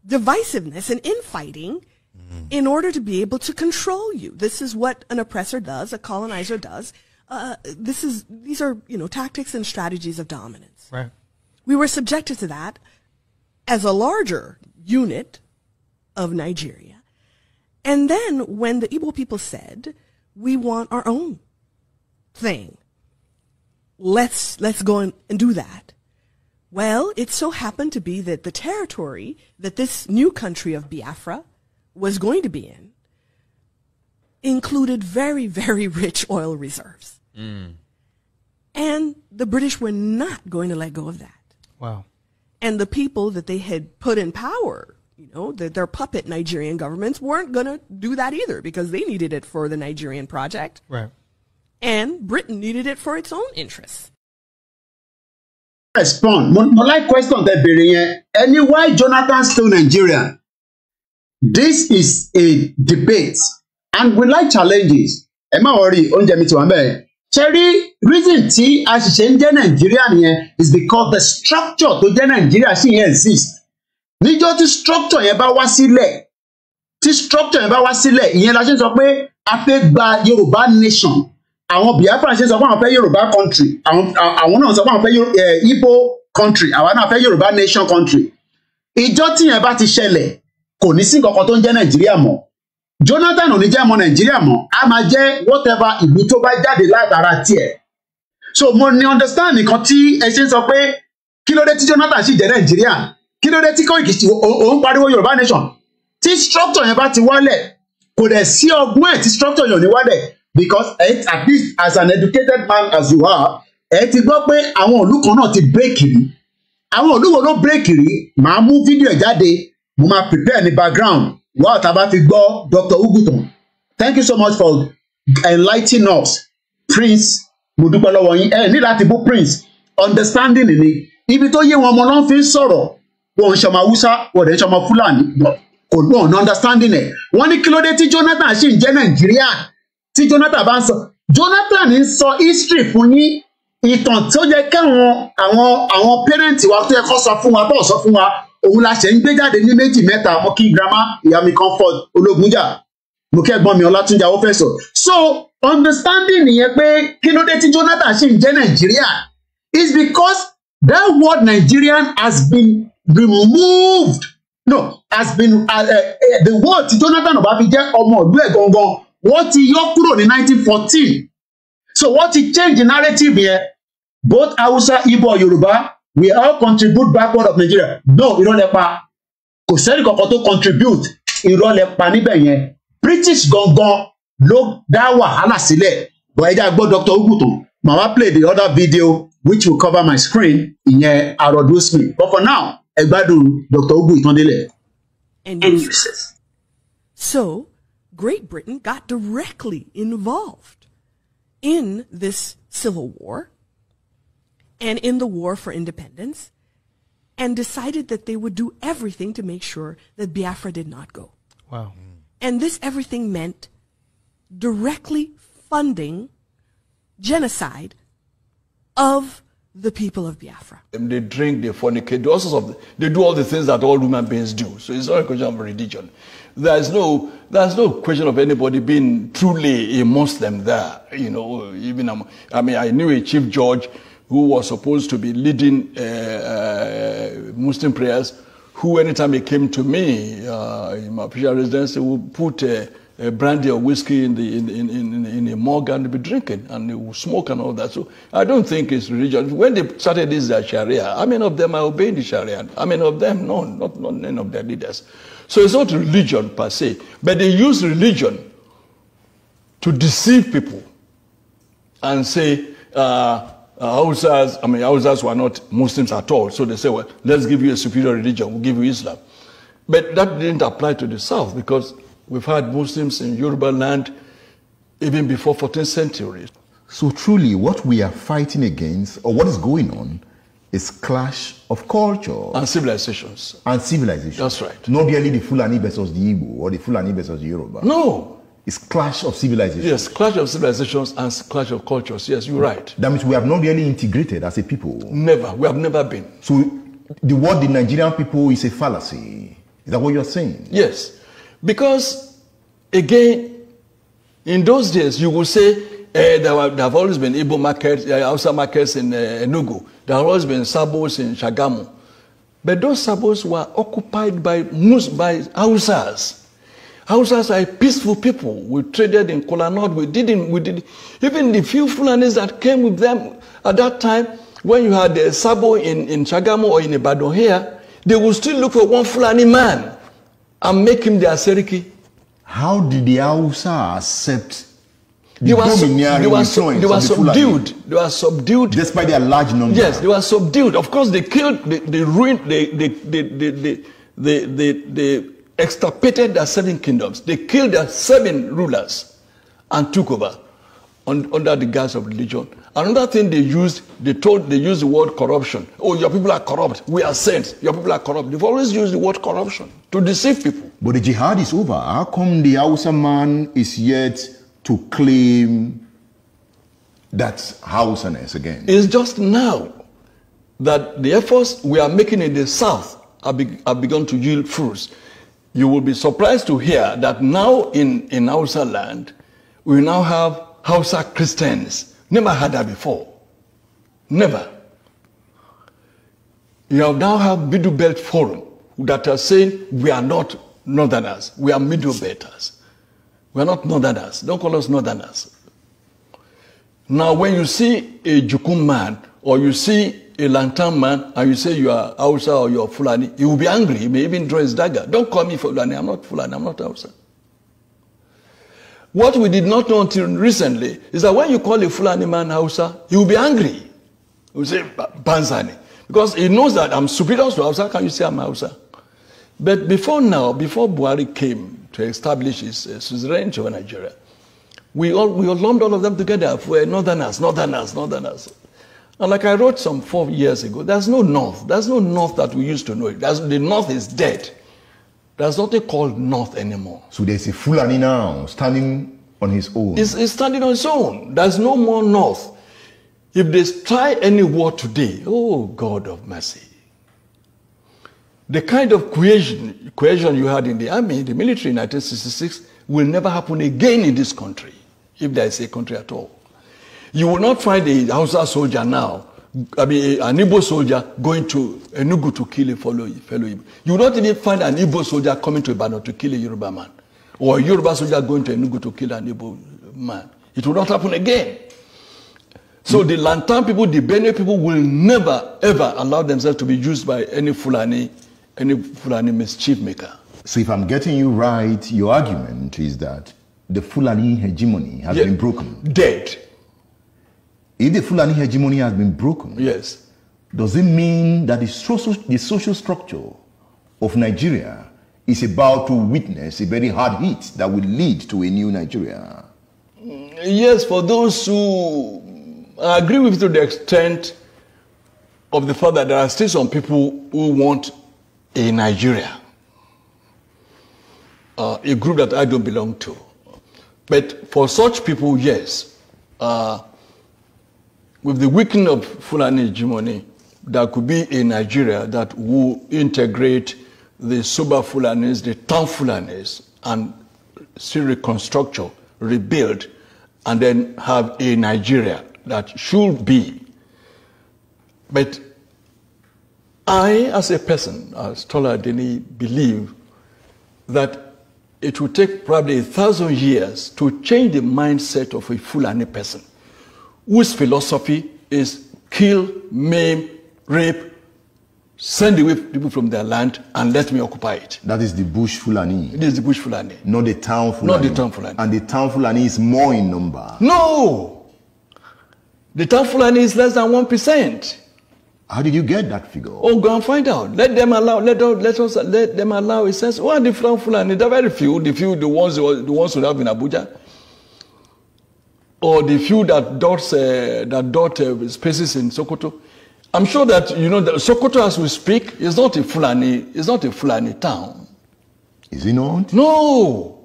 divisiveness and infighting mm. in order to be able to control you. This is what an oppressor does, a colonizer does. Uh, this is these are you know tactics and strategies of dominance. Right. We were subjected to that as a larger unit of Nigeria, and then when the Igbo people said, "We want our own thing," let's let's go and, do that. Well, it so happened to be that the territory that this new country of Biafra was going to be in included very, very rich oil reserves. Mm. And the British were not going to let go of that. Wow. And the people that they had put in power, you know, the, their puppet Nigerian governments weren't going to do that either because they needed it for the Nigerian project. Right. and Britain needed it for its own interests. Respond. My like question that béèrè yẹn. why Jonathan still Nigerian? This is a debate and we like challenges. Am I worry, on mi ti Cherry, reason tí a ṣì ṣe Nigerian jẹ́ is because the structure to the Nàìjíríà she yẹn exist. Níjọ́ structure about bá wá sílẹ̀ tí structure about bá wá sílẹ̀ ìyẹn la ṣe ń sọ pé a fẹ́ gba Yorùbá nation àwọn Biafra ṣe sọ pé àwọn fẹ́ Yorùbá country àwọn náà sọ pé àwọn fẹ́ Igbo country àwa náà fẹ́ Yorùbá nation country ìjọ tíyẹn bá ti ṣẹlẹ̀ kò ní sí kankan tó ń jẹ́ Nàìjíríà mọ́ Jonathan ò ní jẹ́ ọmọ Nàìjíríà mọ́ a máa jẹ́ whatever ìlú tó bá jáde látara tiẹ̀ so mo ní understand nìkan tí ẹ ṣe sọ pé kí ló dé tí Jonathan sì jẹ́ Nàìjíríà kí ló dé tí Koiki òun pariwo Yorùbá nation tí structure yẹn bá ti wálẹ̀ kò dẹ̀ sí ọgbọ́n ẹ̀ tí structure yẹn ò ní wálẹ̀ because at least as an educated man as you are ẹ ti gbọ́ pé àwọn ìlú kan náà ti bírèkì rí àwọn ìlú wo ló bírèkì rí màá mú fídíò ẹ̀ jáde mo máa prepare ní background wá ọ̀tá bá fi gbọ́ Dr. Ugutan thank you so much for enlightening us Prince mo dúpẹ́ lọ́wọ́ yín ẹ ní láti bú Prince understanding ni ibi tó yé wọn ọmọ náà fi ń sọ̀rọ̀ wọn ò ń ṣọmọ Haúsá wọn dẹ̀ ń ṣọmọ Fúlàní kò lóun understanding ẹ̀ wọ́n ní kí ló dé tí Jonathan ṣì ń jẹ́ Nàìjíríà tí Jonathan bá ń sọ Jonathan ń sọ history fún yín ìtàn tó yẹ káwọn àwọn àwọn parent wa tó yẹ kó sọ fún wa bọ́ọ̀ sọ fún wa òun la ṣe ń gbé jáde ní méjì mẹ́ta mo kí grandma ìyá mi comfort ológunjà mo kí ẹ̀gbọ́n mi ọlátúnjà ó fẹ́ so understanding nìyẹn pé kí ló dé tí Jonathan ṣì ń jẹ́ Nàìjíríà is because that word Nigerian has been removed no has been uh, uh, the word tí Jonathan ọba fi jẹ́ ọmọ ìlú ẹ̀ gangan wọ́n ti yọ kúrò ní 1914 so wọ́n ti change narrative yẹn both Hausa Ibo, Yoruba, we all contribute backward of Nigeria no ìrọ̀lẹ́pa kò sẹ́ni kankan tó contribute ìrọ̀lẹ́pa níbẹ̀ yẹn British gangan ló dá wàhálà sílẹ̀ bọ̀ ẹja gbọ́ Dr. Ogutan mama play the other video which will cover my screen ìyẹn arodo smith but for now ẹ gbádùn Dr. Ogwu Itandele. and useless. so Great Britain got directly involved in this civil war and in the war for independence and decided that they would do everything to make sure that Biafra did not go. Wow. Mm. And this everything meant directly funding genocide of the people of Biafra. And they drink, they fornicate, do all sorts of, they do all the things that all human beings do. So it's not a question of religion. There's no, there's no question of anybody being truly a Muslim there. You know, even, I mean, I knew a chief judge who was supposed to be leading uh, uh, Muslim prayers, who anytime he came to me uh, in my official residence, he would put a, a brandy or whiskey in the in in in, in a mug and be drinking and he would smoke and all that. So I don't think it's religion. When they started this Sharia, how many of them are obeying the Sharia? How many of them? No, not, not none of their leaders. So it's not religion per se, but they use religion to deceive people and say, uh, uh, Hausas, I mean, Hausas were not Muslims at all. So they say, well, let's give you a superior religion, we'll give you Islam. But that didn't apply to the South because we've had Muslims in Yoruba land even before 14th century. So truly, what we are fighting against, or what is going on, is clash of cultures. And civilizations. And civilizations. That's right. Not merely the Fulani versus the Igbo or the Fulani versus the Yoruba. No. It's clash of civilizations. Yes, clash of civilizations and clash of cultures. Yes, you're hmm. right. That means we have not really integrated as a people. Never. We have never been. So the word the Nigerian people is a fallacy. Is that what you're saying? Yes. Because, again, in those days, you would say Eh, there, were, there have always been Igbo markets, uh, markets in uh, Enugu. There have always been sabos in Shagamu. But those sabos were occupied by most by Hausas. Hausas are peaceful people. We traded in Kolanot. We didn't. We did even the few Fulanis that came with them at that time. When you had a sabo in in Shagamu or in Ibadan here, they would still look for one Fulani man and make him their seriki. How did the Hausa accept they were, sub- they were, sub- they were subdued. The they were subdued. Despite their large numbers. Yes, they were subdued. Of course, they killed, they, they ruined, they, they, they, they, they, they, they, they extirpated their seven kingdoms. They killed their seven rulers and took over on, under the guise of religion. Another thing they used, they told, they used the word corruption. Oh, your people are corrupt. We are saints. Your people are corrupt. They've always used the word corruption to deceive people. But the jihad is over. How come the Hausa man is yet to claim that house and earth again. It's just now that the efforts we are making in the south have, be- have begun to yield fruits. You will be surprised to hear that now in, in Hausa land, we now have Hausa Christians. Never had that before. Never. You have now have Middle Belt Forum that are saying we are not Northerners, we are Middle Belters. We are not northerners. Don't call us northerners. Now, when you see a Jukum man or you see a Lantan man and you say you are Hausa or you are Fulani, he will be angry. He may even draw his dagger. Don't call me Fulani. I'm not Fulani. I'm not Hausa. What we did not know until recently is that when you call a Fulani man Hausa, he will be angry. He will say, Banzani. Because he knows that I'm superior to Hausa. Can you say I'm Hausa? But before now, before Buhari came, to establish his uh, suzerainty over Nigeria. We all, we all lumped all of them together for northerners, northerners, northerners. And like I wrote some four years ago, there's no north. There's no north that we used to know. There's, the north is dead. There's nothing called north anymore. So there's a Fulani now standing on his own. He's standing on his own. There's no more north. If they try any war today, oh God of mercy, the kind of creation, you had in the army, the military in 1966, will never happen again in this country, if there is a country at all. You will not find a Hausa soldier now, I mean, an Igbo soldier going to Enugu to kill a fellow, fellow Igbo. You will not even find an Igbo soldier coming to Ibadan to kill a Yoruba man, or a Yoruba soldier going to Enugu to kill an Igbo man. It will not happen again. So the Lantan people, the Benue people will never ever allow themselves to be used by any Fulani any Fulani mischief maker. So if I'm getting you right, your argument is that the Fulani hegemony has been broken. Dead. If the Fulani hegemony has been broken, yes, does it mean that the social, the social structure of Nigeria is about to witness a very hard hit that will lead to a new Nigeria? Yes, for those who I agree with to the extent of the fact that there are still some people who want in Nigeria, uh, a group that I don't belong to. But for such people, yes, uh, with the weakening of Fulani hegemony, there could be in Nigeria that will integrate the Suba Fulanis, the tough Fulanis, and see reconstructure, rebuild, and then have a Nigeria that should be. But I, as a person, as Tola Dini, believe that it will take probably a thousand years to change the mindset of a Fulani person whose philosophy is kill, maim, rape, send away people from their land and let me occupy it. That is the bush Fulani. It is the bush Fulani. Not the town Fulani. Not the town Fulani. And the town Fulani is more in number. No! The town Fulani is less than 1%. How did you get that figure? Oh, go and find out. Let them allow. Let, us, let us let them allow. It says, "Who are the from Fulani? The very few, the few, the ones, the ones who have in Abuja, or the few that dot, uh, that dot uh, spaces in Sokoto. I'm sure that you know that Sokoto, as we speak, is not a Fulani. It's not a Fulani town. Is it not? No,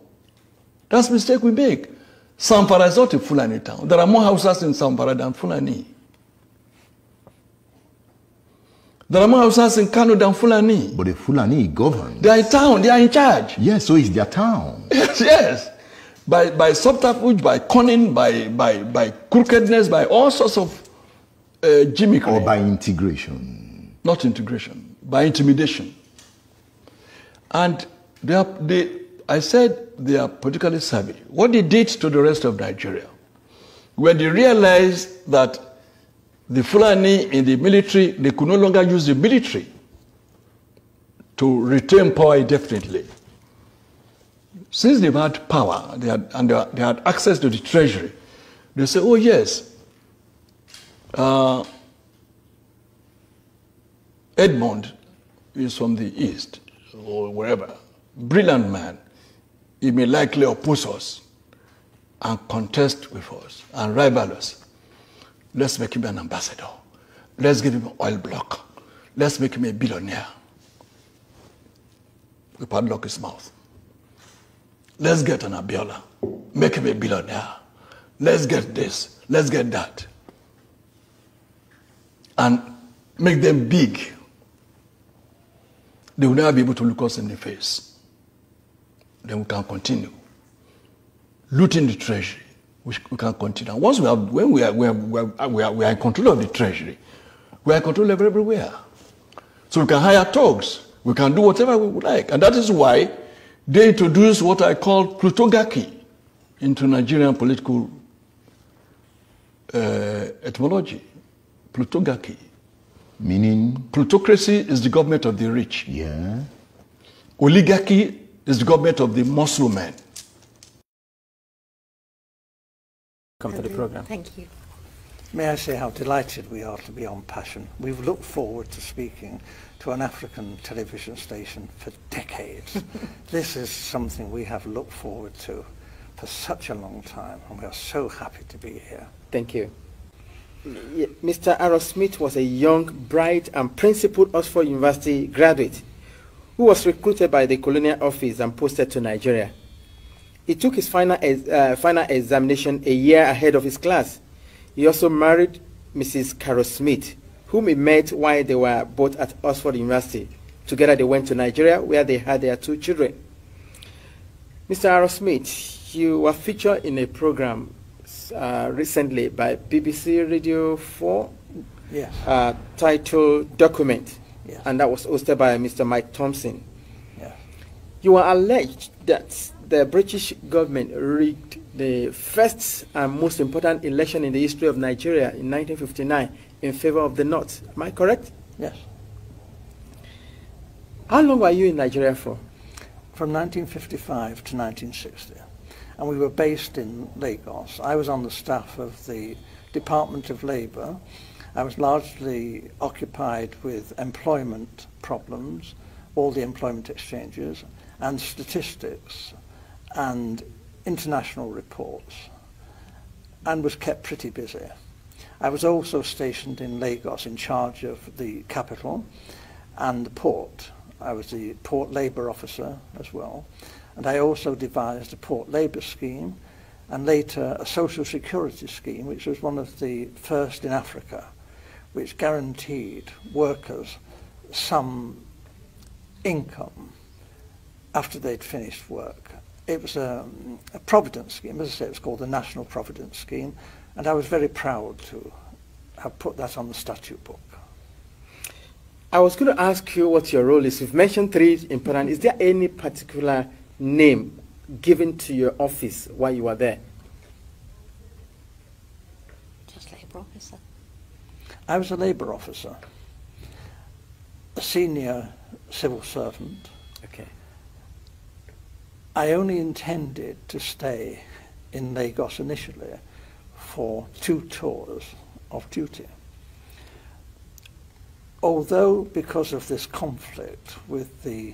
that's mistake we make. Sampara is not a Fulani town. There are more houses in Sampara than Fulani. There are more in Kano than Fulani. But the Fulani govern. They are in town, they are in charge. Yes, so it's their town. Yes, yes. By, by subterfuge, by cunning, by, by, by crookedness, by all sorts of uh, gimmickry. Or by integration. Not integration, by intimidation. And they are, they, I said they are particularly savvy. What they did to the rest of Nigeria, when they realized that the Fulani in the military, they could no longer use the military to retain power indefinitely. Since they had power they had, and they had access to the treasury, they say, oh yes, uh, Edmund is from the east or wherever, brilliant man. He may likely oppose us and contest with us and rival us. Let's make him an ambassador. Let's give him an oil block. Let's make him a billionaire. We padlock his mouth. Let's get an Abiola. Make him a billionaire. Let's get this. Let's get that. And make them big. They will never be able to look us in the face. Then we can continue looting the treasury we, we can continue. once we have, when we are, we, are, we, are, we, are, in control of the treasury, we are in control of everywhere. So we can hire thugs, we can do whatever we would like. And that is why they introduced what I call plutogaki into Nigerian political uh, etymology. Plutogaki. Meaning? Plutocracy is the government of the rich. Yeah. Oligarchy is the government of the muscle men. come to the programme. Thank you. May I say how delighted we are to be on Passion. We've looked forward to speaking to an African television station for decades. this is something we have looked forward to for such a long time, and we are so happy to be here. Thank you. Mr. Aaron Smith was a young, bright, and principled Oxford University graduate who was recruited by the colonial office and posted to Nigeria. He took his final, uh, final examination a year ahead of his class. He also married Mrs. Carol Smith, whom he met while they were both at Oxford University. Together they went to Nigeria, where they had their two children. Mr. Carol Smith, you were featured in a program uh, recently by BBC Radio 4 yeah. uh, titled Document, and that was hosted by Mr. Mike Thompson. You were alleged that the British government rigged the first and most important election in the history of Nigeria in 1959 in favor of the North. Am I correct? Yes. How long were you in Nigeria for? From 1955 to 1960. And we were based in Lagos. I was on the staff of the Department of Labour. I was largely occupied with employment problems, all the employment exchanges, and statistics and international reports and was kept pretty busy. I was also stationed in Lagos in charge of the capital and the port. I was the port labour officer as well. And I also devised a port labour scheme and later a social security scheme, which was one of the first in Africa, which guaranteed workers some income after they'd finished work it was a, um, a providence scheme. As I say, it was called the National Providence Scheme, and I was very proud to have put that on the statute book. I was going to ask you what your role is. You've mentioned three important. Is there any particular name given to your office while you were there? Just labour officer. I was a labour officer, a senior civil servant. Okay. I only intended to stay in Lagos initially for two tours of duty. Although, because of this conflict with the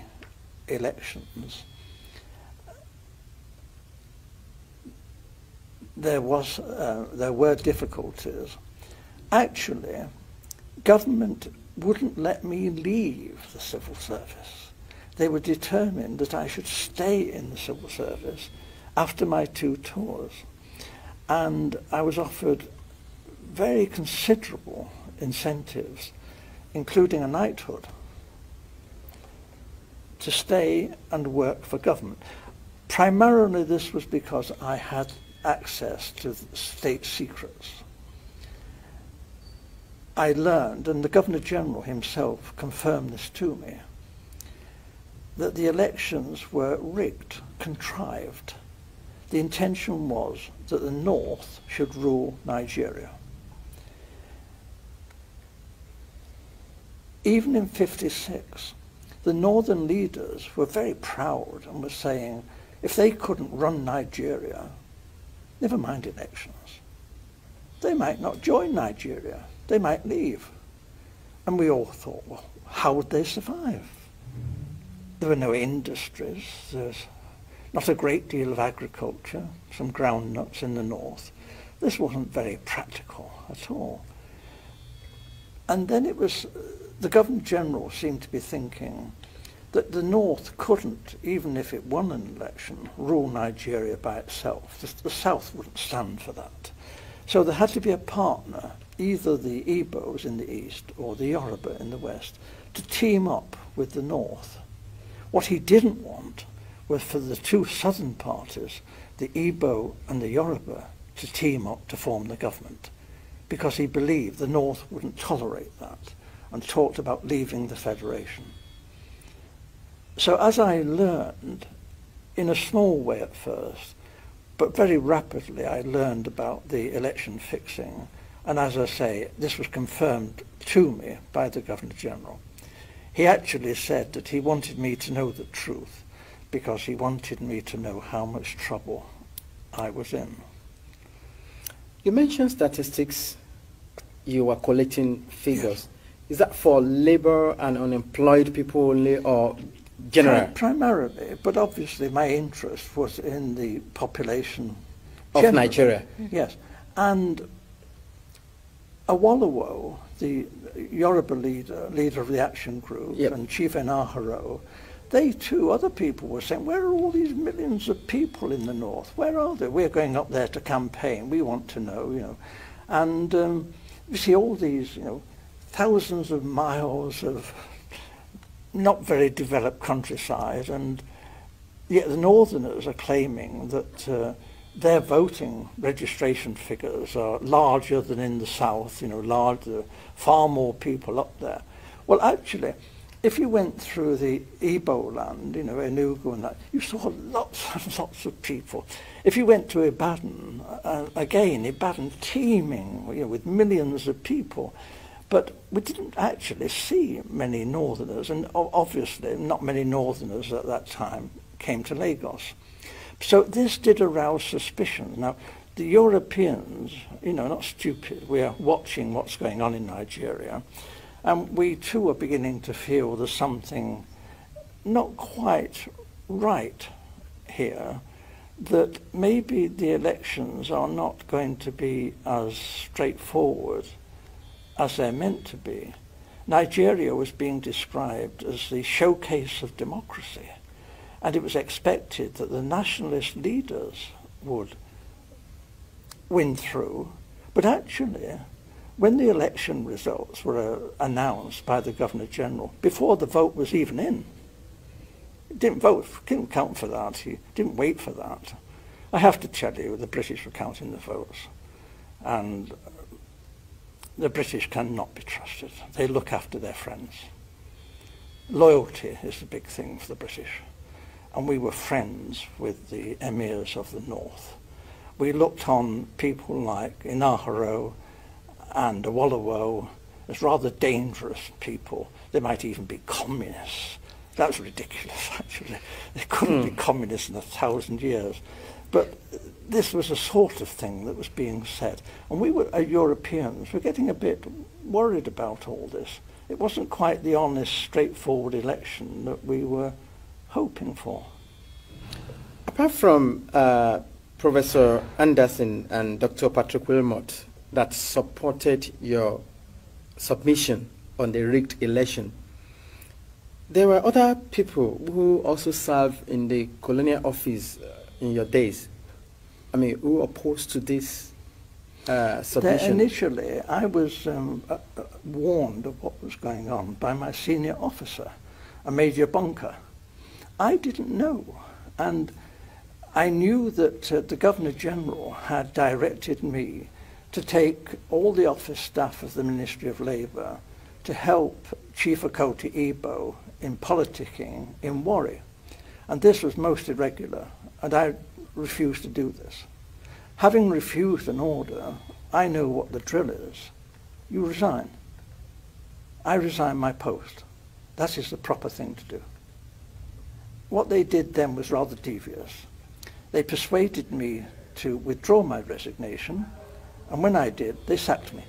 elections, there, was, uh, there were difficulties. Actually, government wouldn't let me leave the civil service they were determined that I should stay in the civil service after my two tours. And I was offered very considerable incentives, including a knighthood, to stay and work for government. Primarily this was because I had access to state secrets. I learned, and the Governor-General himself confirmed this to me, that the elections were rigged, contrived. The intention was that the North should rule Nigeria. Even in 56, the Northern leaders were very proud and were saying if they couldn't run Nigeria, never mind elections. They might not join Nigeria. They might leave. And we all thought, well, how would they survive? There were no industries. There's not a great deal of agriculture, some groundnuts in the north. This wasn't very practical at all. And then it was, the Governor General seemed to be thinking that the North couldn't, even if it won an election, rule Nigeria by itself. The, the South wouldn't stand for that. So there had to be a partner, either the Igbos in the east or the Yoruba in the west, to team up with the North. What he didn't want was for the two southern parties, the Igbo and the Yoruba, to team up to form the government because he believed the North wouldn't tolerate that and talked about leaving the Federation. So as I learned, in a small way at first, but very rapidly I learned about the election fixing and as I say, this was confirmed to me by the Governor-General. He actually said that he wanted me to know the truth because he wanted me to know how much trouble I was in. You mentioned statistics. You were collecting figures. Yes. Is that for labor and unemployed people only or general? primarily, but obviously my interest was in the population of generally. Nigeria. Yes. And Awolowo, the Yoruba leader, uh, leader of the action group, yep. and Chief Enaharo, they too, other people were saying, where are all these millions of people in the north? Where are they? We're going up there to campaign. We want to know, you know. And um, you see all these, you know, thousands of miles of not very developed countryside, and yet the northerners are claiming that uh, their voting registration figures are larger than in the south, you know, larger far more people up there. Well, actually, if you went through the Igbo land, you know, Enugu and that, you saw lots and lots of people. If you went to Ibadan, uh, again, Ibadan teeming you know, with millions of people. But we didn't actually see many northerners, and obviously not many northerners at that time came to Lagos. So this did arouse suspicion. Now, the Europeans, you know, not stupid, we are watching what's going on in Nigeria, and we too are beginning to feel there's something not quite right here, that maybe the elections are not going to be as straightforward as they're meant to be. Nigeria was being described as the showcase of democracy, and it was expected that the nationalist leaders would went through. But actually, when the election results were uh, announced by the Governor General, before the vote was even in, didn't vote, didn't count for that, he didn't wait for that. I have to tell you, the British were counting the votes, and the British cannot be trusted. They look after their friends. Loyalty is the big thing for the British, and we were friends with the emirs of the north we looked on people like Inaharo and Awolowo as rather dangerous people. They might even be communists. That's ridiculous, actually. They couldn't mm. be hmm. communists in a thousand years. But this was a sort of thing that was being said. And we were, uh, Europeans, were getting a bit worried about all this. It wasn't quite the honest, straightforward election that we were hoping for. Apart from uh, Professor Anderson and Dr. Patrick Wilmot that supported your submission on the rigged election. There were other people who also served in the colonial office uh, in your days. I mean, who opposed to this uh, submission? initially, I was um, uh, uh, warned of what was going on by my senior officer, a Major Bunker. I didn't know. And I knew that uh, the Governor General had directed me to take all the office staff of the Ministry of Labour to help Chief Okoti Ebo in politicking in Warri. And this was most irregular, and I refused to do this. Having refused an order, I know what the drill is. You resign. I resign my post. That is the proper thing to do. What they did then was rather devious. They persuaded me to withdraw my resignation, and when I did, they sacked me.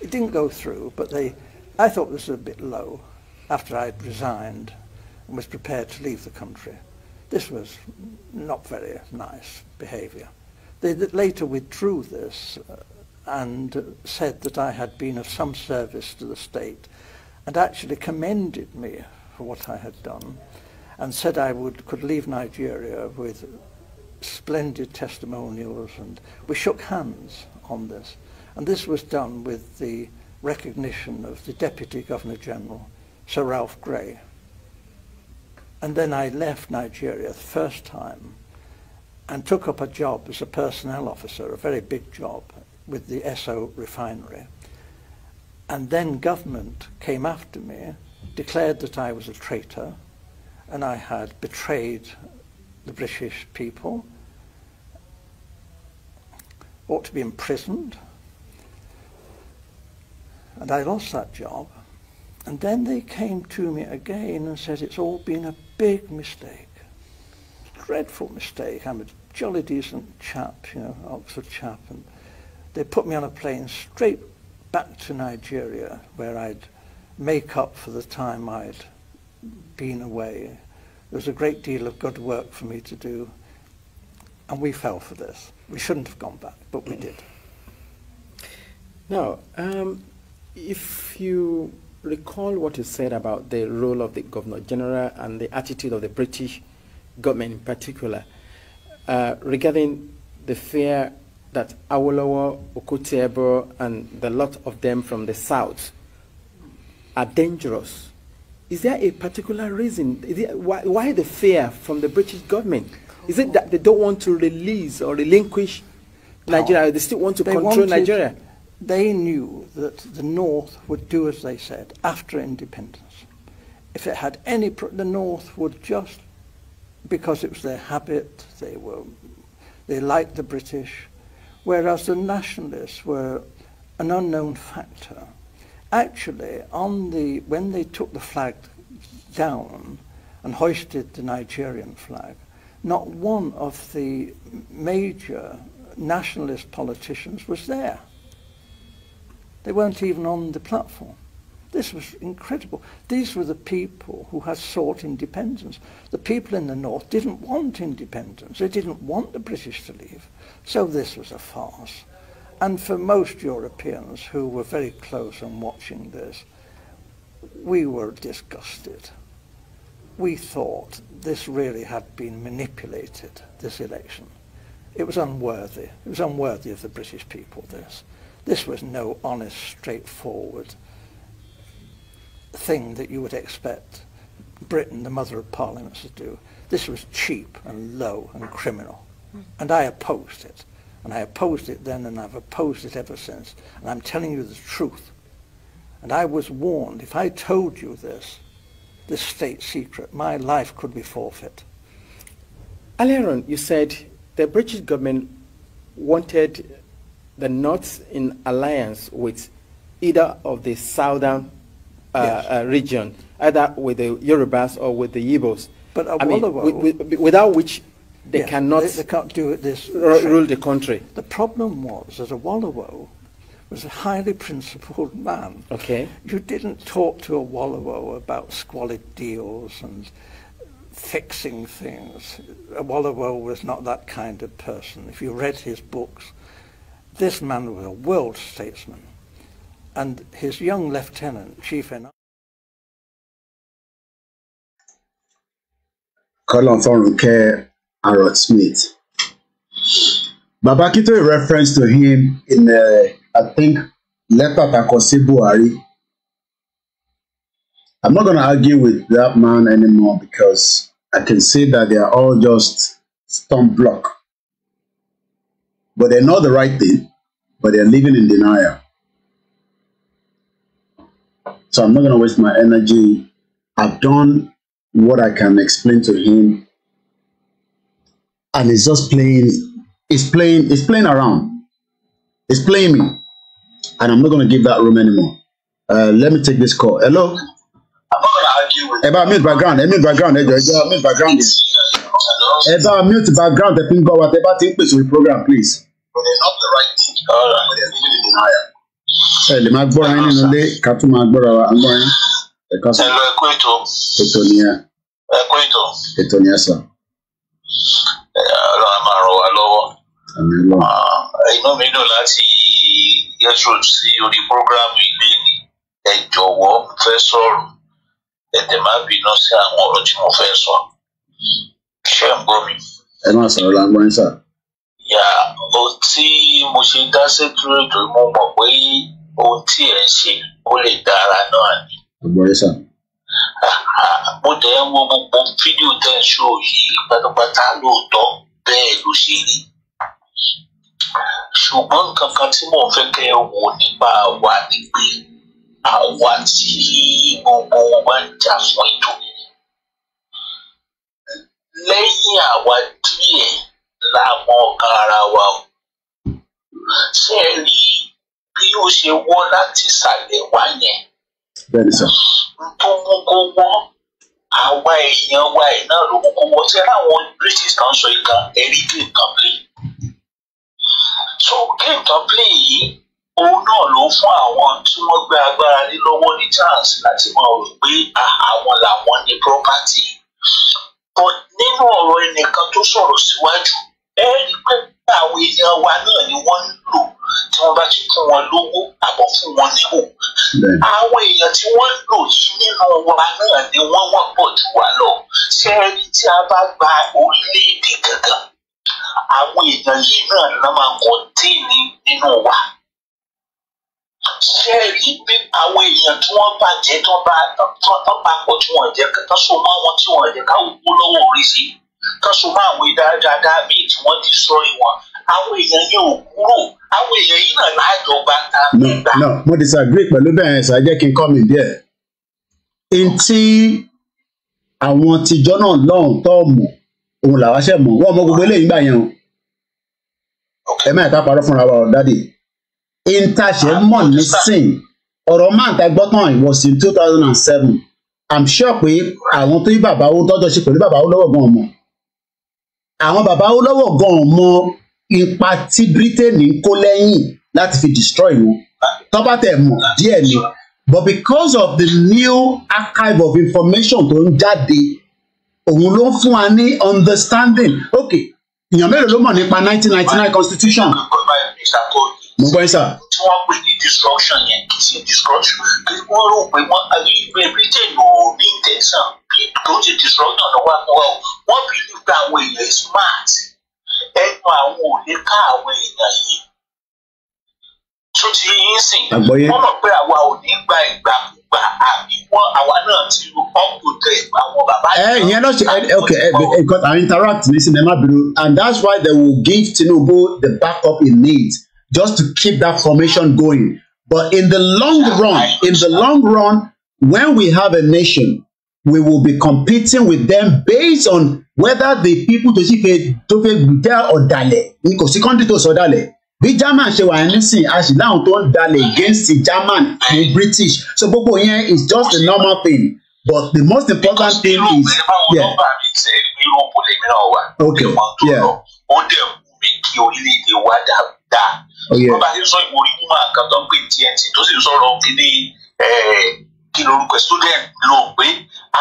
It didn't go through, but they, I thought this was a bit low after I'd resigned and was prepared to leave the country. This was not very nice behaviour. They later withdrew this uh, and said that I had been of some service to the state and actually commended me for what I had done and said I would, could leave Nigeria with splendid testimonials and we shook hands on this. And this was done with the recognition of the Deputy Governor General, Sir Ralph Grey. And then I left Nigeria the first time and took up a job as a personnel officer, a very big job, with the Esso refinery. And then government came after me, declared that I was a traitor, and I had betrayed the British people, ought to be imprisoned. And I lost that job. And then they came to me again and said, it's all been a big mistake. Dreadful mistake. I'm a jolly decent chap, you know, Oxford chap. And they put me on a plane straight back to Nigeria where I'd make up for the time I'd been away, there was a great deal of good work for me to do, and we fell for this. We shouldn't have gone back, but we did. Now, um, if you recall what you said about the role of the Governor General and the attitude of the British government in particular uh, regarding the fear that Awolowo, Okutiebo, and the lot of them from the south are dangerous is there a particular reason? It, why, why, the fear from the British government? Cool. Is it that they don't want to release or relinquish Power. Nigeria? They still want to they control wanted, Nigeria? They knew that the North would do as they said after independence. If it had any, the North would just, because it was their habit, they were, they liked the British, whereas the nationalists were an unknown factor. Actually, on the, when they took the flag down and hoisted the Nigerian flag, not one of the major nationalist politicians was there. They weren't even on the platform. This was incredible. These were the people who had sought independence. The people in the north didn't want independence. They didn't want the British to leave. So this was a farce. And for most Europeans who were very close and watching this, we were disgusted. We thought this really had been manipulated, this election. It was unworthy. It was unworthy of the British people, this. This was no honest, straightforward thing that you would expect Britain, the mother of parliaments, to do. This was cheap and low and criminal. And I opposed it. And I opposed it then, and I've opposed it ever since. And I'm telling you the truth. And I was warned, if I told you this, this state secret, my life could be forfeit. Earlier on, you said the British government wanted the North in alliance with either of the southern uh, yes. uh, region, either with the Yorubas or with the Yibos. But I mean, with, with, without which they yes, cannot. They, they, can't do it. This rule the country. The problem was that a Wallowo was a highly principled man. Okay. You didn't talk to a Wallowo about squalid deals and fixing things. A Wallowo was not that kind of person. If you read his books, this man was a world statesman. And his young lieutenant, Chief En, Colonel fọ́run Harold Smith. Baba Kito a reference to him in, the. Uh, I think, letter Takose Buhari. I'm not going to argue with that man anymore because I can say that they are all just stone block. But they know the right thing, but they're living in denial. So I'm not going to waste my energy. I've done what I can explain to him and it's just playing it's playing it's playing around it's playing me and i'm not going to give that room anymore uh, let me take this call hello About mute background ẹ mute background mute background ẹ mute background The fi ń whatever thing please bá program please. ẹ lè máa gbọ́ra yín nínú ilé ká tún máa gbọ́ra wa àgbọ̀ yín. ẹ lọ ẹkọ ètò. ètò nìyẹn. ẹkọ ètò. ètò nìyẹn sọ. Ọlọ́run á máa ràn wá lọ́wọ́ ah, inú mi dùn láti yẹsù sí orí programu ilé ni ẹ jọ̀wọ́ fẹ́ sọ̀rọ̀ ẹ tẹ má bínú sí àwọn ọ̀rọ̀ tí mo fẹ́ sọ ṣé ń gbọ́ mi. ẹ máa sọ̀rọ̀ lágbọ́n ń sà. yà ó tí mo ṣe dá sẹ́kúrẹ́tì mo mọ̀ pé ohun tí ẹ̀ ń ṣe ó lè dára náà ni. ọgbọ́n ẹ mo dẹ̀ ń wo gbogbo fídíò tẹ̀ ń ṣó yìí pátápátá lóòótọ́ bẹ́ẹ̀ ló ṣe rí ṣùgbọ́n nǹkan kan tí mò ń fẹ́ kẹ́ ẹ wò nípa wa ni pé àwa tí gbogbo wọn máa ń jà fún ètò lẹ́yìn àwa díẹ̀ la mọ ọ̀kan ara wa o ṣe rí bí ó ṣe wọ́ láti ìsàlẹ̀ wá yẹn bẹ́ẹ̀ni sà. nkúmukúmu àwa èèyàn wa ẹ̀ náà ló kúkú wọ́n ti ráwọn british kan sọ ìkan ẹ̀rí kí nǹkan plé so kí nǹkan plé yìí òun náà ló fún àwọn tí wọ́n gbé agbára lé lọ́wọ́ ní chance láti máa rò pé àwọn làwọn ní property but nínú ọ̀rọ̀ ẹnìkan tó sọ̀rọ̀ síwájú ẹ rí pé àwọn èèyàn wa náà ni wọ́n ń lò tí wọ́n bá ti fún wọn lówó àbọ̀ fún wọn níwò. àwọn èèyàn tí wọ́n ń lò yìí nínú wa náà ni wọ́n wọ́n pọ̀ jù wá lọ ṣé ẹni tí a bá gba orílẹ̀ kankan àwọn èèyàn yìí náà ló máa kọ́ téèní nínú wa. ṣé ẹ i pé àwọn èèyàn tí wọ́n bàjẹ́ tó bá tó bá pọ̀ tí wọ́n jẹ́ kí tán so mọ́ tí wọ́n jẹ́ káwọn kú lọ́wọ́ orí sí tán so àwọn ìdáradára míì tí wọ́n ti sọ ìwọ̀n àwọn èèyàn yẹn ò kúrò àwọn èèyàn yìí náà láàjọ gba ta gbígbà. no mo disagree pẹ̀lú bẹ́ẹ̀ ṣá jẹ́ kí n kọ́ mi díẹ̀ n tí àwọn tìjọ́ náà lọ́hùn tó mọ̀ òun làwa ṣẹ̀ mọ̀ wọ́n mọ gbogbo eléyìí gbà yẹn o ẹ má ká parọ́ fúnra wa ọ̀ dáàdì n ta ṣe ah, mọ̀ nísìn ọ̀rọ̀ máa gbọ́tàn it was in two thousand and seven i'm sure pé àwọn tó yí bàbá wo tọ́jọ́ ṣe pẹ̀lú bàbá wo lọ́wọ́ gan-an mọ̀ àwọn bàbá wo lọ́wọ́ gan-an mọ̀ ipa tí Britain ń kó lẹ́yìn láti fi destroy wọn tọ́ba tẹ̀ mọ̀ díẹ̀ ni but because of the new archive of information tó ń jáde òun ló ń fún wa ní understanding ok èèyàn mélòó ló mọ̀ nípa nineteen ninety nine constitution. mo gbọ́ yín sà. tí wọ́n pè ní destruction yẹn kì í ṣe destruction pé wọ́n rò pé wọ́n ayé ìwé britain ò ní tẹ̀sán bí tó ti destruction lọ́wọ́ àkọ́wọ́ wọ́n bí nípa àwọn èèyàn smart ẹnu àwọn ò lè ká yìí tó ti yín sìn wọ́n mọ̀ pé àwa ò ní gba ìgbà gbà àbí àwa náà ti lu ọ̀pọ̀ tẹ àwọn bàbá yìí. ẹ ìyẹn náà ṣe okay because I interact ní sinimá bìrù and that's why they will give Tinubu the backup he needs just to keep that formation going but in the long run in the long run when we have a nation we will be competing with them based on whether the people tó sì fẹ́ tó fẹ́ gbìdá ọ̀dàlẹ̀ ni kò sí kọ́ńtì tó sọ̀dàlẹ̀ bí German ṣe wà nísìn a sì láwọn tó ń dalẹ̀ against German ní British so gbogbo yẹn is just a normal thing but the most important thing is. yeah. okay yeah. ó Yeah. wù mí kí orílẹ̀-èdè àkàn tó ń pè TNT tó sì sọ̀rọ̀ kí ni kí lorúkọ student ló pé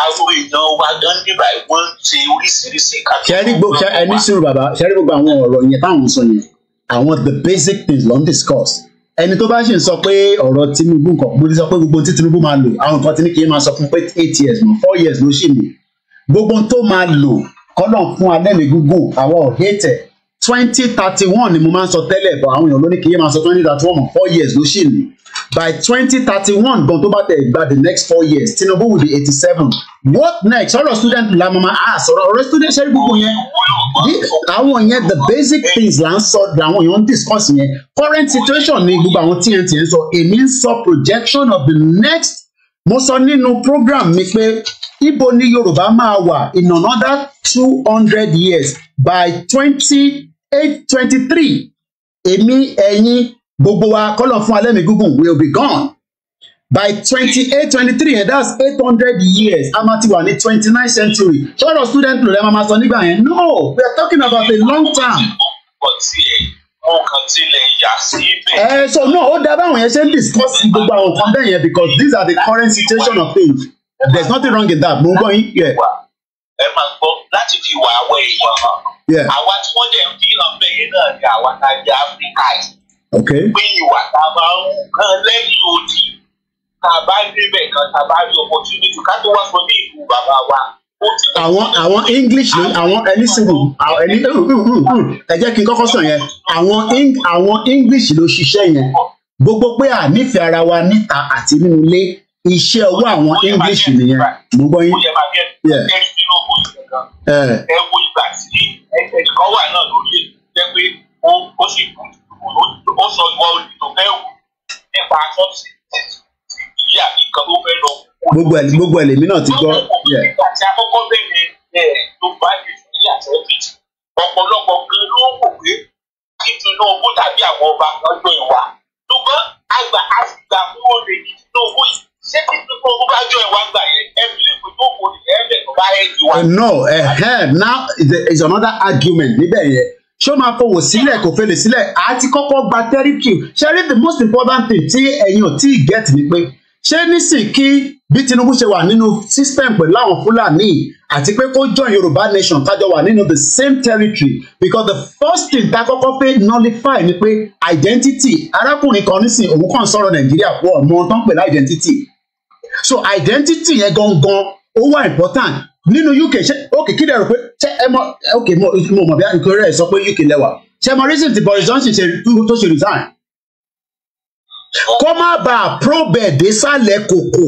àwọn èèyàn wa gan nígbà wọ́n ń ṣe oríṣiríṣi ká. ṣẹ́rí gbogbo ẹni sùúrù bàbá ṣẹ́rí gbogbo àwọn ọ̀rọ̀ yẹn táwọn sọ yẹn àwọn the basic things ló ń discuss ẹni tó bá sì ń sọ pé ọ̀rọ̀ Tinubu nǹkan mo ti sọ pé gbogbo tí Tinubu máa lò àwọn nǹkan tí ní kì í máa sọ fún pé eight years mọ four years ló ṣì ní gbogbo tó máa lò kọ́nà fún alẹ́ mi gúngùn àwọn òhètè twenty thirty one ni mo máa ń sọ tẹ́lẹ̀ bọ̀ àwọn èèyàn ló ní kì í máa sọ twenty thirty one mọ four years ló ṣì ní by twenty thirty one gan tó bá tẹ̀ gba the next four years Tinubu will be eighty seven what next ọ̀rọ̀ student la mama ask ọ̀rọ̀ ọ̀rọ̀ student ṣe gbogbo yẹn àwọn yẹn the basic things là ń sọ làwọn yẹn ń discuss yẹn current situation ni gbogbo àwọn TNT ń sọ èmi ń sọ projection of the next mo sọ nínú program mi pé ibo ni Yorùbá máa wà in another two hundred years by twenty eight twenty three èmi ẹ̀yin gbogbo wa kọ́lọ̀ fún alẹ́mí gígùn will be gone by twenty eight twenty three and that's eight hundred years a máa ti wà ní twenty nine century sọ̀rọ̀ student lò rẹ̀ máa sọ nígbà yẹn no we are talking about a long term. Uh, so no ó dá báwọn yẹn ṣe ń discuss gbogbo àwọn nǹkan bẹ́ẹ̀ yẹn because these are the current situation of things there is nothing wrong in that mo ń gbọ́ yín ẹ máa gbọ́ láti fi wà àwọ̀ èèyàn hàn àwa tí wọ́n dẹ̀ ń bẹ́ẹ̀ náà ni àwa náà jẹ́ Africa yìí pé ìwà tá a máa ń kan lẹ́yìn odi tá a bá débẹ̀ kan tá a bá rí opportunity ká tó wá sọ ní ìlú bàbá wa. Àwọn àwọn English àwọn ẹlísìnwó àwọn ẹlí ẹ jẹ́ kí n kọ́kọ́ sọ yẹn àwọn àwọn English ló ṣiṣẹ́ yẹn gbogbo pé à nífẹ̀ẹ́ ara wa níta àti nínú ilé iṣẹ́ ọwọ́ àwọn English nìyẹn mo gbọ́ yín. Eh. Ẹ wo ìgbà tí ẹnìkan wà náà lórí ẹ jẹ́ pé ó sì kú ó sọ ìwọ olùdó fẹ́ wù nípa ṣọ́ọ̀ṣì ìdílé àbí tó fẹ́ lọ. gbogbo ẹ gbogbo ẹ lèmi náà ti gbọ́. nígbà tí akọ́kọ́ bẹ̀rẹ̀ ló bá lè fi ilé àti ẹ̀fíjì ọ̀pọ̀lọpọ̀ gan ló ń wò pé kí Tinubu tàbí àwọn ọba lọ́jọ́ ìwà ṣùgbọ́n àgbà àgbà kúrò lè ní Tinubu yìí ṣé kí Tinubu bá jọ ìwà àgbà yẹn ẹ lè pè tó kò ní ẹ̀ẹ́dẹ̀ tó bá ẹ̀ jù wá. no uh, now is another argument níbẹ̀ yẹn ṣé ó máa fowó sílẹ̀ kò fèlè sílẹ̀ àti kọ́kọ́ gba tẹ́ríkì ṣe rí the most important thing tí ẹ̀yin ò tí ì get ni pé ṣé nísìn kí bí Tinubu ṣe wà nínú system pẹ̀lú àwọn Fúlàní àti pé kó join Yorùbá nation tájọ wà nínú the same territory because the first thing tá kọ́kọ́ fẹ́ nullify ni pé identity arákùnrin kan nísìn òun kàn sọ̀rọ̀ Nàìjíríà pọ̀ ọmọ tán pẹ̀lú identity so identity yẹn gangan ó wà important nínú UK ṣe ok kí lè rò pé ṣe ẹ mọ ok mo mo mọ bí ìkórè ẹ sọ pé UK lẹ́wà ṣe mo reason ti Boris Johnson ṣe tó ṣe resign kó má bàa probe désàlẹ̀ kòkò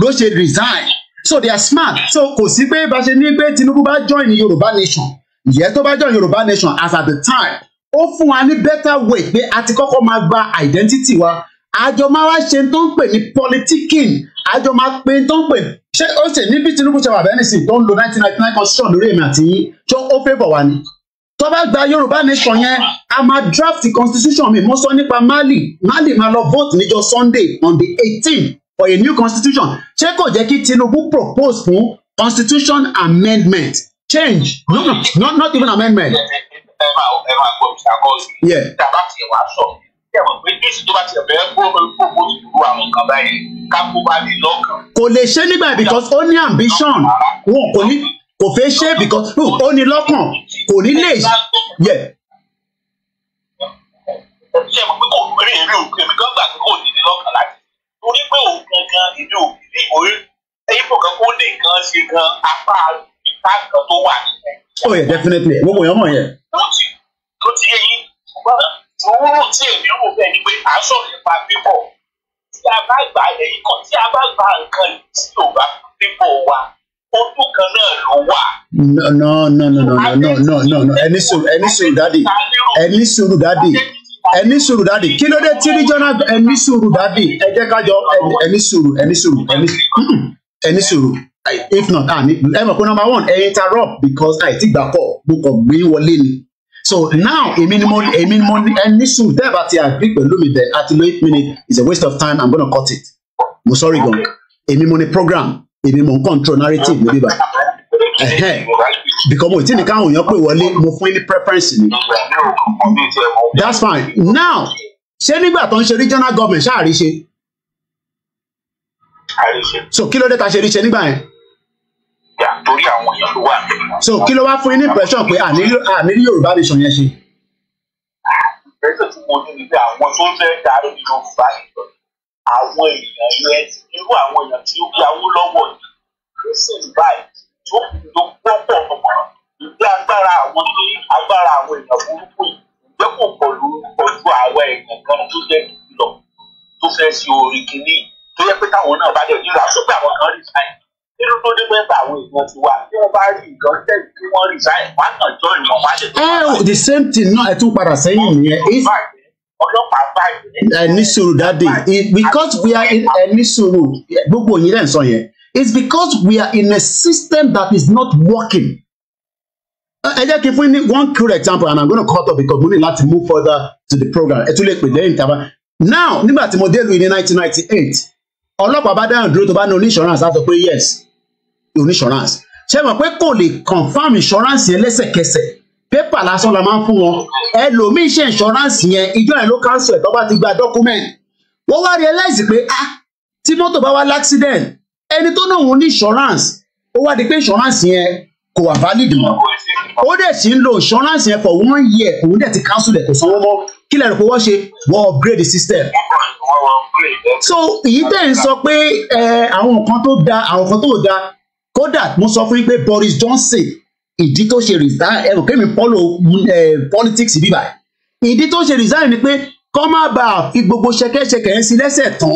ló ṣe resign so they are smart so kò sí pé bá ṣe ní pé Tinubu bá join Yorùbá nation ìyẹn tó bá join Yorùbá nation as at the time ó fún wa ní better way pé a ti kọ́kọ́ máa gba identity wa àjọ máa wá ṣe tó ń pè ní politicking àjọ máa pe tó ń pè ṣé ó ṣe níbi Tinubu ṣe wà bẹ́ẹ̀ nísìnyí tó ń lo nineteen ninety nine constitution lórí èmi àti yín tó ó pè bọ̀ wá ni tó bá gba Yorùbá nation yẹn a máa draft constitution mi mo sọ nípa Mali Mali máa lọ vote níjọ́ Sunday on the eighteen for a new constitution ṣé kò jẹ́ kí Tinubu propose fún constitution amendment change no no not, not even amendment. ẹ máa ẹ máa gbọ́ mr cox. tàbá tiẹ̀ wá tẹ̀wọ̀n pé ní ìsìn tó bá tiẹ̀ bẹ́ẹ̀ kó gbogbo ìlú àwọn kan báyìí ká kó bá lè lọ́kàn. kò lè ṣe nígbà because ó ní ambition wọn kò ní kò fẹ́ ṣe because ó ní lọ́kàn kò ní lè yẹ. ṣé mo pé kò rí èrè òkú èmi kan gbà pé kò ní ní lọ́kàn láti torí pé òun gangan ìlú òbí ní ìwòye ẹ̀yìn fò kan kó lè gan ṣe gan apá ìta kan tó wà nílẹ̀. ó oh, yẹ definitely gbogbo èèyàn mọ̀ yẹn. ó ti ó ti yẹ yín ṣùgbọ́n ìwúrò tí èmi rò bẹ́ẹ̀ ni pé à ń sọ̀rọ̀ nípa pípọ̀ tí a bá gbà ẹ̀yìn kan tí a bá gbà nǹkan tí ò bá pípọ̀ wa ojú kan náà ló wà. no no no no no no no no ẹni sùúrù ẹni sùúrù dáàdì ẹni sùúrù dáàdì ẹni sùúrù dáàdì kí ló dé tí regional ẹni sùúrù dáàdì ẹ jẹ́ ká jọ ẹni sùúrù ẹni sùúrù ẹni sùúrù if not ẹ mọ̀ pé number one ẹ interrupt because àìtí gbà pọ̀ mo kàn gbé wọlé ni so now a minimum, a minimum, ni mo ẹni sùn dẹ́ẹ̀bà ti agree pẹ̀lú mi then àti lo eight minutes is a waste of time i'm gonna cut it mo sorry gan èmi mo ni program èmi mo n control narrative níbí bá because mo ti ní káwọn èèyàn pè wọlé mo fún yín preference ni that's fine now ṣé nígbà tó ń ṣe regional government ṣáà rí ṣe so kí ló dé ta ṣe rí ṣe nígbà yẹn torí àwọn èèyàn wà. so kí ló wá fún yín ní impression pé àní Yorùbá nation yẹn ṣe. impression tí mo ní ni pé àwọn tó fẹ́ darí Yorùbá nation àwọn èèyàn yẹn irú àwọn èèyàn tí ó yáwó lọ́wọ́ yìí christian báyìí tó tó pọ̀ pọ̀ ìgbé agbára àwọn agbára àwọn èèyàn burúkú yìí ìgbẹ́ kò pọ̀ lójú àwọn èèyàn kan tó jẹ́ lọ tó fẹ́ ṣe orí kìíní tó yẹ pé táwọn náà bá dẹ̀ nílò àṣọ pé àwọn kan rí sáyẹn kí tó dé pé àwọn èèyàn ti wà tí wọ́n bá rí nǹkan tẹ̀ kí wọ́n rí sáyẹn wọ́n á kàn ìmọ̀ wọ́n á lè. ẹ eh, the same thing náà ẹ tún padà sẹ́yìn nìyẹn. ọlọ́pàá báyìí. ẹ eh, ní sùúrù dáàdì because we are in ẹ eh, ní sùúrù gbogbo yín lẹ́ ń sọ yẹn it's because we are in a system that is not working. ẹ jẹ́ kí n fún ní one clear example and i'm gonna cut off because mo ní to move further to the program ẹ tún lè pè lẹ́yìn tàbá now nígbà tí mo dé lu ní nineteen ninety eight ọlọ́pàá bá dáhùn dúró tó bá ní oní insurance á sọ pé yes oníṣọ́ránsì ṣé mọ̀ pé kò lè confam insurance yẹn lẹ́sẹ̀kẹsẹ̀ pépà lásán la máa ń fún wọn ẹlòmíín ṣe insurance yẹn ìjọ yẹn ló cancel ẹ̀ tó bá ti gba document wọ́n wá realize pé ah tí mọ́tò bá wá l'accident ẹni tó náà òun ní insurance ó wá di pé insurance yẹn kò wà valid mọ́ ó dẹ̀ sì ń lo insurance yẹn for one year òun dẹ̀ ti cancel ẹ̀ kò sanwó mọ́ kí lẹ́rìí pé wọ́n ṣe wọ́n upgrade the system so èyí tẹ̀ ń sọ pé àwọn nǹkan tó da àwọn nǹkan tó da kódà mo sọ fún yín pé Boris Johnson ìdí tó ṣe resign ẹrù kémi polo politics bíbà ìdí tó ṣe resign ni pé kọ́ má ba fi gbogbo ṣẹkẹ́ṣẹkẹ́ yẹn sí lẹ́sẹ̀ tán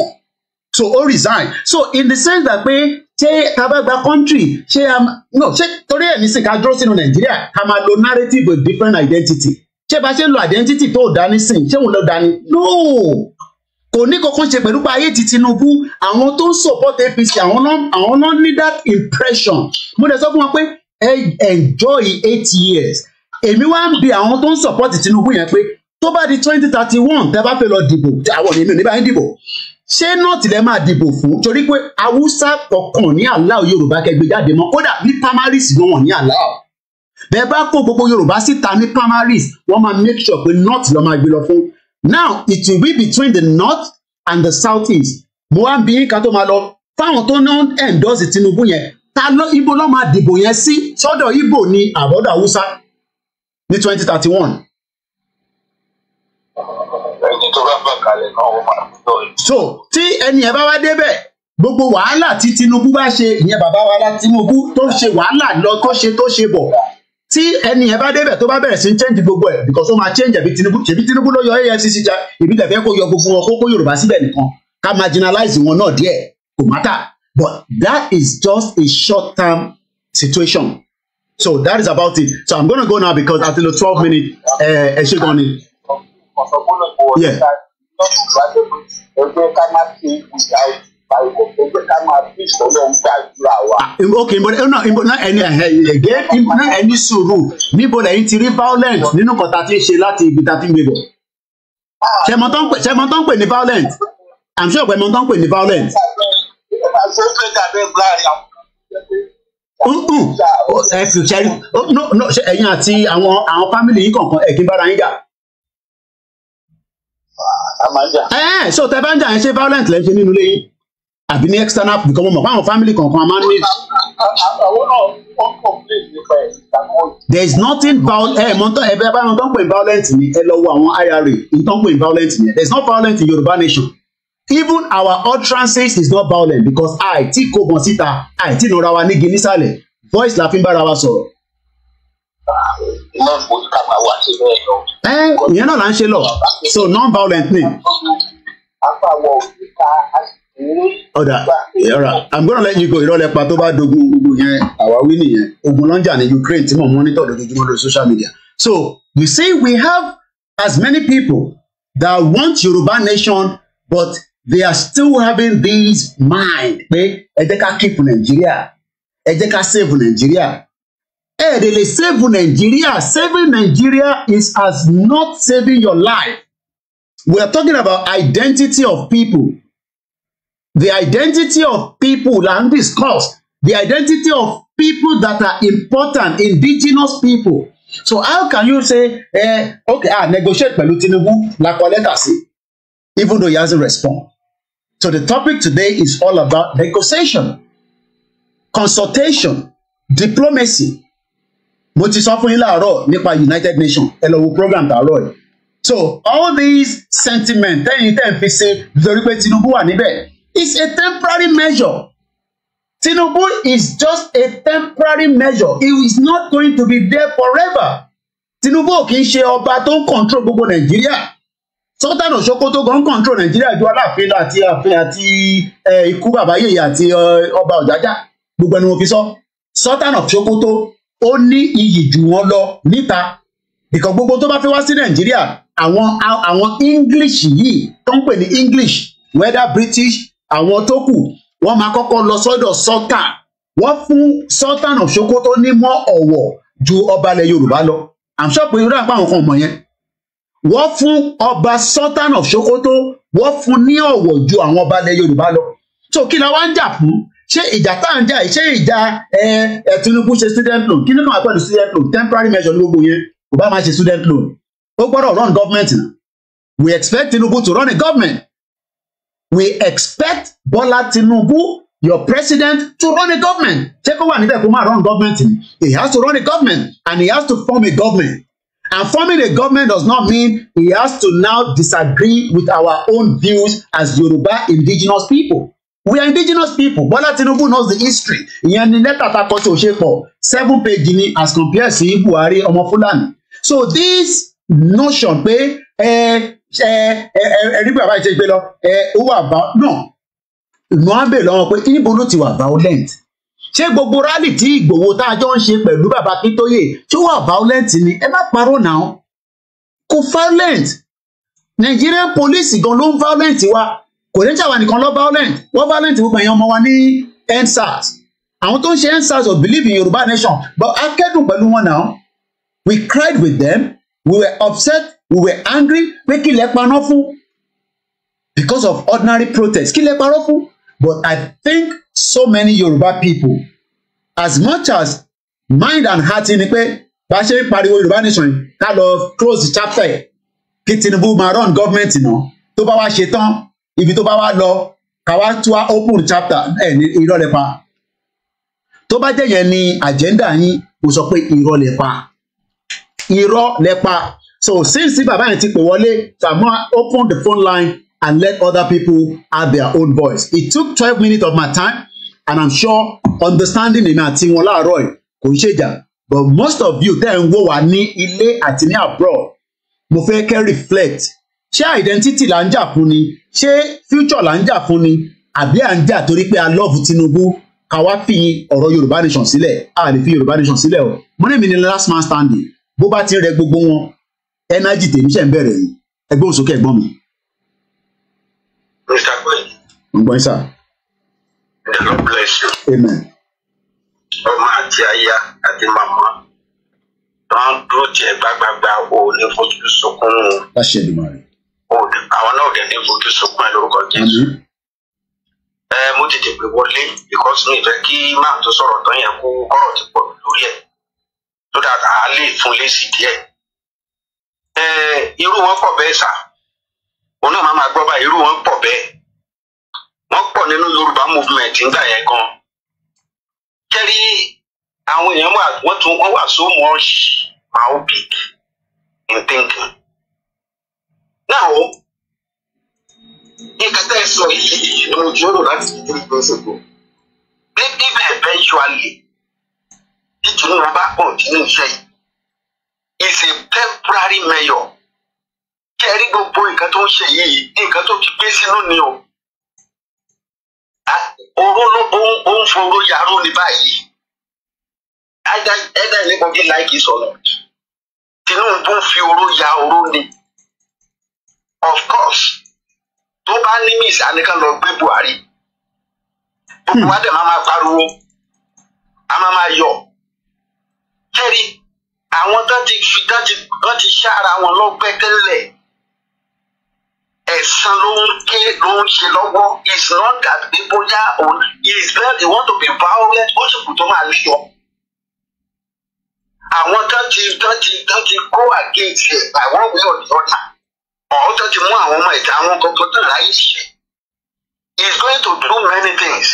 so ó resign so in the sense that pé ṣé tabagba country ṣé am no ṣé torí ẹ̀ nísìn ká dúró sínú Nàìjíríà ká máa lo narrative with different identity ṣé bá ṣe lo identity tó dání sìn ṣé òun ló dání no kò ní kankan ṣe pẹ̀lú pé ayé ti Tinubu àwọn tó ń support APC àwọn náà àwọn náà ní that impression mo dẹ̀ sọ fún wọn pé enjoy eight years èmi wá ń bi àwọn tó ń support Tinubu yẹn pé tó bá di twenty thirty one tẹ́ bá fẹ́ lọ dìbò àwọn èmi ò ní bá yín dìbò ṣé nọ́ọ̀tì lẹ máa dìbò fún torí pé haúsá kọ̀ọ̀kan ní aláwọ̀ yorùbá kẹgbẹ jáde mọ́ kódà ní primaries ni wọ́n ní aláwọ̀ bẹ́ẹ̀ bá kó gbogbo yorùbá síta ní primaries wọ́n máa make sure pé nọ́ọ̀tì lọ máa gbé lọ fún now it will be between the north and the south east mo wá ń bí ká tó máa lọ fáwọn tó ná endorse Tinubu yẹn ta ló ibo ló máa dìbò yẹn sí sọ́dọ̀ ibo ni àbọ̀dọ̀ haúsá ní twenty thirty one. ẹni tó bá bá kalẹ̀ náà wọ́n máa fi lọ́ọ̀rì. so tí ẹni ẹ bá wá débẹ̀ gbogbo wàhálà tí Tinubu bá ṣe ìyẹn bàbá wa lá Tinubu tó ṣe wàhálà lọ tó ṣe tó ṣe bọ̀ tí ẹni yẹn bá débẹ̀ tó bá bẹ̀rẹ̀ sí change gbogbo ẹ̀ because ó máa change ẹ̀bí Tinubu ṣèbí Tinubu ló yọ EFCC ja èmi dẹ̀ fẹ́ kó yọ gbogbo wọn kó kó Yorùbá síbẹ̀ nìkan ká marginalize wọn náà díẹ̀ kò mátà but that is just a short term situation so that is about it so I'm gonna go now because at the twelve minute eh, ẹ ṣe gan ni. ọ̀sán gbọ́dọ̀ bọ̀ ọ́ ṣe ká ẹgbẹ́ ká má ṣe ìgbà òjò ok nbọdẹ náà nbọdẹ náà ẹni ẹhẹ ẹgẹ náà ẹni sùúrù níbo lẹ́yìn ti rí violent nínú kan tá a ti ń ṣe láti ibi tá a ti ń gbébọ ṣẹmọ tó ń pè ní violent i'm sure pẹmọ tó ń pè ní violent. ẹ fi ṣẹrí oh, ẹ̀yin àti àwọn àwọn fámìlì yìí kọ̀ọ̀kan ẹ kí n bára yín jà. ẹ ah, ẹ eh, eh, so tẹ bá ń jà yẹn ṣe violent lẹ ń ṣe nínú ilé yìí àbí ní external because mo mọ̀ pé family kankan a máa ń ní. there is nothing about ẹ mọ ẹ bá wọn tó ń pè ní violent ni ẹ lọ wo àwọn IRA n tó pè violent ni there is no violent in Yorùbá nation even our utterances is not violent because I àìtí kò bọ̀ I ti nira wa nígi nísàlẹ̀ voice la fi ń bára wa sọ̀rọ̀. ẹ ìyẹn náà là ń ṣe lọ so non-violent ni ọ̀dà ọ̀rà i'm gonna let you go ìrọ̀lẹ́ pa tó bá dogun gbogbo yẹn àwáwí nìyẹn ogun lọ́njà ní ukraine tí mò ń monitor lójoojúmọ́ lórí social media so you see we have as many people that want Yoruba nation but they are still having this mind pé ẹ jẹ́ ká keep Nigeria ẹ jẹ́ ká save Nigeria ẹ ẹ̀ dẹ̀ lè save Nigeria saving Nigeria is as not saving your life we are talking about identity of people The identity of people and ń discuss. The identity of people that are important, indigenous people. So how can you say, eh, okay, ah, negotiate pẹ̀lú Tinubu la kọ lẹ́tà sí, even though he hasn't respond. So the topic today is all about negotiation, consultation, diplomacy. Mo ti sọ fún yín láàárọ̀ nípa United Nations, ẹ lọ program tààrọ̀ So all these sentiments, tẹ́yìn tẹ́ ń fi ṣe lórí pé Tinubu wà níbẹ̀ is a temporary measure. Tinubu is just a temporary measure. He is not going to be there forever. Tinubu ò kì í ṣe ọba tó ń control gbogbo Nàìjíríà. Sultan Osokoto gan control Nàìjíríà ju Aláàfin àti àfin àti ikú bàbá yèyé àti ọba Ọ̀jájá gbogbo ẹni mo fi sọ. Sultan of Sokoto ó ní iyì jù wọ́n lọ níta. Ìkọ̀ gbogbo tó bá fẹ́ wá sí Nàìjíríà àwọn àwọn English yìí tó ń pè ní English whether British àwọn tó kù wọ́n máa kọ́kọ́ lọ sọ́dọ̀ sultan wọ́n fún sultan of Sokoto ní mọ́ ọ̀wọ̀ ju ọba ilẹ̀ Yorùbá lọ i'm sure pé irú àpá àwọn kan mọ̀ yẹn wọ́n fún ọba sultan of Sokoto wọ́n fún ní ọ̀wọ̀ ju àwọn ọba ilẹ̀ Yorùbá lọ so kí la wá ń jà fún ṣé ìjà tá à ń jà ṣé ìjà ẹ Tinubu ṣe student loan kí ló kàn wá pẹ̀lú student loan temporary measure ní gbogbo yẹn kò bá máa ṣe student loan ó gbọ́dọ̀ run government we expect Tinubu to run a government we expect Bola Tinubu your president to run a government ṣé wa wà níbẹ̀ kó run government ni he has to run a government and he has to form a government and forming a government does not mean he has to now disagree with our own views as Yoruba indigenous people we are indigenous people Bola Tinubu knows the history ìyẹn ni lẹ́tà ta kọ́ sí òṣèpọ̀ seven page ni as compared sí Buhari ọmọ Fulani. so this notion pé ẹ eh, ṣe ẹ ẹ rí bàbá ìṣe gbé lọ ẹ ó wà bá náà ìmọ̀ á bè lọ́wọ́ pé níbo ló ti wà violent ṣé gbogbo rálì tí Ìgbòho tá a jọ ń ṣe pẹ̀lú bàbá Akíntóyè tó wà violent ni ẹ má parọ́ náà kò violent Nigerian police gan ló ń violent wa kò ní ṣàwọn nìkan lọ violent wọ́n violent gbogbo èèyàn ọmọ wa ní endsars àwọn tó ń ṣe endsars of believe in Yorùbá nation but akẹ́dùn pẹ̀lú wọn náà we cried with them we were upset we were angry pé kí lẹ paná fún because of ordinary protest kí lẹ parọ́ fún but I think so many Yoruba people as much as mind and heart ni pé bá a ṣe ń pariwo Yorùbá nation ká lọ close the chapter kí Tinubu máa run government náà tó bá wá ṣe tán ibi tó bá wá lọ ká wá tú wá open chapter ẹ ní irọ́ lẹ pa tó bá jẹ́ yẹn ni agenda yín kò sọ pé irọ́ lẹ pa irọ́ pa So since bàbá yẹn ti pè wọlé, Samuel opened the phone line and let other people add their own voice. It took twelve minutes of my time and I'm sure understanding èmi àti wọn láàárọ̀ yìí kò ń ṣèjà but most of you tẹ́ ń wò wá ní ilé àti abroad mo fẹ́ kẹ́ reflect ṣé identity là ń jà fún ni ṣé future là ń jà fún ni àbí à ń jà torí pé a love Tinubu ká wá fi ọ̀rọ̀ Yorùbá nation sílẹ̀ a lè fi Yorùbá nation sílẹ̀ o mo ní mi ni last man standing bó bá ti rẹ gbogbo wọn ẹnájì tèmi ṣe ń bẹ̀rẹ̀ yìí ẹgbẹ́ òsókè ẹ̀gbọ́n mi. mr gbọ́n. ń gbọ́n sà. the lord bless you. amen. ọmọ àti aya àti màmá wọn dúró tiẹ̀ gbàgbàgbà o ní fojú sunkún. láṣẹ Èdùmàrè. àwọn náà dẹ̀ ní fojú sunkún ẹ lórúkọ jésù. ẹ mo tètè pé wọlé because mi fẹ́ kí máa tó sọ̀rọ̀ tán yẹn kó kọ́rọ̀ ti pọ̀ lórí ẹ̀ so that a lè fún lésì díẹ̀ irú wọn pọ̀ bẹ́ẹ̀ sà òun náà máa gbọ́ báyìí irú wọn pọ̀ bẹ́ẹ̀ wọ́n pọ̀ nínú Yorùbá movement ńgbà yẹn gan kẹ́rí àwọn èèyàn wà wọ́n tún wọ́n wà so much myopic in thinking now nǹkan tẹ́ ẹ sọ yìí ni mo jòrò láti fi three years ago maybe eventually ìtùnú wọn bá kàn nínú iṣẹ́ yìí is a temporary mayor kẹrí gbogbo nǹkan tó ń ṣe yìí nǹkan tó ti gbé sínú ni o oró ló ó ń foró yaró ní báyìí either anybody like it or not Tinubu ń fi oró ya oró ni of course tó bá ní miss anika lọ gbé Buhari gbogbo wa dẹ̀ máa ma pariwo a máa ma yọ̀ kẹrí àwọn tó ti fi tó ti tó ti ṣára wọn lọ́gbẹ́ tẹ́lẹ̀ ẹ̀sán ló ń ké ló ń ṣe lọ́wọ́ it's not that pé bóyá on is well they want to be violent ó sì kù tó máa lé ọ. àwọn tó ti tó ti tó ti kó àgéjì ẹ̀ àwọn òwe ọ̀dọ́ta ọ̀hún tó ti mú àwọn ọmọ ìta àwọn kankan tó ráyè ṣe is going to do many things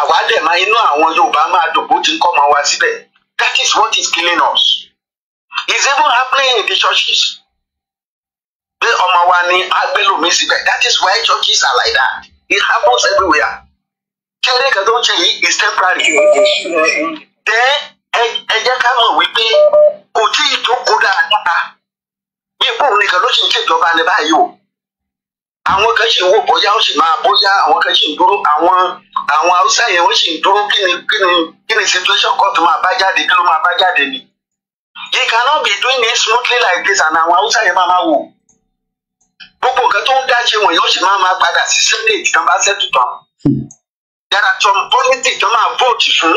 àwa dẹ̀ máa inú àwọn Yorùbá máa dògbò tí ń kọ́ ọmọ wa síbẹ̀ that is what is killing us is even happening in the churches The Omawani wa ni that is why churches are like that it happens everywhere kẹ́rin kan tó is temporary then ẹ jẹ́ ká mọ̀ wípé kò tí ì tó kó dáadáa bí ipò òun nìkan ló ṣe ń ṣèjọba ní báyìí o àwọn kan ṣì ń wò bóyá ó sì máa bóyá àwọn kan ṣì ń dúró àwọn àwọn haúsá yẹn ó sì ń dúró kí ni kí ni kí ni situation kan tó máa bá jáde kí ló máa bá jáde ni. You cannot be doing it smoothly like this and àwọn haúsá yẹn máa ma wò gbogbo nǹkan tó ń dáṣe wọn yóò ṣe máa ma padà sí senate tán bá ṣètò tán yàrá tán policy tán máa vote fún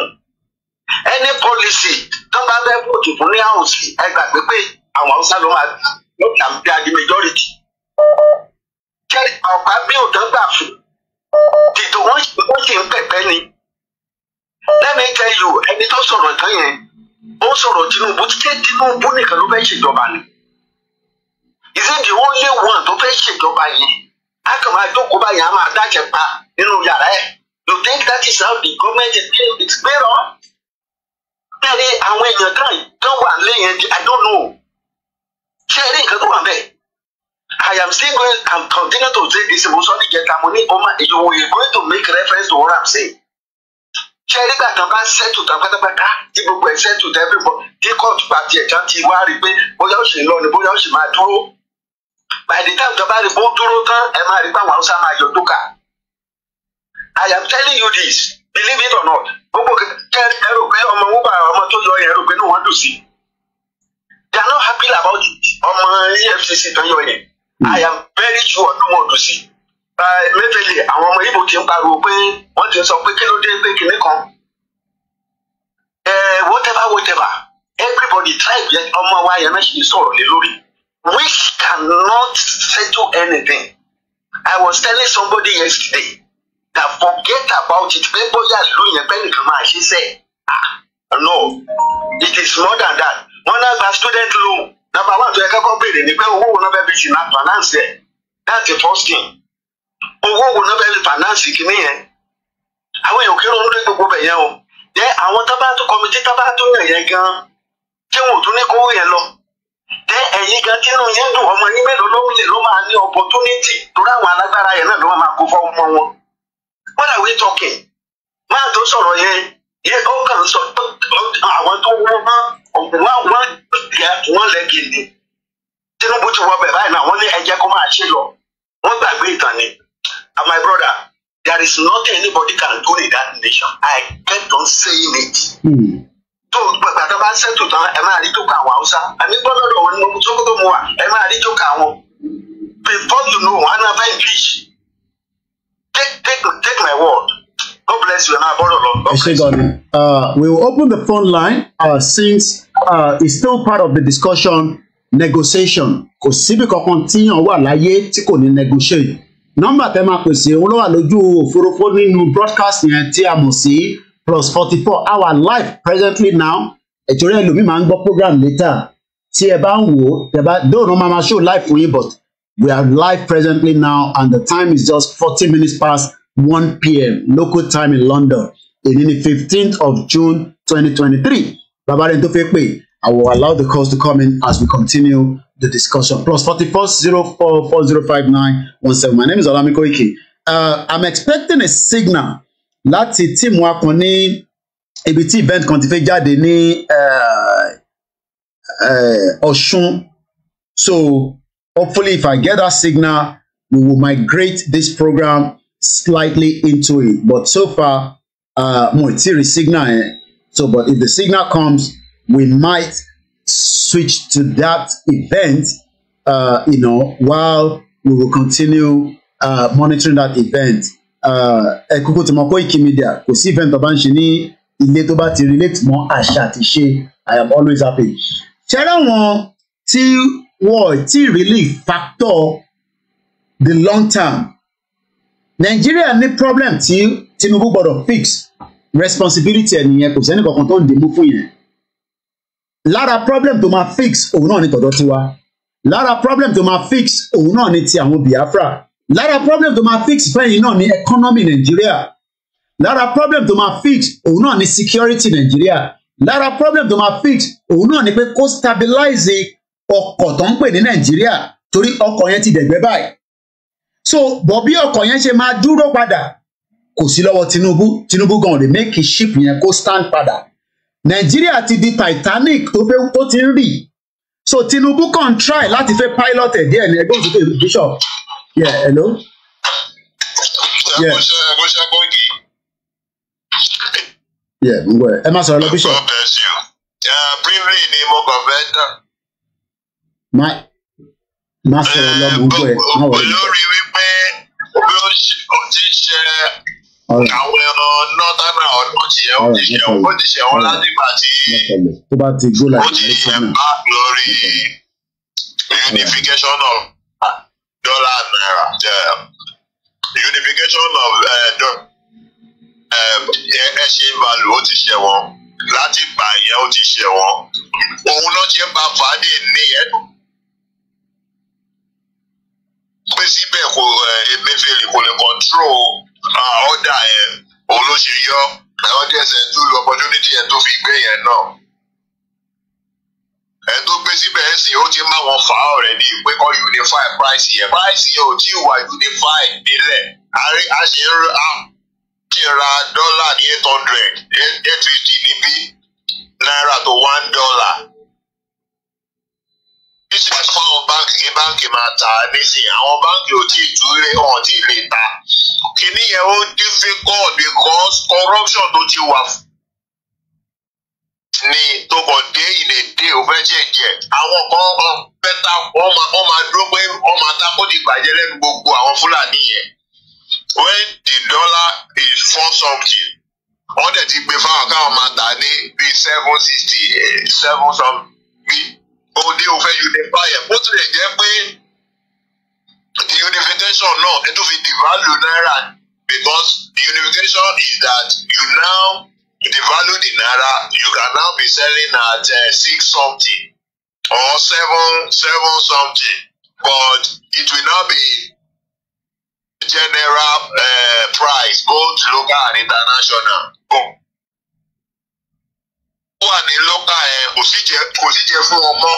any policy tán bá fẹ́ vote fún ní house ẹ gbàgbé pé àwọn haúsá ló máa ló kà ń bí adi majority jẹ́ ọ̀pá bí òtán gbà fún dìdò wọ́n sì ń pẹ̀pẹ́ ni let me tell you ẹni tó sọ̀rọ̀ tán yẹn ó sọ̀rọ̀ Tinubu títí Tinubu nìkan ló fẹ́ ṣèjọba ni is it the only one tó fẹ́ ṣèjọba yẹn a kàn máa jókòó báyìí a máa dájẹ́ pa nínú yàrá ẹ̀ you think that is how the government is being is being run kẹ́rin àwọn èèyàn kan kan wà lẹ́yìn I don't know ṣé ẹ rí nǹkan tó wà bẹ́ẹ̀ I am still going and continue to say this mo sọ ní ìjẹta mo ní ọmọ you going to make reference to what I'm saying ṣe nígbà tán bá ṣẹ́tù tán pátápátá tí gbogbo ẹ̀ ṣẹ́tù tán everybody tí kóòtù bá tiẹ̀ ti wá rí i pé bóyá ó ṣì lọ ni bóyá ó ṣì máa dúró by the time bá rí bó dúró tán ẹ máa rí i haúsá máa yọ dókà I am telling you this believe it or not gbogbo kẹ ẹ rò pé ọmọ wúbà ọmọ tó yọ yẹn rò pé níwọ̀n dùn sí they are not happy about it ọmọ EFCC tó yọ yẹn I am very sure ọdún wọn dùn sí Eh, mẹ́fẹ̀lẹ̀ àwọn ọmọ Ìgbò ti ń pariwo pé wọ́n ti sọ pé kí ló dé pé kinní kan eh, whatever whatever everybody tribe yẹn ọmọ wa yẹn náà ṣì sọ̀rọ̀ lé lórí which cannot settle anything I was telling somebody yesterday that forget about it pé bóyá ìlú yẹn pẹ́ nìkan máa ṣe sẹ́ẹ̀ ah no it is more than that wọ́n náà gba student loan number one tó yẹ kọ́kọ́ béèrè ni pé owó wo náà fẹ́ fi ṣìnà finance ẹ̀ that's the first thing owó wo náà bẹ́ẹ̀ fi kìíní yẹn àwọn èèyàn kéré olóde gbogbo bẹ̀ yẹn o jẹ́ àwọn tábà kọmitì tábà tó yẹn gan tí wọn ò tún ní kówó yẹn lọ jẹ́ ẹ̀yin gan tí inú yín dùn ọmọ yín mélòó ló ló máa ní opportunity torí àwọn alágbára yẹn náà ló máa kó fọ́ ọmọ wọn what are we talking máa tó sọ̀rọ̀ yẹn yẹn ó kàn sọ àwọn tó wọ́n wọ́n wọ́n And my brother, there is nothing anybody can do in that nation. I kept on saying it. Hmm. tó gbàgbà tó bá to tán ẹ máa rí tó ka àwọn haúsá àmì gbọ́dọ̀ lọ wọn ni mo tó kótó mu wa ẹ máa rí tó before you know one of them preach take take take my word God bless you and I borrow long. ẹ ṣe uh, we will open the phone line uh, since uh, it's still part of the discussion negotiation because síbi kankan continue wà láyé tí kò ní negotiate nọ́mbà tẹ́ máa pèsè òun ló wà lójú òfurufú nínú broadcast yẹn tí a mọ̀ sí plus forty four our life presently now ẹ̀tọ́rí ẹlòmíì máa ń gbọ́ program later tí ẹ bá ń wò ó tẹ́ bá dóòrùn máa máa show live for you, but we are live presently now and the time is just forty minutes past one pm local time in London èyí ni fifteenth of June twenty twenty three bàbá tó fẹ́ pè I will allow the calls to come in as we continue the discussion. Plus 4404405917. My name is Olamiko Iki. Uh, I'm expecting a signal láti tíìmù akun ní ibi tí event kan ti fẹ́ jáde ní uh, uh, Ọ̀ṣun. So hopefully if I get that signal, we will migrate this program slightly into it. But so far, uh, mo ì tí signal yẹn. So but if the signal comes, we might switch to that event, uh, you know, while we will continue uh, monitoring that event. Uh, ẹ kúkú ti mọ Koiki Media, kò sí event tó bá ń ṣe ní ilé tó bá ti relate mọ́ àṣà àti ṣe, I am always happy. Ṣẹ́rẹ́ wọn tí wọ́n ti really factor the long term. Nàìjíríà ní problem tí Tinubu gbọ́dọ̀ fix responsibility ẹ̀ nìyẹn kò sẹ́ni kankan tó ń dìbò fún yẹn lára problem tó máa fix òun náà ni tọ̀dọ̀ tiwa lára problem tó máa fix òun náà ni ti àwọn Biafra lára problem tó máa fix fẹ́yìn náà ni economy Nàìjíríà lára problem tó máa fix òun náà ni security Nigeria. lára problem tó máa fix òun náà ni pé kó stabilize ọkọ̀ tó ń pè ní Nigeria torí ọkọ̀ yẹn ti dẹ̀gbẹ́ báyìí so bọ̀ bí ọkọ̀ yẹn ṣe máa dúró padà kò sí lọ́wọ́ Tinubu Tinubu gan ò lè make ship yẹn kó stand padà nàìjíríà ti di titanic tó fẹ́ tó ti ń rì so tinubu kàn try láti fẹ́ pilot ẹ̀ díẹ̀ ní ẹgbẹ́ òṣèlú bishop yeah hello. yeah. yeah n ẹ má sọ̀rọ̀ lọ bishop. briefly ni mo kàn fẹ́ tán. má sọ̀rọ̀ lọ mo olórí wípé bí ó ti ṣe àwọn ẹran nọtánà ọdún ti ẹ ó ti ṣe ó ti ṣe wọn láti gbà tí ó bá ti gbó láti ó ti ṣe bá lórí unification of uh, dollar and naira um, unification of uh, um, e, exchange value ó ti ṣe wọn láti gbà yẹn ó ti ṣe wọn òun náà ṣe bá fàdé nìyẹn pé síbẹ̀ kò uh, Emefiele kò lè control ọ̀dà ah, yẹn òun ló ṣe yọ audience ẹ̀ tó lu opportunity ẹ̀ tó fi gbé yẹn náà ẹ̀ tó gbé síbẹ̀ ẹ̀ sì ó ti máa wọn fà á rẹ̀ ní pé kọ́ unify price yẹn price yẹn ò tí ì wà unify nílẹ̀ a ṣe ń ra ti ra dọ́là ní eight hundred eight fifty níbí náírà tó one dollar bí tí wọ́n fún báńkì kí báńkì máa ta nísìnyí àwọn báńkì ò tí ì dúró ọ̀hún tí ì lè ta kíní yẹn ó difficult because corruption tó ti wà ní tó dé ìlè dé ò fẹ́ àwọn kan fẹ́ ta wọ́n máa dúró pé wọ́n máa ta kó di ìbàjẹ́ lẹ́nu gbogbo àwọn Fúlàní yẹn when the dollar is four something wọ́n dẹ̀ ti gbé fáwọn káwọn máa tà ní bíi seven sixty seven something òde ò fẹ́ unify ẹ̀ bó tilẹ̀ jẹ́ pé the unification náà ẹ tún fi devalue naira because the unification is that you now devalue the naira you can now be selling at uh, six something or seven seven something but it will now be general uh, price both local and international. Boom wà ní lọ́kà eh, ẹ̀ kò sì jẹ́ fún ọmọ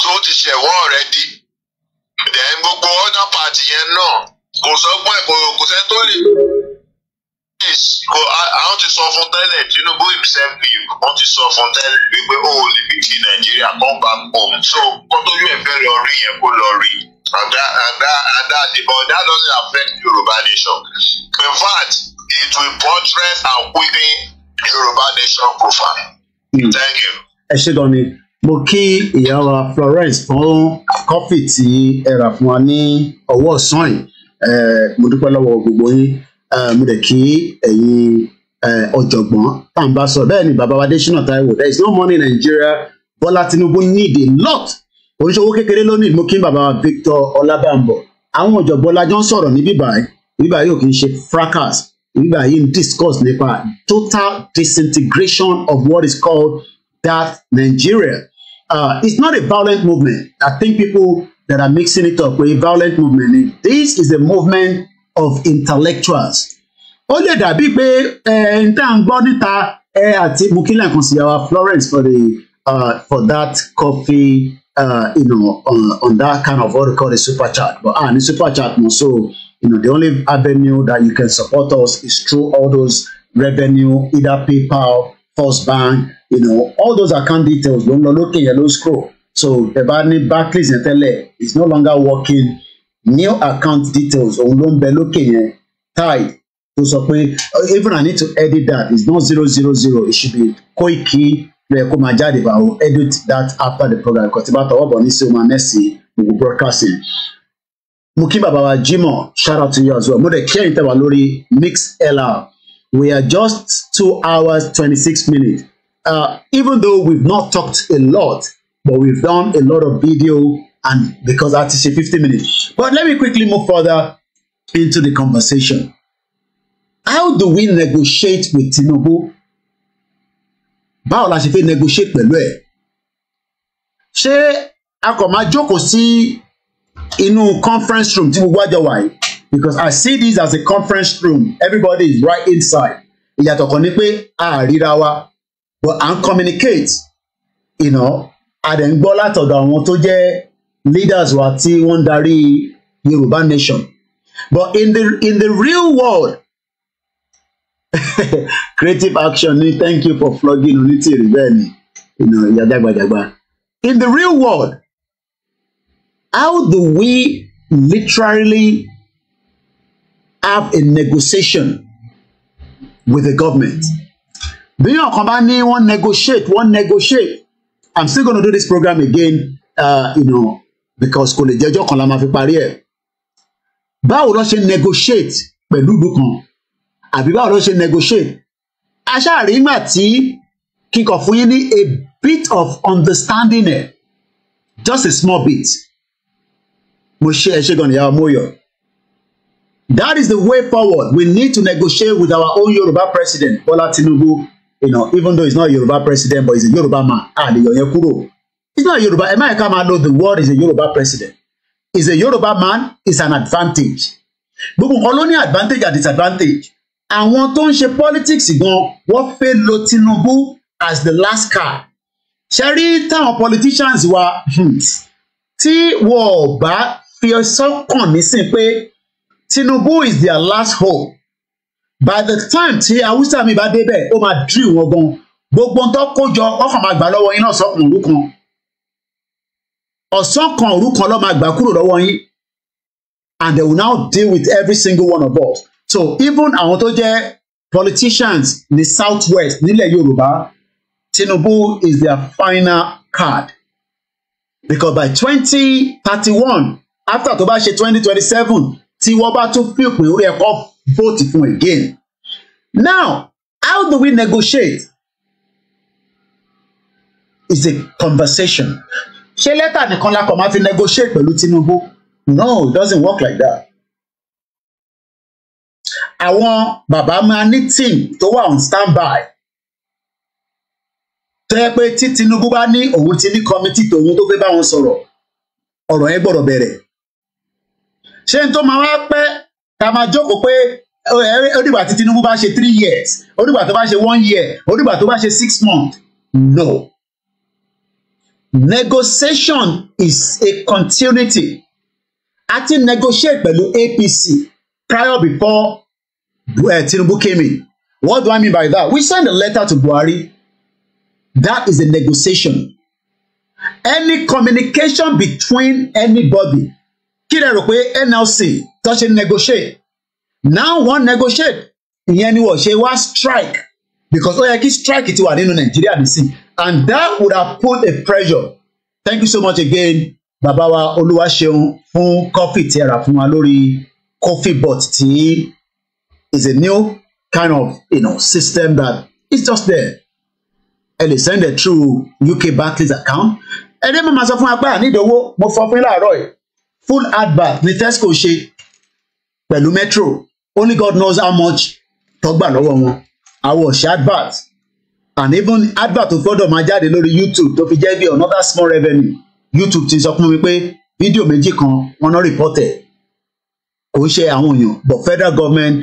tó ti ṣẹ̀wọ́ rẹ̀ di then gbogbo ọ̀nà pàtì yẹn náà kò sọ́gbọ́n ẹ̀ kò sẹ́ tó lè àwọn ti sọ fún tẹ́lẹ̀ Tinubu himself bill wọ́n ti sọ fún tẹ́lẹ̀ wípé ó lè bí ti Nàìjíríà come back home so kọ́tọ́jú ẹ̀ fẹ́ lọ rí yẹn kó lọ rí and that and that and that that doesn't affect Yorùbá nation in fact it will buttress and quicken Yorùbá Nation Profile. Mm. Thank you. Ẹ ṣe gan ni mo kí ìyá wa Florence fún kọ́fì tí ẹ rà fún wa ní ọwọ́ ọ̀sán yìí mo dúpẹ́ lọ́wọ́ gbogbo yín mo dẹ̀ kí ẹ̀yin ọ̀jọ̀gbọ́n tá n bá sọ bẹ́ẹ̀ ni bàbá wa Adésínà Táíwò there is no money in Nigeria Bọ́lá Tinubu need a lot oníṣòwò kékeré ló ní mo kí bàbá wa Victor Ọlábàmbọ àwọn ọ̀jọ̀gbọ́n la jọ ń sọ̀rọ̀ ní bíbáyìí bíbáyìí ò kì í ṣe fracas nígbà yìí ń discuss nípa total disintegration of what is called that Nigeria. Uh, it's not a violent movement. I think people that are mixing it up with a violent movement. This is a movement of intellectuals. Ó lè dàbí pé ẹ ń tà ń gbọ́ níta ẹ àti Mukila kan sí yàrá Florence for the uh, for that coffee uh, you know, on, on that kind of what we call a super chat. But ah, the super chat so you know the only avenue that you can support us is through all those revenue either PayPal, First Bank, you know all those account details don't look at yellow scroll so the bá ní Barclays yẹn tẹ́lẹ̀ is no longer working new account details òun ló ń bẹ lókè yẹn tide tó sọ uh, even I need to edit that it's not zero zero zero it should be Koi lóye kó máa jáde but I will edit that after the program because tí bá tọwọ́ bọ̀ ní sí o máa mẹ́sì gbogbo broadcasting mo kí bàbá wa Jimoh shout out to you as well mo dẹ̀ kí ẹ̀yin tẹ́ wà lórí MixLR we are just two hours twenty-six minutes uh, even though we've not talked a lot but we've done a lot of video and because that is a fifty minutes but let me quickly move further into the conversation how do we negotiate with Tinubu báwo la ṣe fẹ́ negotiate pẹ̀lú ẹ̀ ṣé a kò máa jókòó sí inú conference room tí gbogbo àjọ wà because I see this as a conference room everybody is right inside ìyàtọ̀ kan ni pé a ríra wa but à communicate you know, a dẹ̀ ń gbọ́ látọ̀dọ̀ àwọn tó jẹ́ leaders wa tí wọ́n ń darí Yorùbá nation but in the in the real world creative action ni thank you for flogging onítìrì bẹ́ẹ̀ ni ìyá dàgbàdàgbà in the real world How do we literally have a negotiation with the government? Bí yàn kan bá ní wọ́n negotiate wọ́n negotiate I'm still gonna do this program again uh, you know, because kò lè jẹ́jọ́ kan la máa fi parí ẹ̀. Báwo ló ṣe negotiate pẹ̀lú ìlú kan àbí báwo ló ṣe negotiate? Aṣáàrí ìgbà tí kíkọ̀ fún yín ní a bit of understanding ẹ̀ just a small bit mo ṣe ẹ ṣe that is the way forward we need to negotiate with our own Yoruba president Bola Tinubu you know, even though he's not a Yoruba president but he's a Yoruba man ah lè yọ he's not a Yoruba Am I yẹ ká the word is a Yoruba president he's a Yoruba man It's an advantage gbogbo nǹkan ló advantage and disadvantage àwọn tó ń ṣe politics gan wọ́n fẹ́ lo Tinubu as the last card ṣe rí táwọn politicians wa tí wọ́n ò bá fi sọ́kàn nísìn pé Tinubu is their last hope by the time tí Hausa mi bá débẹ̀ ó máa dì wọ́n gan gbogbo ń tọ́ kó jọ ọkàn máa gbà lọ́wọ́ yín náà sọ́kàn òru kan ọ̀sán kan òru kan lọ́ máa gbà kúrò lọ́wọ́ yín and they will now deal with every single one of us so even àwọn tó jẹ́ politicians ní south west nílẹ̀ Yorùbá Tinubu is their final card because by twenty thirty one after tó bá ṣe twenty twenty seven tí wọ́n bá tún pípín orí ẹ̀kọ́ vote fún again now how do we negotiate is a conversation ṣé lẹ́tà nìkan la kàn máa fi negotiate pẹ̀lú Tinubu no it doesn't work like that àwọn bàbá máa ní team tó wà on standby tó yẹ pé tí Tinubu bá ní òun ti ní committee tòun tó fẹ́ bá wọn sọ̀rọ̀ ọ̀rọ̀ yẹn gbọ́dọ̀ bẹ̀rẹ̀ ṣé n tó máa wá pẹ́ ká máa jókòó pé onígbà tí Tinubu bá ṣe three years onígbà tó bá ṣe one year onígbà tó bá ṣe six months no negotiation is a continuity a ti negotiate pẹ̀lú APC prior before uh, Tinubu came in what do I mean by that we send a letter to Buhari that is a negotiation any communication between anybody kí lẹ rò pé NLC tó ṣe negotiate now wọ́n negotiate ìyẹn ni wọ́n ṣe wá strike because ó yẹ kí strike ti wà nínú Nàìjíríà nísìn and that would have put a pressure thank you so much again Babawa wa Olúwaṣeun fún coffee tí ẹ rà fún wa lórí coffee bot tí is a new kind of you know, system that is just there ẹ lè send it through UK Barclays account ẹ dé mọ̀ máa sọ fún apá ànídòwó mo fọ fún yín láàárọ̀ yìí full advert ní Tesco ṣe pẹ̀lú Metro only God knows how much tọ́gbà lọ́wọ́ wọn àwọn ọ̀ṣẹ́ advert and even advert tó gbọ́dọ̀ máa jáde lórí YouTube tó fi jẹ́ bí another small revenue YouTube ti sọ fún mi pé fídíò méjì kan wọn náà rìpọ́tẹ̀ kò ṣe àwọn èèyàn but federal government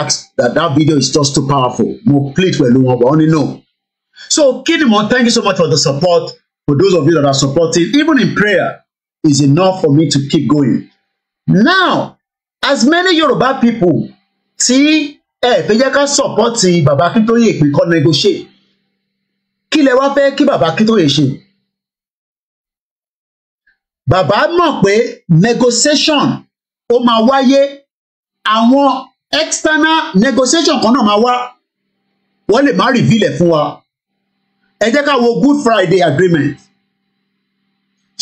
ask that that video is just too powerful mo plead pẹ̀lú wọn but wọ́n no so Kidimon thank you so much for the support for those of you that are supporting even in prayer is enough for me to keep going. Now, as many Yoruba people tí ẹ fẹ́ jẹ́ ká sọ̀pọ́tì bàbá Akíntóyè pé kọ́ negotiate kí lẹ wá fẹ́ kí bàbá Akíntóyè ṣe. Bàbá mọ̀ pé negotiation ó máa wáyé àwọn external negotiation kan náà máa wá wọ́n lè má reveal fún wa ẹ jẹ́ ká wo Good Friday Agreement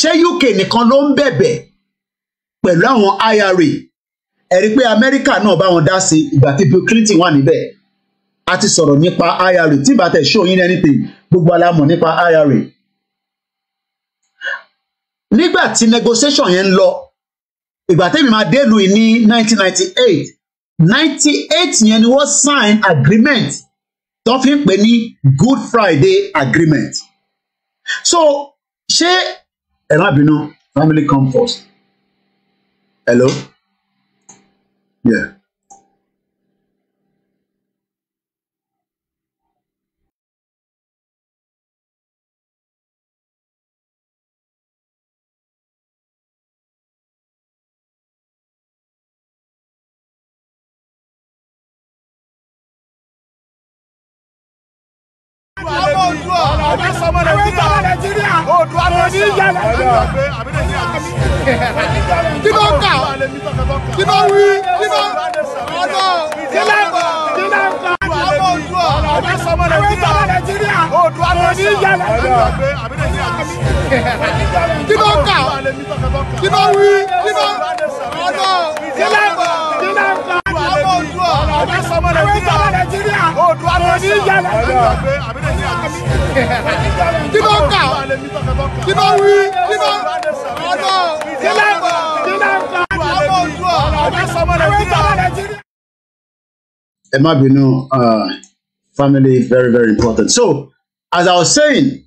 ṣé UK nìkan ló ń bẹ̀bẹ̀ pẹ̀lú àwọn IRA ẹ̀rí pé Amẹ́ríkà náà bá wọn dá sí ìgbà tí Bill Clinton wà níbẹ̀ a ti sọ̀rọ̀ nípa IRA tí ìbátẹ̀ ṣó anything, ẹni pé gbogbo alámọ̀ nípa IRA nígbà tí negotiation yẹn ń lọ ìgbà tẹ́mi máa délùú yìí ní 1998 98 yẹn ni wọ́n sign agreement tó fi ń pè ní Good Friday Agreement so ṣé ẹ má family comforts. first hello yeah. odò àtẹ̀sà kí ló ń kà kí ló wí kí ló ọ̀nà kí ló ń kà kí ló ń kà àwọn odò àwọn sọmọ nàìjíríà odò àtẹ̀sà kí ló ń kà kí ló wí kí ló ọ̀nà kí ló ń kà kí ló ń kà àwọn odò àwọn sọmọ nàìjíríà. Ẹ má bínú, family, very, very important. So, as I was saying,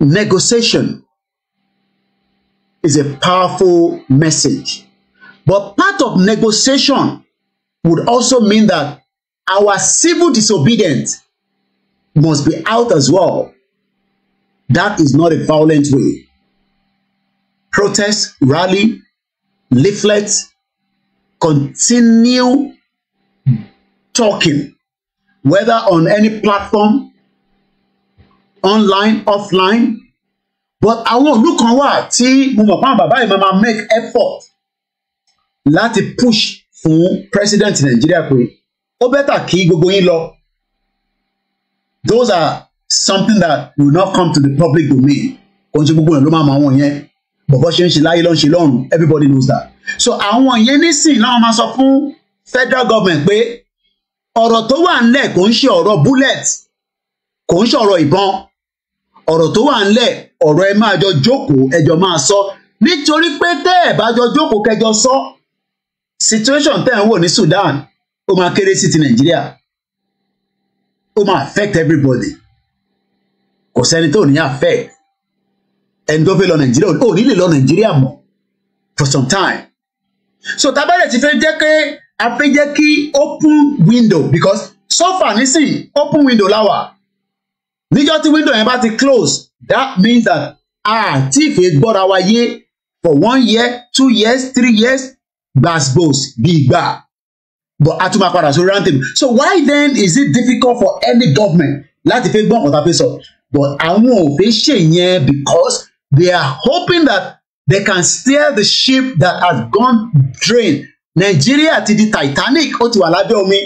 negotiation is a powerful message. But part of negotiation would also mean that our civil disobedience must be out as well. That is not a violent way. Protest, rally, leaflets, continue talking, whether on any platform, online offline but àwọn òlú kan wà tí mo mọ̀ pé àwọn bàbá yìí máa make effort láti push fún president Nàìjíríà pé ó bẹ́tà kí gbogbo yín lọ those are something that will not come to the public domain kò ní ṣe gbogbo yẹn ló máa mọ àwọn yẹn bọ̀bọ̀ ṣe ń ṣe láyé ló ṣe lọ́run everybody knows that so àwọn yẹn nísìn náà máa sọ fún federal government pé ọ̀rọ̀ tó wà nílẹ̀ kò ń ṣe ọ̀rọ̀ bullet kò ń ṣọ̀rọ̀ ìbọn ọ̀rọ̀ tó wà ńlẹ̀ ọ̀rọ̀ ẹ máa jọ jókòó ẹjọ máa sọ nítorí pé tẹ́ ẹ̀ bá jọ jókòó kẹjọ sọ situation tẹ́ ẹ̀ ń wò ní Sudan ó máa kéré sí ti Nàìjíríà ó máa affect everybody kò sẹ́ni tó ní affect ẹni tó fẹ́ lọ Nàìjíríà ò ní lè lọ Nàìjíríà mọ́ for some time so tábàlẹ̀ ti fẹ́ jẹ́ pé a fẹ́ jẹ́ kí open window because so far nísìnyí open window láwàá níjọ́ tí window yẹn bá ti close that means that àti ìfẹ́ gbọ́ra wa yé for one year two years three years gbàsgbòs bí gbà but a tún máa padà sórí round table so why then is it difficult for any government láti fẹ́ gbọ́n ọ̀tá fẹ́ sọ but àwọn ò fẹ́ ṣe yẹn because they are hoping that they can steer the ship that has gone drain Nigeria ti di Titanic ó ti wà lábẹ́ omi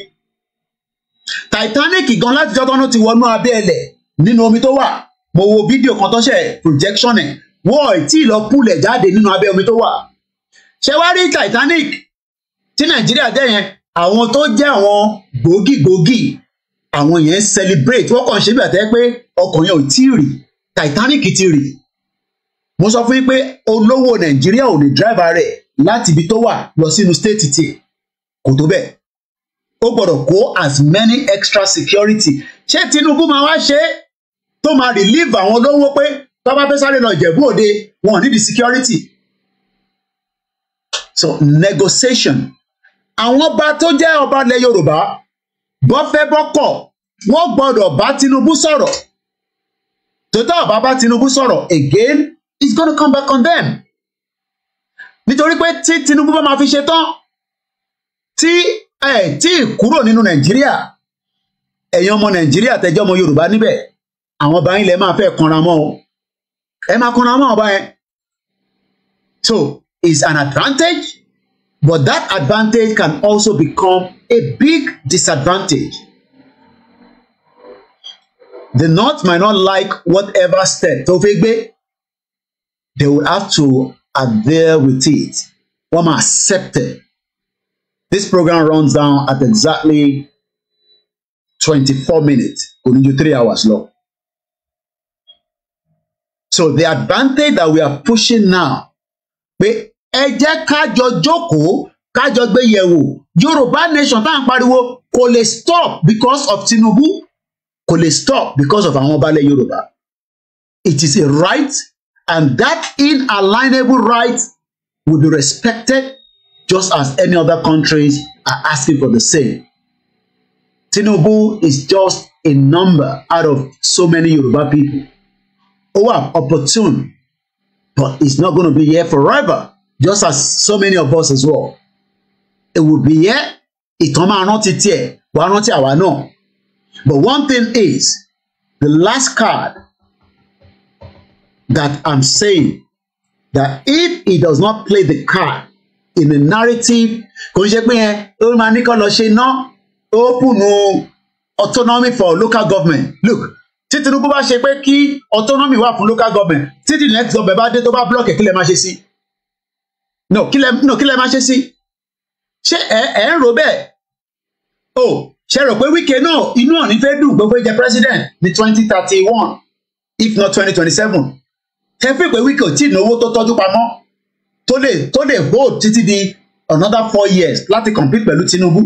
Titanic gan láti jọ́ tọ́nú ti wọnú abẹ́ ẹlẹ̀ nínú omi tó wà mo wo fídíò kan tó projection ẹ̀ wọ́n ò tí ì lọ púlẹ̀ jáde nínú abẹ́ omi tó wà ṣé wá rí Titanic tí Nàìjíríà jẹ́ yẹn àwọn tó jẹ́ àwọn gbòógì-gbòógì àwọn yẹn celebrate wọ́n kàn ṣe bí àtẹ́ pé ọkàn yẹn ò tí ì rì Titanic ti rì mo sọ fún yín pé olówó Nàìjíríà ò lè dráìvà rẹ̀ láti ibi tó wà lọ sínú stéètì tiẹ̀ kò tó bẹ́ẹ̀ ó gbọ́dọ̀ kó as many extra security ṣé Tinubu máa wá ṣe é tó máa relieve àwọn olówó pé tó bá fẹ́ sáré lọ Ìjẹ̀bú Òde wọn ò ní di security so negotiation àwọn ọba tó jẹ́ ọba ilẹ̀ Yorùbá bọ́fẹ́ bọ́kọ̀ wọ́n gbọ́dọ̀ bá Tinubu sọ̀rọ̀ tòótọ́ ọba bá Tinubu sọ̀rọ̀ again it's gonna come back on them nítorí pé tí Tinubu bá máa fi ṣe tán tí ẹ tí kúrò nínú Nàìjíríà ẹ̀yin ọmọ Nàìjíríà tẹjọ́ ọmọ Yorùbá níbẹ̀ àwọn ọba yín lẹ máa fẹ́ kanra mọ́ o ẹ máa kanra mọ́ ọba yẹn so is an advantage but that advantage can also become a big disadvantage the north might not like whatever step tó fẹ́ gbé they will have to adhere with it wọ́n máa accept it this program runs down at exactly twenty-four minutes kò ní ju three hours long? so the advantage that we are pushing now pé ẹ jẹ́ kájọ jókòó kájọ gbé yẹ̀wò Yorùbá nation tá à ń pariwo kò lè stop because of Tinubu kò lè stop because of àwọn ọbalẹ̀ Yorùbá it is a right and that inalienable right will be respected just as any other countries are asking for the same. Tinubu is just a number out of so many Yoruba people ó opportune but it's not going to be here forever just as so many of us as well it will be here ìtàn máa rántí tiẹ̀ wàá rántí àwa náà but one thing is the last card that I'm saying that if he does not play the card in the narrative kò ń ṣe pé yẹn ó máa ní kó lọ ṣe ná open o autonomy for local government look tí Tinubu bá ṣe pé kí autonomy wà fún local government tí next government bá dé tó bá block ẹ kí lẹ máa ṣe sí no kí lẹ no kí lẹ máa ṣe sí ṣé ẹ ẹ ń rò bẹ́ẹ̀ o ṣe rò pé Wike náà inú ọ̀nì fẹ́ dùn gbogbo jẹ president ní twenty thirty one if not twenty twenty seven ẹ fi pé Wike ò tí ì náwó tó tọ́jú pamọ́ tó lè tó lè hold títí di another four years láti compete pẹ̀lú Tinubu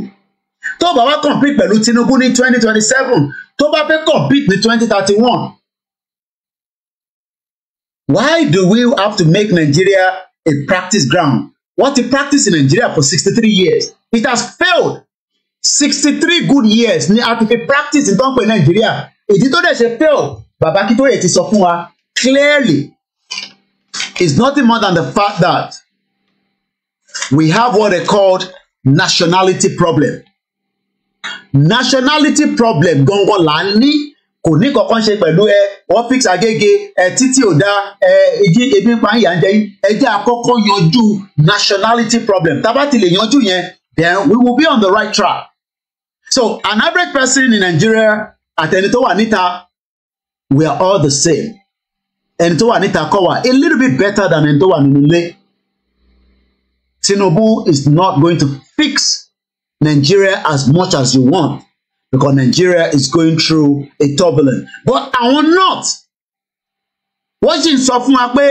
tó bá wá compete pẹ̀lú Tinubu ní twenty twenty seven tó bá fẹ́ compete ní twenty thirty one why do we have to make Nigeria a practice ground What ti practice in Nigeria for sixty three years it has failed sixty three good years ni a ti fi practice in tó ń Nigeria èyí tó dẹ̀ ṣe fail bàbá Akíntóyè ti sọ fún wa clearly it's nothing more than the fact that we have what they called nationality problem nationality problem gangan là ń ní kò ní kankan ṣe pẹ̀lú ẹ wọ́n fix Agége ẹ títí ò da ẹ ìdí ebi ń pa ìyà ń jẹ yín ẹ jẹ́ àkọ́kọ́ yanjú nationality problem tá a bá ti lè yanjú yẹn then we will be on the right track so an average person in Nigeria àtẹni tó wà níta we are all the same ẹni tó wà níta kọ́ wa a little bit better than ẹni tó wà nínú ilé Tinubu is not going to fix Nigeria as much as you want because Nigeria is going through a turbulent. But I will not. Wọ́n sì ń sọ fún wa pé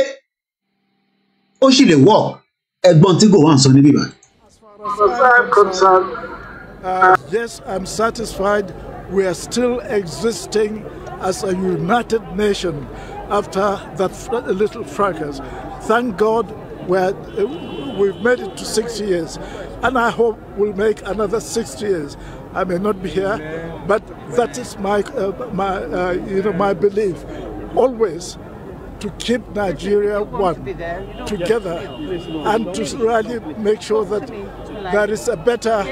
ó sì work ẹ̀gbọ́n tí Gowon sọ níbí báyìí. As far as I'm concerned, uh, yes, I'm satisfied we are still existing as a united nation after that little fracas. Thank God we're. Uh, we've made it to six years, and I hope we'll make another six years. I may not be here, but that is my, uh, my uh, you know, my belief. Always to keep Nigeria one, together, and to really make sure that there is a better.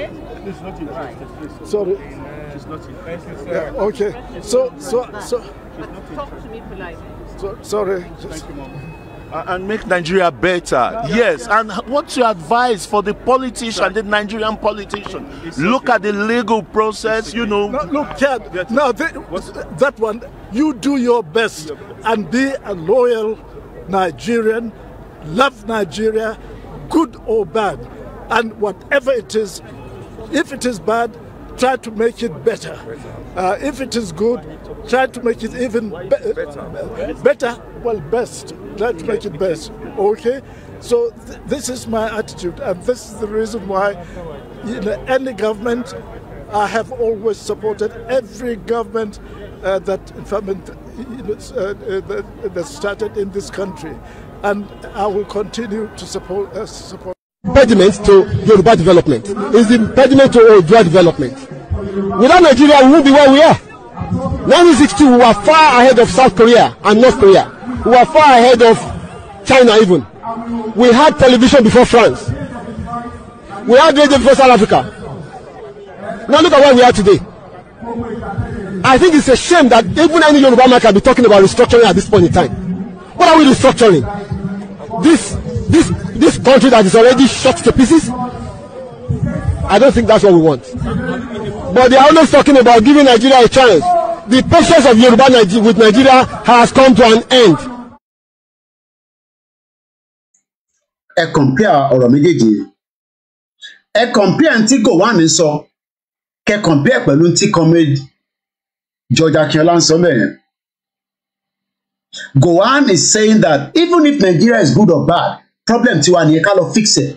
Sorry. Yeah, okay. So, so, so. talk to me politely. sorry. Thank you, Mom and make Nigeria better. Yeah, yes, yeah. and what's your advice for the politician, right. the Nigerian politician? It's look okay. at the legal process, okay. you know. No, look, Chad, that one, you do your best and be a loyal Nigerian, love Nigeria, good or bad. And whatever it is, if it is bad, try to make it better. Uh, if it is good, try to make it even be uh, better. Well, best. Try to make it best. Okay? So th this is my attitude, and this is the reason why you know, any government, I have always supported every government uh, that, uh, uh, that, that started in this country, and I will continue to support. Uh, support impediment to Yoruba development. It's the impediment to Odua development. Without Nigeria, we won't be where we are. 1962, we were far ahead of South Korea and North Korea. We were far ahead of China even. We had television before France. We had radio before South Africa. Now look at where we are today. I think it's a shame that even any Yoruba man can be talking about restructuring at this point in time. What are we restructuring? This this this country that is already shot to pieces? I don't think that's what we want. But they are always talking about giving Nigeria a chance. The patience of Yoruba Niger with Nigeria has come to an end. Ẹ compare ọ̀rọ̀ méjèèjì yẹn. Ẹ compare ntí kò wá ní sọ. Kẹ compare pẹ̀lú ntí comrade George Akinola ń sọ bẹ́ẹ̀ yẹn. is saying that even if Nigeria is good or bad, problem tiwa nìyẹn ká lọ fix it.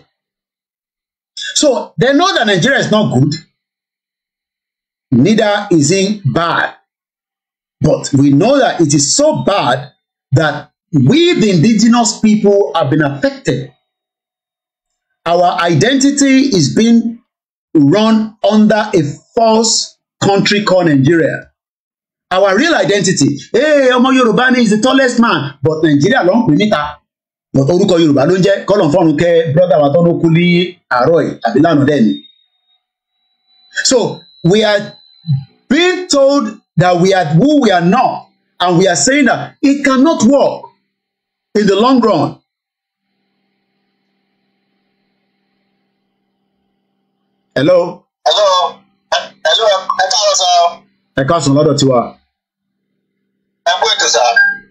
so they know that Nigeria is not good neither is it bad but we know that it is so bad that we the indigenous people have been affected our identity is being run under a false country called Nigeria. Our real identity. Hey, ọmọ Yorùbá ni is the tallest man, but Nigeria ló ń pè níta orúkọ yorùbá ló ń jẹ́ kọlọn fọrùn kẹ brọdà wa tọnu kú ní àárọ̀ yìí àbí lánàá dẹ ni. so we are being told that we are who we are not and we are saying that it cannot work in the long run. hello. hello hello ẹ káàsán. ẹ káàsán lọ́dọ̀ tiwa.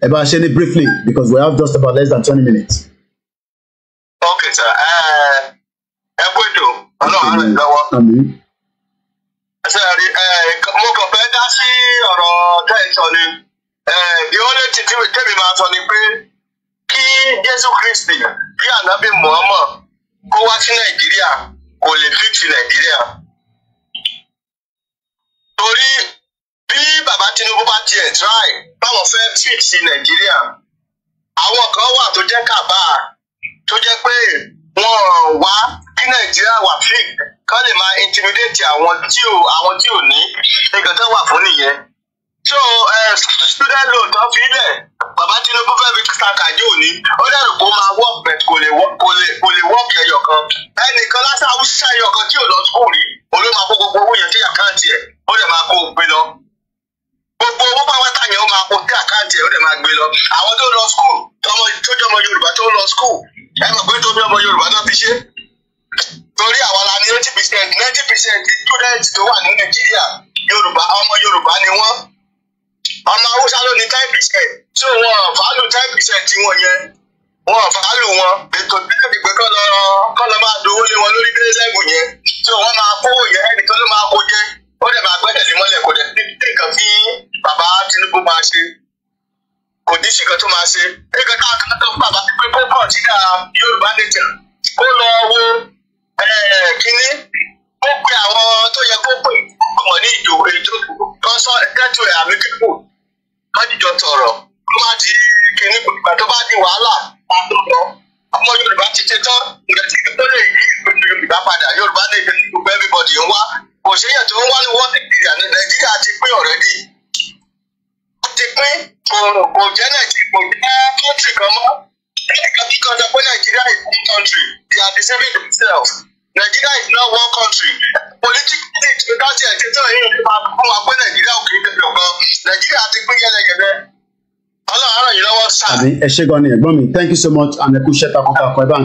About bá ṣe briefly because we have just about less than twenty minutes. Okay, sir ẹ kú ètò ọlọ́run rẹ̀ lọ́wọ́. sẹ́ẹ̀rì mo kàn fẹ́ dá sí ọ̀rọ̀ tẹ́ẹ̀sán ni the only thing tí tèmi máa sọ ni pé kí Jésù Kristi kí ànábì Muhammad kó wá sí Nàìjíríà kò lè fix Nàìjíríà torí bí bàbá Tinubu bá tiẹ̀ try báwọn fẹ́ fix Nàìjíríà àwọn kan wà tó jẹ́ kàbá tó jẹ́ pé wọ́n wá kí Nàìjíríà wà fix kán lè máa intimidate àwọn tí ò àwọn tí ò ní nǹkan tó wà fún nìyẹn so student loan tó fi lẹ̀ bàbá Tinubu fẹ́ fi sàkàjẹ́ òní ó dẹ̀rù kó máa work but kò lè kò lè work ẹyọ kan ẹnìkan lásán haúsá ẹyọ kan tí ò lọ school rí olóòmà kó gbogbo owó yẹn tí àkáǹtì ẹ̀ ó lè máa kó o gbé lọ gbogbo owó pàwọn tàyẹ̀ ó máa kó dé àkáǹtì ẹ̀ ó dẹ̀ máa gbé lọ àwọn tó lọ skul tọ́jọ́ ọmọ Yorùbá tó lọ skul ẹ mọ̀ pé tóbi ọmọ Yorùbá náà fi ṣe torí àwa la ní ninety percent ninety percent students tó wà ní Nàìjíríà Yorùbá ọmọ Yorùbá ni wọ́n ọmọ Haúsá ló ní ten percent tí wọn fàálù ten percent wọn yẹn wọn fàálù wọn ètò ìbílẹ̀ pé kọ́ lọ kọ́ lọ máa dowó lé wọn lórí délẹ́gùn yẹn tí wọn máa kówó yẹn ẹnìkan ló máa kó jẹ́ ó dẹ̀ máa gbẹ́kẹ̀lé mọ́lẹ̀ kò dẹ̀ tí nǹkan bí bàbá Tinubu máa ṣe kò ní ṣìkan tó máa ṣe nǹkan tá a kàn tó bàbá pípé kó bọ̀ síta Yorùbá nation kó lọ wo kínní kó pe àwọn tó yẹ kó pè ọmọ ní ìjò ètò tó ń sọ ẹ̀kẹ́tù ẹ̀ àmì kíkù má dìjọ tọ̀rọ̀ kó má di kínní gbogbo tó bá di wàhálà àtọ̀ lọ ọmọ Yorùbá ti ṣe tán ìrètí tó lè yí Yorùbá padà Yorùbá nation gbogbo everybody ń wá kò séyàn tó ń wá ní wọ́n nàìjíríà ní nàìjíríà ti pín ọ̀rẹ́dì ó ti pín kò kò nàìjíríà kò jẹ́ kọ́ńtì kan mọ́ ẹnìkan kí kan sọ pé nàìjíríà is one country they are deceiving themselves nàìjíríà is not one country political state ló dá sí ẹ̀jẹ̀ tó yẹ nípa fún wa pé nàìjíríà ò kì í bẹ̀rẹ̀ kan nàìjíríà ti pín yẹlẹyẹlẹ ọlọ́run àrùn yìí thank you so much and ẹ kú iṣẹ́ takuntakun ẹ bá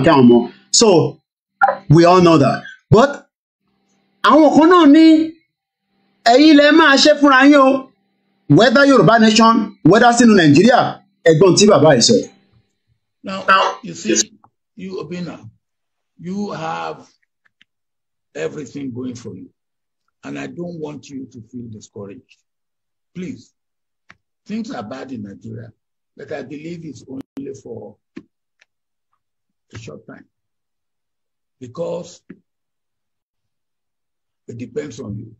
so we all know that but àwọn kan náà ní ẹ̀yin lẹ máa ṣe fúnra yín o whether Yorùbá nation whether sínú Nàìjíríà ẹ̀gbọ́n tí bàbá ẹ sọ. Now, you see, you Obinna, you have everything going for you, and I don't want you to feel discouraged. Please, things are bad in Nigeria, but I believe it's only for a short time because It depends on you.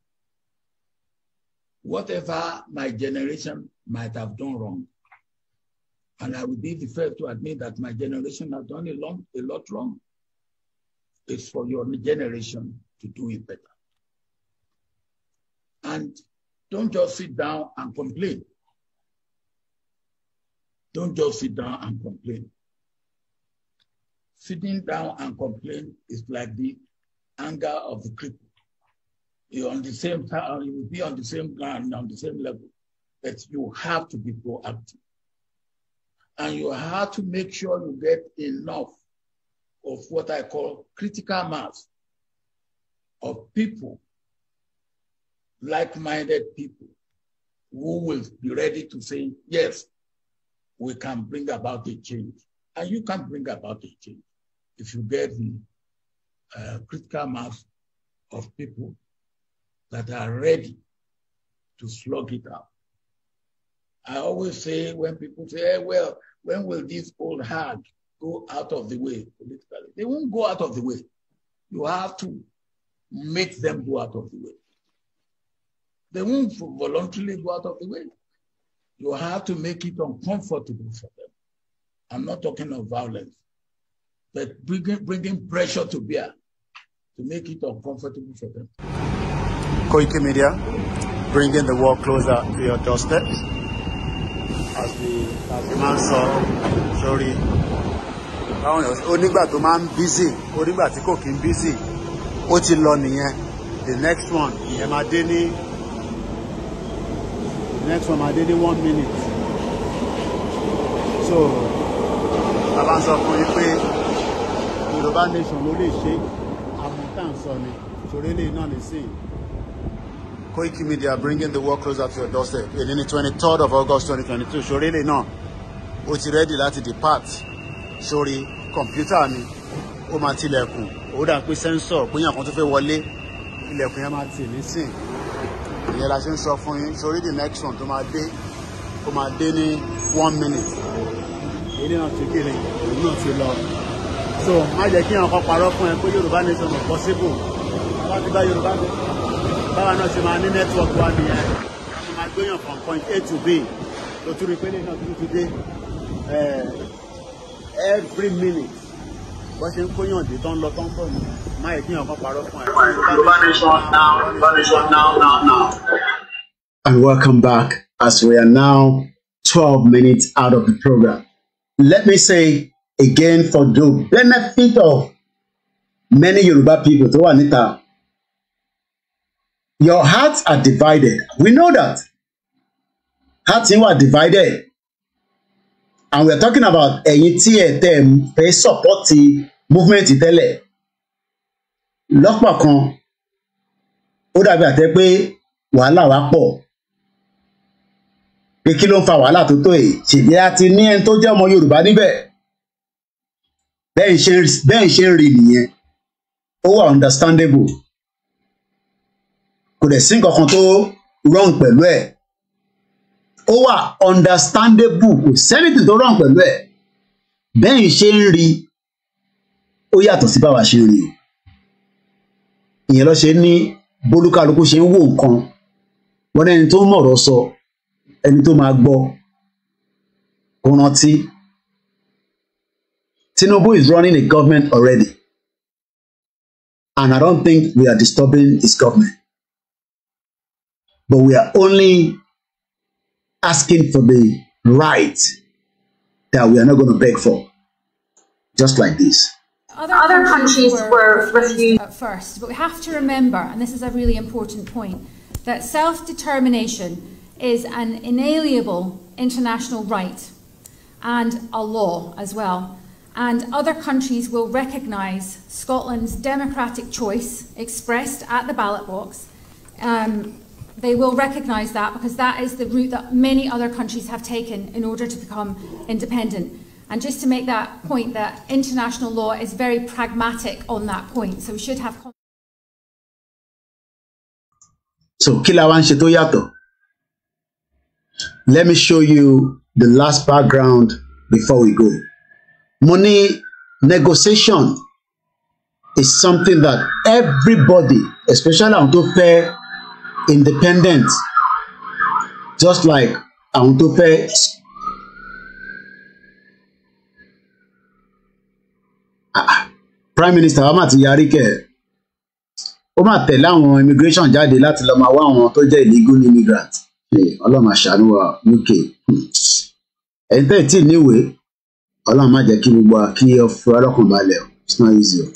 Whatever my generation might have done wrong, and I would be the first to admit that my generation has done a lot, a lot wrong. It's for your generation to do it better. And don't just sit down and complain. Don't just sit down and complain. Sitting down and complain is like the anger of the cripple you on the same time, uh, you will be on the same ground, on the same level. But you have to be proactive. And you have to make sure you get enough of what I call critical mass of people, like minded people, who will be ready to say, yes, we can bring about a change. And you can bring about a change if you get uh, critical mass of people that are ready to slug it out. I always say when people say, hey, eh, well, when will this old hag go out of the way politically? They won't go out of the way. You have to make them go out of the way. They won't voluntarily go out of the way. You have to make it uncomfortable for them. I'm not talking of violence, but bringing, bringing pressure to bear to make it uncomfortable for them. Koike Media, bringing the world closer to your doorstep. As the as the man saw, sorry, báwọn ò nígbà tó máa ń busy, ó nígbà tí kò kí ń busy, ó ti lọ nìyẹn. The next one, ìyẹn máa dé ní the next one máa dé ní one minute. So, bàbá ń sọ fún yín pé Yorùbá nation ló lè ṣe àmọ̀tá ń sọ ni, ṣòro eléyìí náà lè sìn Koiki Media bringing the world closer to your doorstep In ni twenty third of August twenty twenty two sórí ilé náà ó ti rẹ́dì láti depart sórí kọ̀ǹpútà mi ó máa tilẹ̀kùn ó dà pé sẹ́ńsọ̀ péyàn kan tó fẹ́ wọlé ilẹ̀kùn yẹn máa tì nísìn ìyẹn la ṣe ń sọ fún yín sórí the next one tó máa dé tó máa dé ní one minute èyí náà ti kéde èyí náà ti lọ so má jẹ́ kí àwọn kan parọ́ fún ẹ pé Yorùbá nation is possible wọ́n ti bá Yorùbá nation báwa náà ṣe máa ní network wa nìyẹn ṣe máa gbéyàn from point A to B tó tún rí pé lè náà tún dé eh, every minute bó ṣe ń kóyàn dé tó ń lọ tó ń bọ̀ nìyẹn má yẹ kí èèyàn kan parọ́ fún ẹ. And welcome back as we are now 12 minutes out of the program. Let me say again for the benefit of many Yoruba people tó wà your hearts are divided we know that hearts yín wà divided and we are talking about ẹ̀yin tí ẹ tẹ́ fẹ́ support movement tẹ́lẹ̀ lọ́pọ̀ kan ó dàbí àtẹ́ pé wàhálà wa pọ̀ pé kí ló ń fa wàhálà tó tó yìí ṣèbí a ti ní ẹni tó jẹ́ ọmọ Yorùbá níbẹ̀ bẹ́ẹ̀ ń ṣe rí nìyẹn ó wà understandable kò dẹ̀ sí nǹkan kan tó wrong pẹ̀lú ẹ̀ ó wà understandable kò sẹ́nìtì tó wrong pẹ̀lú ẹ̀ bẹ́ẹ̀ ṣe ń rí ó yàtọ̀ sí báwa ṣe ń rí o ìyẹn ló ṣe ní bólúkálukú ṣe ń wò nǹkan wọn ẹni tó mọ̀rọ̀ sọ ẹni tó máa gbọ́ kó rántí Tinubu is running a government already and I don't think we are disturbing his government. but we are only asking for the right that we are not going to beg for. Just like this. Other, Other countries, countries, were refused at first, but we have to remember, and this is a really important point, that self determination is an inalienable international right and a law as well. And other countries will recognise Scotland's democratic choice expressed at the ballot box um, they will recognise that because that is the route that many other countries have taken in order to become independent. And just to make that point, that international law is very pragmatic on that point. So we should have. So kí Let me show you the last background before we go. Money negotiation is something that everybody, especially on tó fair. independent just like àwọn tó fẹ́. prime minister wa mà ti yarí kẹ̀ ó mà tẹ̀lé àwọn immigration jáde láti lọ́ọ́ máa wá àwọn tó jẹ́ illegal immigrant hmm, ọlọ́run àṣàánú wa uk hmm. ẹ̀yin tẹ́ ẹ̀ tí ì níwèé ọlọ́run má jẹ́ kí gbogbo kí ọ̀fọ̀ ọlọ́kùn balẹ̀ o it's not easy o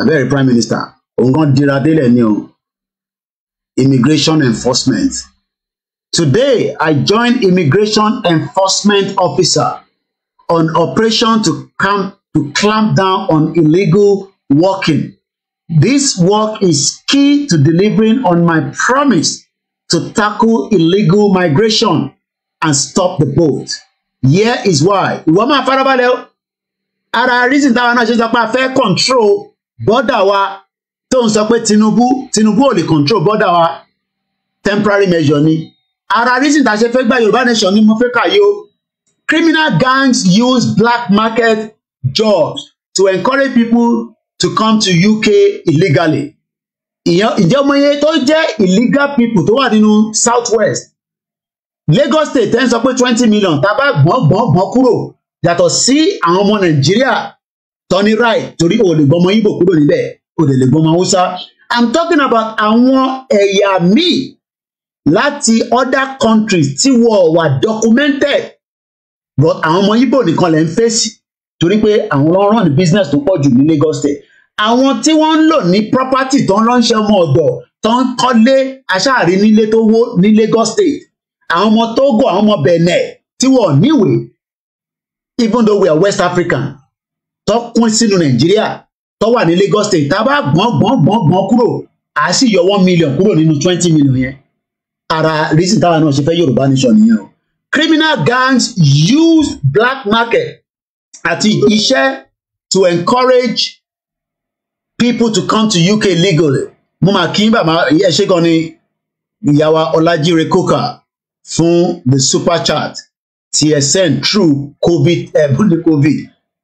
àbẹ́rẹ́ prime minister òun kan dira délẹ̀ ni o Immigration Enforcement. Today, I joined Immigration Enforcement Officer on operation to, camp, to clamp down on illegal working. This work is key to delivering on my promise to tackle illegal migration and stop the boat. Here is why. Ìwọ máa farabalẹ̀ Ara reason that náà ṣe sọ pé control bọ́dà wa tó ń sọ pé Tinubu Tinubu ò lè control border wa temporary measure ni ara reason tá a ṣe fẹ́ gba Yorùbá nation ni mo fẹ́ kà yí criminal gangs use black market jobs to encourage people to come to UK illegally ìjẹ́ ọmọ iye tó jẹ́ illegal people tó wà nínú south west Lagos state ten sọ pé twenty million tá a bá gbọ́n gbọ́n gbọ́n kúrò yàtọ̀ sí àwọn ọmọ Nàìjíríà tó ní right torí o lè gbọmọ Ìgbò kúrò níbẹ̀ ó dẹ̀ lè gbọ́ i'm talking about àwọn ẹ̀yà míì láti other countries tí wọ́n wà documented but àwọn ọmọ Ìgbò nìkan lè ń fèsì torí pé àwọn ló ń business tó pọ̀ jù ní Lagos state àwọn tí wọ́n ń lò ní property tó ń ránṣẹ́ ọmọ ọ̀dọ̀ tó ń kọ́lé aṣáàrí nílé tó wó ní Lagos state àwọn ọmọ Togo àwọn ọmọ Benin tí wọ́n níwèé even though we are West African tó kún sínú Nàìjíríà tó wà ní Lagos state tá a bá gbọ́n gbọ́n gbọ́n gbọ́n kúrò à á sì yọ one million kúrò nínú twenty million yẹn ara reason táwọn náà ṣe fẹ́ Yorùbá nation nìyẹn o criminal gangs use black market àti iṣẹ́ to encourage people to come to UK legally mo máa kí bàbá ẹ ṣe gan ni ìyàwó ọlájírè kókà fún the super chat TSN true covid ẹ eh, ní covid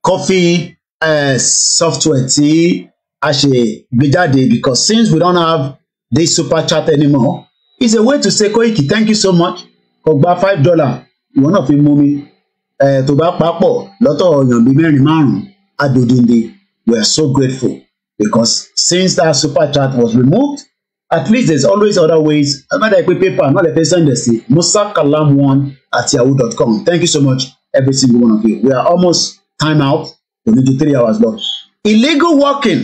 coffee Eh, software tí a ṣe gbé jáde because since we don't have this super chat anymore it's a way to say Koiki thank you so much kò gba five dollar ìwọ náà fi mú mi eh, tó bá papọ̀ lọ́tọ̀ ọ̀yàn bíi mẹ́rin márùn-ún adòdìndé we are so grateful because since that super chat was removed at least there's always other ways another epe paper another person send us musakalam1 at com. thank you so much every single one of you we are almost time out kò ní three hours lọ. illegal working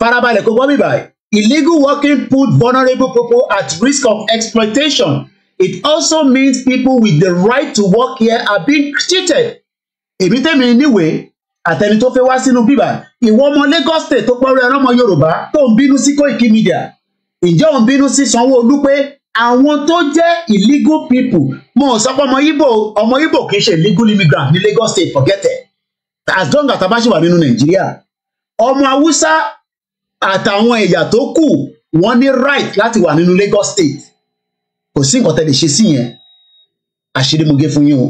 farabalẹ̀ kó gbọ́ mi báyìí illegal working put vulnerable people at risk of exploitation it also means people with the right to work here are being cheated. èmi tẹ́mi níwèé àtẹni tó fẹ́ wá sínú bíbà ìwọ ọmọ Lagos state tó pọ́nrẹ́ ọlọ́mọ Yorùbá tó ń bínú sí Koiki Media ǹjẹ́ ò ń bínú sí Sanwó-Olú pé àwọn tó jẹ́ illegal people mo sọ pé ọmọ Igbo ọmọ Igbo kì í ṣe legal immigrant ní Lagos state forget it as long as a bá ṣì wà nínú nàìjíríà ọmọ haúsá àtàwọn ẹ̀yà tó kù wọ́n ní right láti wà nínú Lagos state kò sí nǹkan tẹ́ lè ṣe sí yẹn àṣírí fún yín o.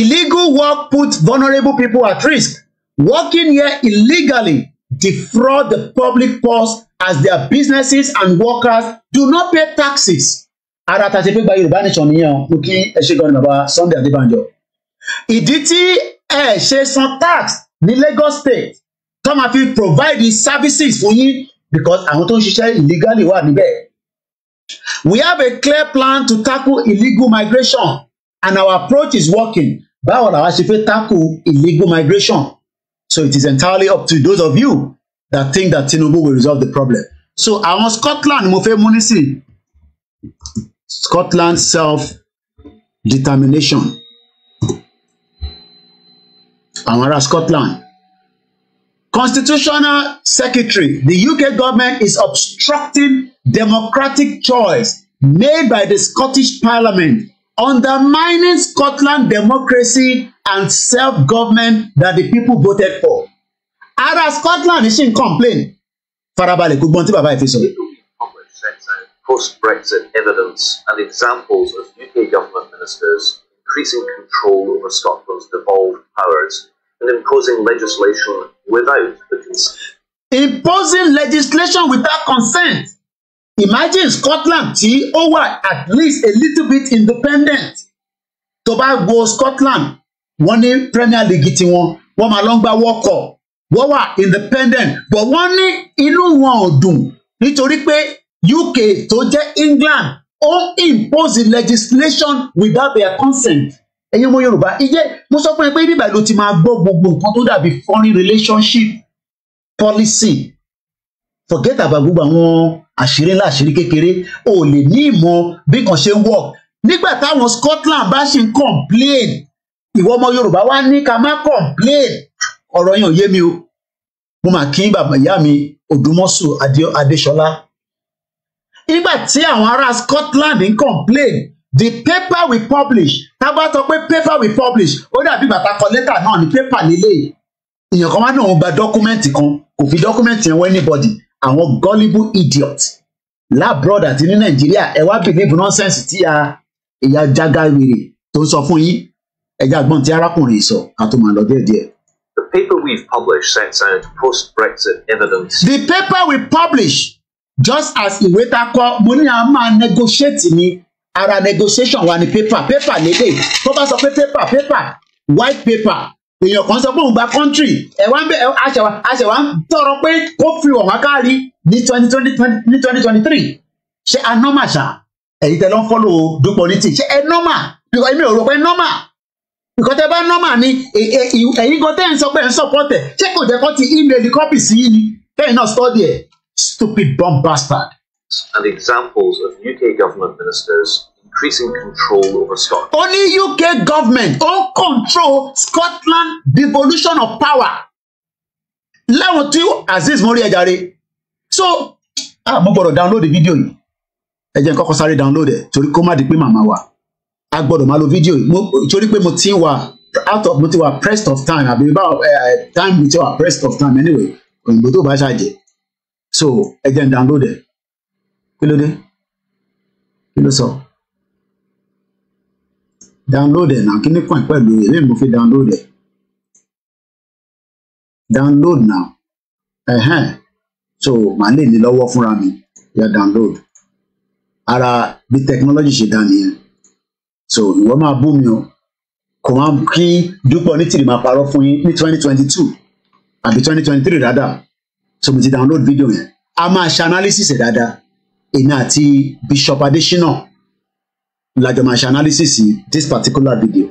illegal work put vulnerable people at risk working here illegally defraud the public purse as their businesses and workers do not pay taxes. ara ta ṣe pé gba Yorùbá nation nìyẹn o mo kí ẹ ṣe gan ni bàbá Sunday Adébánjọ ìdí tí ẹ ṣe san tax ní Lagos State tó máa fi provide services fún yín because àwọn tó ń ṣiṣẹ́ illegally wà níbẹ̀. We have a clear plan to tackle illegal migration and our approach is working báwo làwa ṣe fẹ́ tackle illegal migration so it is entirely up to those of you that think that Tinubu will resolve the problem. So àwọn Scotland mo fẹ́ mú nísìn Scotland self-determination àwọn ará Scotland constitutional secretary the UK government is obstructing democratic choice made by the Scottish Parliament undermining Scotland democracy and self-government that the people voted for ará Scotland ṣì ń complain farabalẹ̀ gbogbo tí bàbá yìí fi sọ. Post-Brexit evidence and examples of UK government ministers increasing control over Scotland's devolved powers and imposing legislation without the consent. Imposing legislation without consent. Imagine Scotland tí ó wà at least a little bit independent. Tó bá wo Scotland, wọ́n ní Premier League tiwọn, wọ́n máa lọ ń gba World Cup, wọ́n wà independent, but wọ́n ní inú wọn ò dùn nítorí pé UK tó jẹ́ England ó impose legislation without their consent ẹ̀yin ọmọ yorùbá ìjẹ́ mo sọ fún ẹ pé bíbá ló ti máa gbọ́ gbogbo nǹkan tó dàbí foreign relationship policy forget about gbogbo àwọn àṣírí ńlá àṣírí kékeré o lè ní ìmọ̀ bí kan ṣe ń work nígbà táwọn Scotland bá ṣì ń complain ìwọ ọmọ yorùbá wá ní ká má complain ọ̀rọ̀ yẹn ò yé mi o mo mà kí bàbá ìyá mi odùmọ̀sù adéṣọlá nígbà tí àwọn ará Scotland ń complain the paper we publish tá a bá sọ pé paper we publish ó dàbí bàtà kọ lẹ́tà náà ní pépà lílé èèyàn kan wá náà gba dọ́kúmẹ́ǹtì kan kò fi dọ́kúmẹ́ǹtì yẹn wọ anybody àwọn gullible idiots. labroad àti ní nàìjíríà ẹ wá believe nonsense tí a ìyá jágáwèrè tó ń sọ fún yín ẹjẹ àgbọn tí arákùnrin sọ ká tó máa lọ díẹ̀díẹ̀. The paper we've published sets out post-Brexit evidence. The paper we publish just as ìwé ta kọ mo ní a máa negotiate ni ara negotiation wa ni paper paper lédè tó bá sọ pé paper paper white paper èèyàn kan sọ pé òun gba country ẹ wá ń bẹ àṣẹwà àṣẹwà ń tọrọ pé kó fi ọ̀wá káàrí ní twenty twenty ní twenty twenty three ṣe anọ́mà ṣá èyí tẹ ló ń fọ́lò dúpọ̀ ní tì ṣe ẹ nọ́mà because èmi ò rò pé nọ́mà because tẹ bá nọ́mà ni ẹ̀yin kan tẹ́ ń sọ pé ń sọ̀pọ̀tẹ̀ ṣé kò jẹ́ kó ti email copy sí yín ni tẹ́yìn náà study ẹ̀ stupid bomb bastard and examples of UK government ministers increasing control over Scotland. Only UK government ó control Scotland devolution of power láwọn tí Azeez Mori ẹ̀járe so ah mo gbọ́dọ̀ download fídíò yìí ẹ jẹ́ n kọ́kọ́ sáré download ẹ̀ torí kó má di pé màmá wa a gbọ́dọ̀ máa lo fídíò yìí torí pé mo ti ń wà out of mo ti wà pressed of time àbí bá eh, eh, time mi ti wà pressed of time anyway òyìnbó tó bá ṣàjẹ́ so ẹ jẹ́ n download ẹ̀. kí ló dé kí ló sọ download na náà kí ní point pẹ̀lú èmi mo fi download ẹ̀ download now ẹ̀hẹ́n so màá lè ní lọ́wọ́ fúnra mi ya download ara bí technology ṣe dá nìyẹn so ìwọ máa bú mi o kò máa kí dúpọ̀ ní tìrì máa parọ́ fún yín ní twenty twenty two àbí twenty twenty three dáadáa so mo ti download vidio yẹn a máa ṣe analysis ẹ̀ dáadáa èmi àti Bishop Adesina làjọ máa ṣe analysis this particular video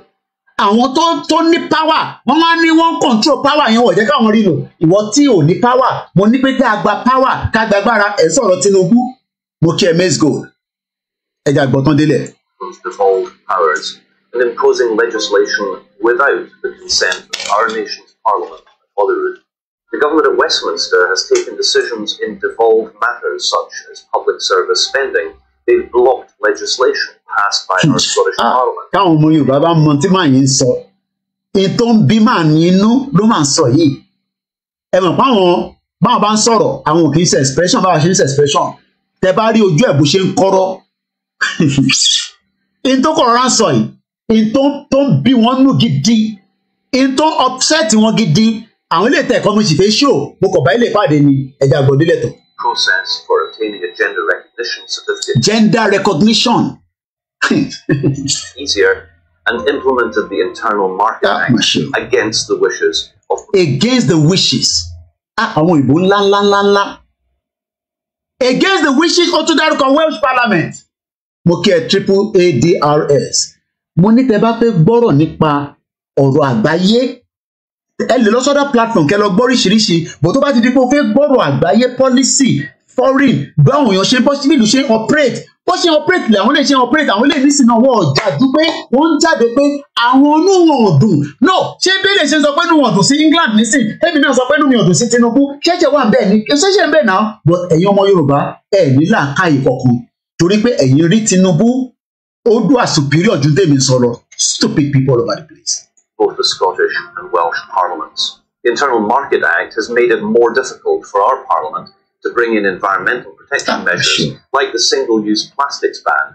àwọn tó tó ní power wọn máa ní wọn control power yẹn wọ̀ jẹ́ káwọn rí lò ìwọ tí ò ní power mo ní pé ká gba power ká gba agbára ẹ̀ sọ̀rọ̀ Tinubu mo kí ẹ maize gold ẹja gbọ́tán délẹ̀. And imposing legislation without the consent of our nation's parliament, Holyrood. The government at Westminster has taken decisions in devolved matters such as public service spending. They've blocked legislation passed by our Scottish ah, Parliament. káwọn ọmọ Yorùbá bá mọ tí màá yín sọ èyí ń bí màá ní ló máa ń sọ yìí ẹ mọ̀ páwọn báwọn bá ń sọ̀rọ̀ àwọn kì í ṣe expression báwa ṣe ń ṣe expression tẹ bá rí ojú ẹ̀ ṣe ń kọ́rọ́ èyí kọ̀ rọra sọ yìí èyí tó ń bí wọn nú gidi èyí upset wọn gidi àwọn ilé ìtẹ̀kọ́ mo sì fẹ́ ṣó mo kọ̀ bá ilé ìpàdé ni ẹ̀já gbọ̀dílẹ̀ tán. process for obtaining a gender recognition certificate. gender recognition. easier and implemented the internal market ah, act against the wishes of. against the wishes ah, àwọn ìbò ńláńláńláńlá against the wishes ó tún dárúkọ Welsh Parliament mo kí ẹ triple adrs mo ní tẹ́ bá fẹ́ gbọ́rọ̀ nípa ọ̀rọ̀ àgbáyé ẹ lè lọ sọ́dọ̀ platform kẹ́ lọ gbọ́ oríṣiríṣi bó tó bá ti di pé o fẹ́ gbọ́rọ̀ àgbáyé policy foreign bí àwọn èèyàn ṣe bọ́ sí ìlú ṣe operate bó ṣe operate làwọn lè ṣe operate àwọn lè ní sinú ọwọ́ ọjà dúpẹ́ wọ́n ń jáde pé àwọn onúwọ̀n ọ̀dùn no ṣé bẹ́ẹ̀lẹ̀ ṣe sọ pé inú wọn ọ̀dùn sí England nísìn èmi náà sọ pé inú mi ọ̀dùn sí Tinubu ṣẹ́ṣẹ̀ wà bẹ́ẹ̀ ni ṣẹ́ṣẹ̀ ń bẹ̀ náà but ẹ̀yin ọmọ Yorùbá ẹ̀ ní làákà ìkọ̀kan torí pé ẹ̀yin rí Tinubu Oòduà superior ju tèmi sọ stupid people over the place. both the Scottish and Welsh parliaments. The Internal Market Act has made it more difficult for our parliament to bring in environmental protection ah, measures like the single use plastics ban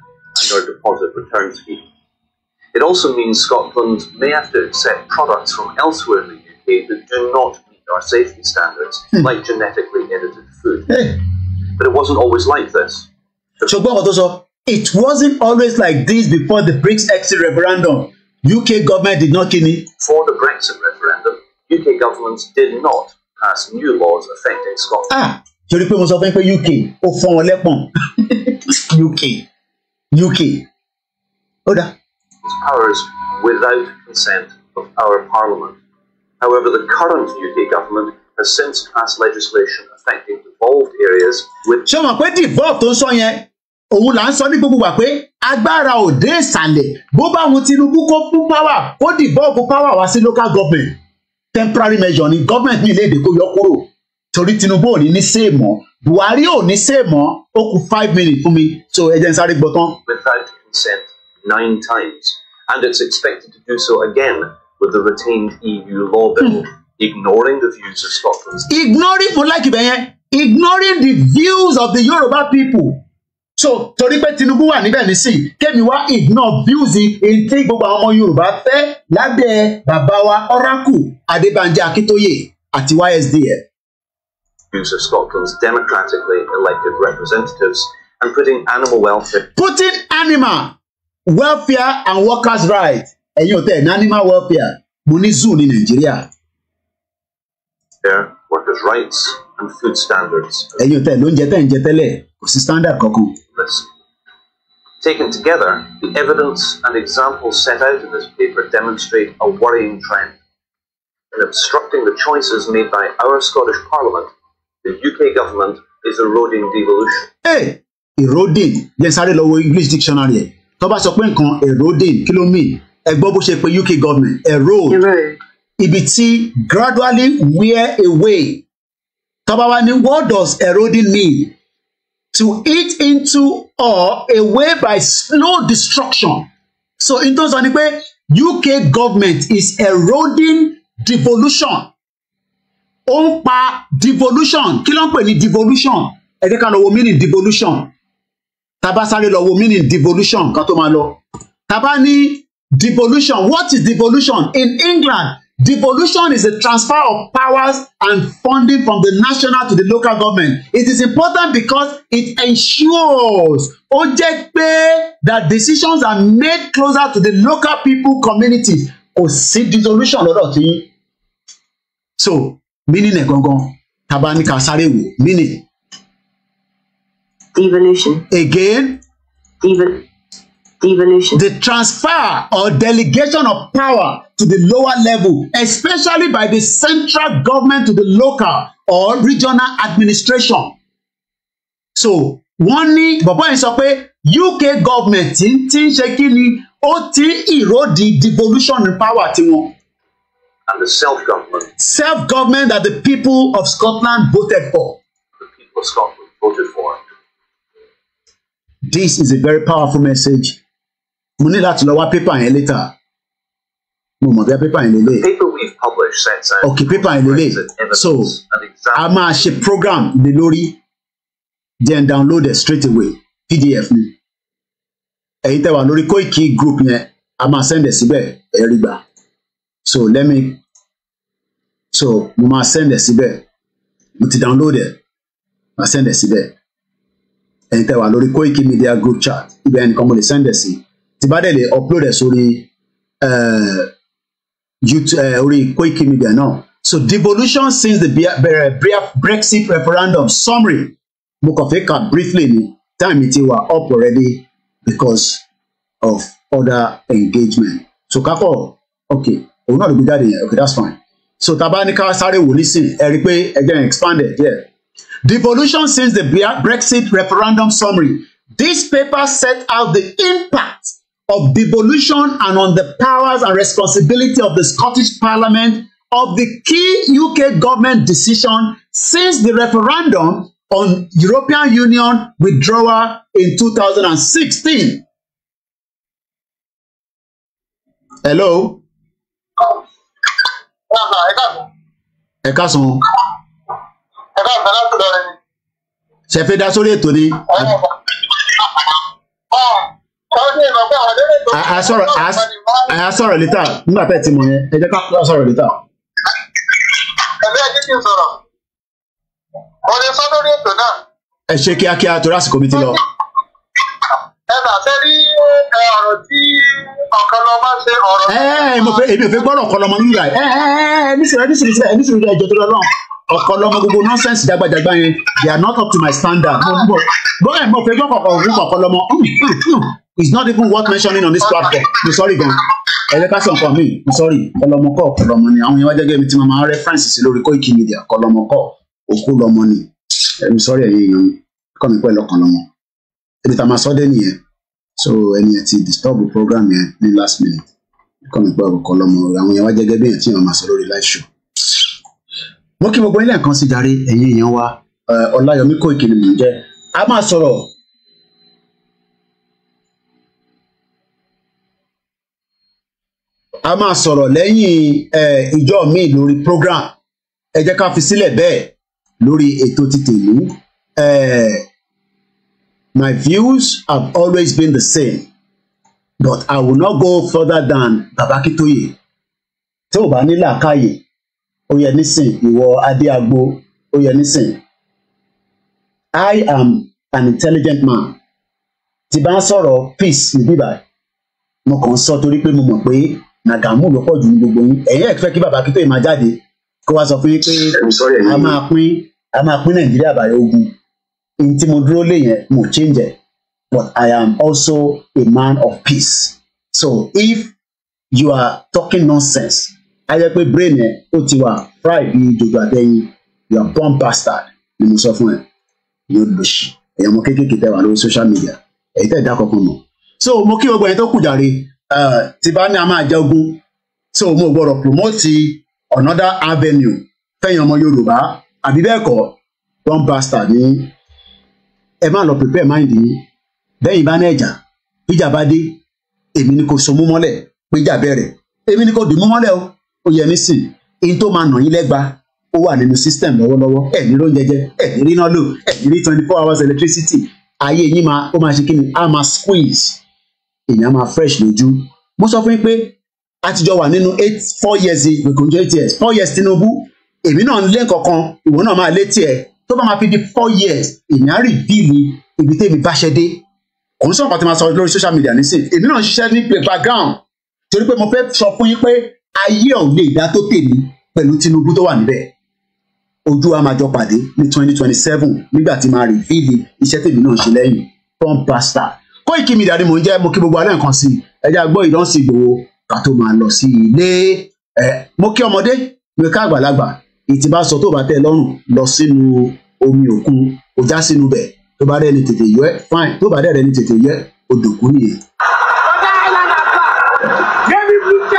and our deposit return scheme. It also means Scotland may have to accept products from elsewhere in the UK that do not meet our safety standards, hmm. like genetically edited food. but it wasn't always like this. sọ it wasn't always like this before the BRICS exit referendum. UK government did not kini. For the Brexit referendum, UK government did not pass new laws affecting Scotland. Ah, torí pé mo sọ fún yín UK Oh, fọ́n wọn lẹ́pọ̀n UK UK Oda. dá. powers without consent of our parliament. However, the current UK government has since passed legislation affecting devolved areas with. Chama, o mọ̀ pé devolved tó ń sọ òun là ń sọ ní gbogbo wa pé agbára ò dé ìsàlẹ̀ bó bá wọn Tinubu kó mú power kó dìbọ́ọ̀bù power wá sí local government temporary measure ni government ní ilé èdè kó yọ kúrò torí Tinubu ò ní ní sé mọ́ Buhari ò ní sé mọ́ ó kù five minutes fún mi so ẹ jẹ́ sáré gbọ́ tán. without consent nine times and it's expected to do so again with the retained EU law bill hmm. ignoring the views of Scotland. ignoring mo like bẹ́ẹ̀ yẹn ignoring the views of the Yoruba people so torí pé Tinubu wà níbẹ̀ nísìnyí kémi wá ignore views in tí gbogbo àwọn ọmọ Yorùbá fẹ́ lábẹ́ bàbá wa oracle Adébánjí Akíntóyè àti YSDM. Use of Scotland's democratically elected representatives and putting animal welfare. Putting animal welfare and workers' rights ẹ̀yin ọ̀tẹ̀ ní animal welfare mo ní zoo ní Nàìjíríà. There, workers' rights and food standards. Taken together, the evidence and examples set out in this paper demonstrate a worrying trend. In obstructing the choices made by our Scottish Parliament, the UK government is eroding devolution. Hey, eroding yẹn sáré lọ English dictionary ẹ̀ tó bá sọ pé nǹkan eroding kí ló mean ẹ gbọ́ bó ṣe pé UK government erode ibi tí gradually wear away tọ́ba wa ni what does eroding mean? To eat into or away by slow destruction. So in tó sọ ni pé UK government is eroding devolution. Ó ń pa devolution kí ló ń pè ní devolution? Ẹ jẹ́ ká lọ wo meaning devolution. Taba sáré lọ wo meaning devolution ká tó máa lọ. Tàbá ní devolution what is devolution in England Devolution is a transfer of powers and funding from the national to the local government. It is important because it ensures ó jẹ́ that decisions are made closer to the local people communities. Kò sí devolution lọ́dọ̀ tí yín. So meaning ẹ̀ gangan tàbá ní ká sáré wò meaning. Devolution. Again. Devolution. Evolution. The transfer or delegation of power to the lower level, especially by the central government to the local or regional administration. So wọ́n ní bọ̀bọ́ yìí sọ pé UK government ti ń ti ń ṣe kí ni ó ti ìròdì devolution in power tiwọn. And the self-government. Self-government that the people of Scotland voted for. The people of Scotland voted for. This is a very powerful message mo ní láti lọ wá pépà yẹn létà mo mọ̀ bí pépà yẹn lélẹ̀ uh, ok pépà yẹn lélẹ̀ so a máa ṣe program lé lórí then download it straight away pdf ni ẹ̀yin tẹ́ wà lórí Koiki group yẹn a máa send it síbẹ̀ ẹ̀ gbà so let me so mo máa send it síbẹ̀ mo ti download it. máa send it síbẹ̀ ẹ̀yin tẹ́ wa lórí Koiki media group chat ibẹ̀ ẹnìkan mo lè send it sí tí bá dẹ̀ lè upload ẹ̀ sórí orí Koiki Media náà so devolution since the Brexit referendum summary mo kàn fẹ́ kà briefly ni time ti wà up already because of other engagement so kakọ ok òun náà ló gbé jáde yẹn ok that's fine so taba ní ká sáré wò nísìn ẹ rí pé ẹgbẹ́ yẹn expanded Yeah, devolution since the Brexit referendum summary this paper set out the impact of devolution and on the powers and responsibility of the Scottish Parliament of the key UK government decision since the referendum on European Union withdrawal in 2016. Hello. Ẹ káàsán. Ẹ káàsán láti lọ rẹ. Ṣẹ̀fẹ̀ dá sórí ètò ni a sọ̀rọ̀ a sọ̀rọ̀ létà nígbà tẹ́ ti mọ̀ yẹn ẹ jẹ́ ká sọ̀rọ̀ létà. ẹ̀mí ẹ̀jí ti sọ̀rọ̀ mo lè sọ lórí ètò náà. ẹ ṣe kíákíá torí àsìkò mi ti lọ. ẹ bá fẹ́ rí ọ̀rọ̀ tí ọ̀kanlọ́mọ ṣe ọ̀rọ̀. ẹ ẹ mo fẹ́ èmi ò fẹ́ gbọ́dọ̀ ọ̀kanlọ́mọ nígbà ẹ ẹ ẹ nísìnyí nísìnyí nísìnyí ẹjọ́ tó lọ náà ọ̀kan gbogbo nọ́sẹ̀nsì jágbàjágbà yẹn they are not up to my standard bọ́ọ̀ ẹ̀ mọ̀ pé gbọ́n kọ̀ọ̀kan òun kọ̀ọ̀kan lọ́mọ hmm, hmm, hmm. it's not even worth mentioning on this platform mo sorry gan ẹlẹ́kásọ̀ nǹkan mi mo sorry kọlọmọ kọ kọlọmọ ni àwọn yẹn wá jẹ́gẹ́ mi tí máa reference sí lórí Koiki Media kọlọmọ kọ òkú lọmọ ni mo sorry ẹ̀yin èèyàn mi kọ́ mi pẹ́ lọ́kàn lọ́mọ ebi tá a sọ dé nìyẹn so ẹni yẹn ti disturb program yẹn ní last minute kọ́ mi pẹ́ òkú lọmọ àwọn yẹn wá jẹ́gẹ́ bí yẹn tí wọ́n máa sọ lórí live show mo kí gbogbo ilé nǹkan sí jàre ẹ̀yin èèyàn wa ọláyọmí kò ìkìlì mò ń a máa sọ̀rọ̀ a máa sọ̀rọ̀ lẹ́yìn ìjọ mi lórí program ẹ jẹ́ ká fi sílẹ̀ bẹ́ẹ̀ lórí ètò títèlú my views have always been the same but I will not go further than Babakitoye tí ò bá ní làákàyè ó yẹ nísìn ìwọ adéagbo ó yẹ nísìn i am an intelligent man tí bá ń sọ̀rọ̀ peace níbí báyìí mo kàn ń sọ torí pé mo mọ̀ pé nàgàmù ló pọ̀ jù ní gbogbo yín ẹ̀yin ẹ̀ fẹ́ kí bàbá Akíntóyè máa jáde kó wá sọ fún yín pé a máa pín a máa pín nàìjíríà báyìí ogun n tí mo dúró lé yẹn mo change it but i am also a man of peace so if you are talking nonsense á jẹ́ pé brain ẹ̀ ó ti wà fry bí jòjò àtẹ̀yìn you are bastard ni mo sọ fún ẹ ní olùsí ẹ̀yàn ọmọ kéékèèké tẹ́ wà lórí social media èyí tẹ́ ẹ̀ dá kankan mọ̀ so mo kí gbogbo ẹ̀yin tó kù jàre tí bá ní a máa jẹ ogún so mo gbọ́dọ̀ promote another avenue fẹ́yìn ọmọ Yorùbá àbí bẹ́ẹ̀ kọ́ born bastard ní ẹ má lọ prepare mind yín bẹ́yìn bá ní ẹ̀jà bíjà bá dé èmi ni kò so mú mọ́lẹ̀ péjà bẹ̀rẹ̀ èmi ni kò dì mú mọ́lẹ̀ o ó yẹ nísìn èyí tó máa nà yín lẹ́gba ó wà nínú system lọ́wọ́lọ́wọ́ ẹ̀ ní ló ń jẹjẹ ẹ̀ ní ríná lò ẹ̀ ní rí twenty four hours electricity ayé yín máa ó máa ṣe kí ni á máa squeeze èèyàn máa fresh lójú mo sọ fún yín pé a ti jọ wà nínú eight four years ìgbèkùnjẹ eight years four years Tinubu èmi náà ń lé kankan ìwọ náà máa lé tiẹ̀ tó bá máa fi di four years èmi á rí bíìlì ibi tẹ́mi bá ṣe dé kò ń sọ̀kan tí máa sọ lórí social media nísìn èmi náà ń ṣiṣẹ́ ní background torí pé mo fẹ́ sọ fún yín pé ayé ò lè dá tó tèmi pẹ̀lú Tinubu tó wà níbẹ̀ ojú wa máa jọ pàdé ní twenty twenty seven nígbà tí máa rìvíìlì iṣẹ́ tèmi náà ṣe lẹ́yìn tom pastor Koiki Media ni mò ń jẹ́ mo kí gbogbo alẹ́ nǹkan sí ẹ jẹ́ àgbọ̀ ìdánsì Ìgbòho ká tó máa lọ sí ilé ẹ mo kí ọmọdé mo ká àgbàlagbà ìtì bá sọ tó bá tẹ́ lọ́rùn lọ sínú omi òkun kò sínú bẹ̀ tó bá rẹ̀ tètè yọ fine tó bá rẹ̀ ní tètè yọ odòkú nìyẹn. ọ̀gá ìlànà àgbà gẹ́gẹ́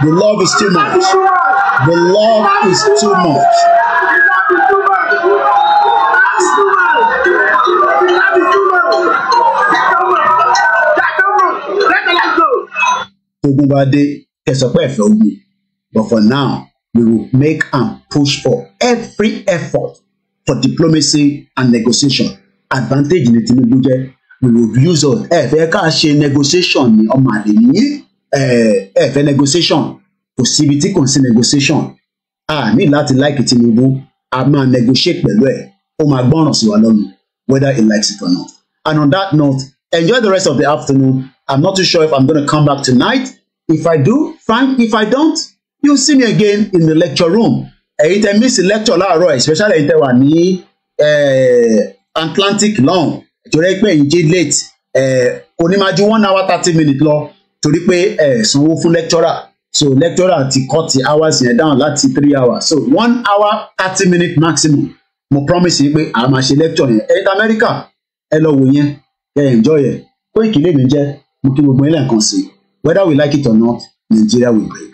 The love is too much. The love is too much. Ogun bá dé, kẹsàn pé ẹ̀fẹ̀ ogun. But for now, we will make and push for every effort for diplomacy and negotiation. Advantage ni Tinubu jẹ́. We will use all ẹ̀fẹ̀ ká ṣe negotiation on my àlè ẹ ẹ negotiation kò síbi tí kò sí negotiation a ní láti láìkì Tinubu a máa negotiate pẹ̀lú ẹ̀ ó máa gbọ́ràn sí wa lọ́nu whether he likes it or not and on that note enjoy the rest of the afternoon I'm not too sure if I'm gonna come back tonight if I do fine if I don't you'll see me again in the lecture room èyí tẹ́ miss lecture láàárọ̀ especially èyí tẹ́ wà ní Atlantic long torí pé èyí jẹ́ late kò ní máa ju one hour thirty minutes lọ torí pé ẹ sanwó fún lecturer so lecturer ti cut hours yẹn down láti three hours so one hour thirty minutes maximum mo promise yín pé a máa ṣe lecture yẹn ẹ̀ẹ́dá amẹ́ríkà ẹ lọ wò yẹn ẹ enjoy yẹn kó ìkìlẹ̀ mi jẹ́ mo kí gbogbo ilé sí whether we like it or not Nigeria will break.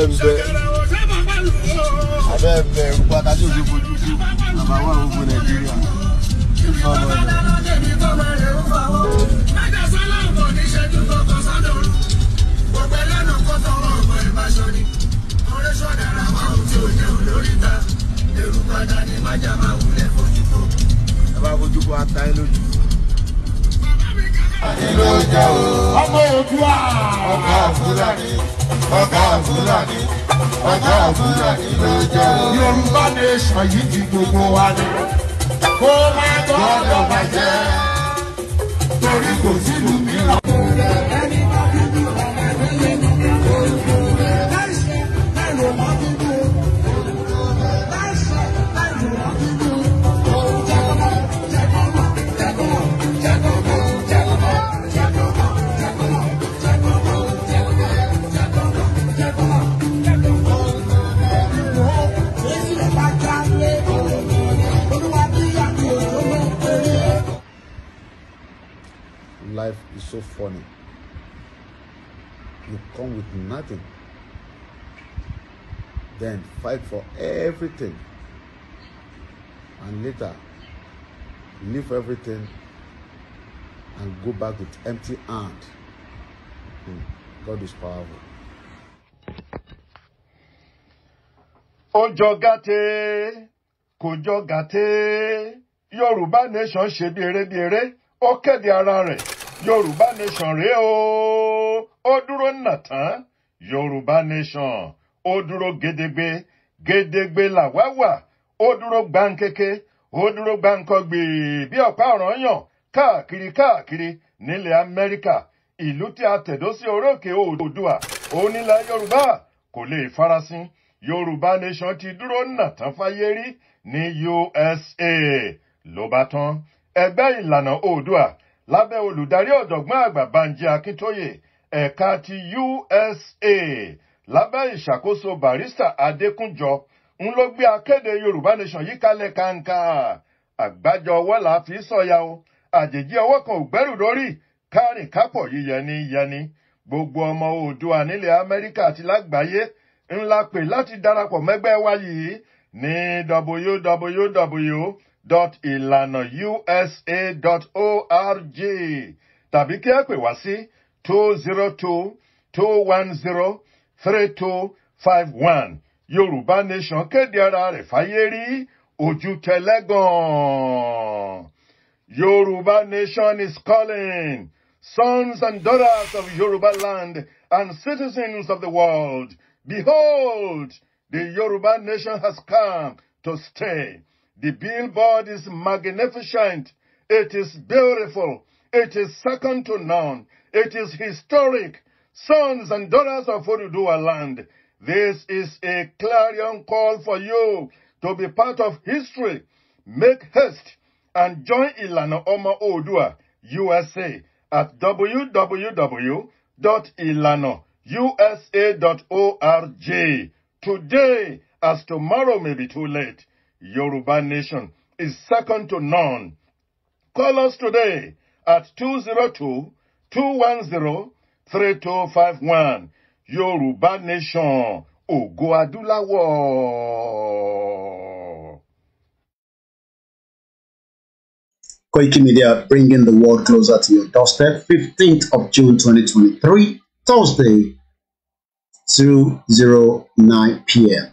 evde leave everything and go back with empty hand. Hmm. God is powerful. Ó jọ gàtẹ́, kò jọ nation se bí eré bí eré, ó kéde ara re yoruba nation re o, o dúró natan yoruba nation, ó dúró gedegbe gédégbé làwá o ó dúró gbáǹkéké. ó dúró gbáǹkan gbèrè bí ọ̀pá ọ̀ràn yàn káàkiri káàkiri nílẹ̀ amẹ́ríkà ìlú tí a tẹ̀dó sí orókè oòdùà onílà yorùbá kò lè farasin yorùbá nation ti dúró nàtàn fáyé rí ní usa ló bá tán ẹgbẹ́ ìlànà oòdùà lábẹ́ olùdarí ọ̀jọ̀gbọ́n àgbà banji akíntóyè ẹ̀ka ti usa lábẹ́ ìṣàkóso barista adékúnjọ ń ló gbé akéde yorùbá nation yìí kalẹ̀ kàǹkà àgbájọ ọwọ́ là fi sọ̀yà o àjèjì ọwọ́ kan ò gbẹ́rù lórí kárìn kápọ̀ yìí yẹni yẹni gbogbo ọmọ oòdùà nílẹ̀ amẹ́ríkà àti lágbàáyé ńlá pè láti darapọ̀ mẹ́gbẹ́ wa yìí ní www.ilanausa.org tàbí kí ẹ pè wá sí two zero two two one zero three two five one yorùbá nation kéde ara rẹ̀ fáyé rí ojú tẹlẹ́gàn. yorùbá nation is calling sons and daughters of yorùbá land and citizens of the world behold the yorùbá nation has come to stay. The billboard is magnificent. It is beautiful. It is second to none. It is historic. Sons and daughters of Oduduwa land, this is a clarion call for you to be part of history. Make haste and join Ilana Oma Odua USA at www.ilanousa.org. Today, as tomorrow may be too late, Yoruba Nation is second to none. Call us today at 202 210 3251. Yorùbá nation ògo adúláwọ̀. Koiki Media bringing the world closer to your doorstep 15th of June 2023 Thursday 009 p.m.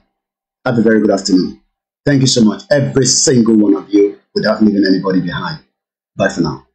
Have a very good afternoon. Thank you so much every single one of you without leaving anybody behind. Bye for now.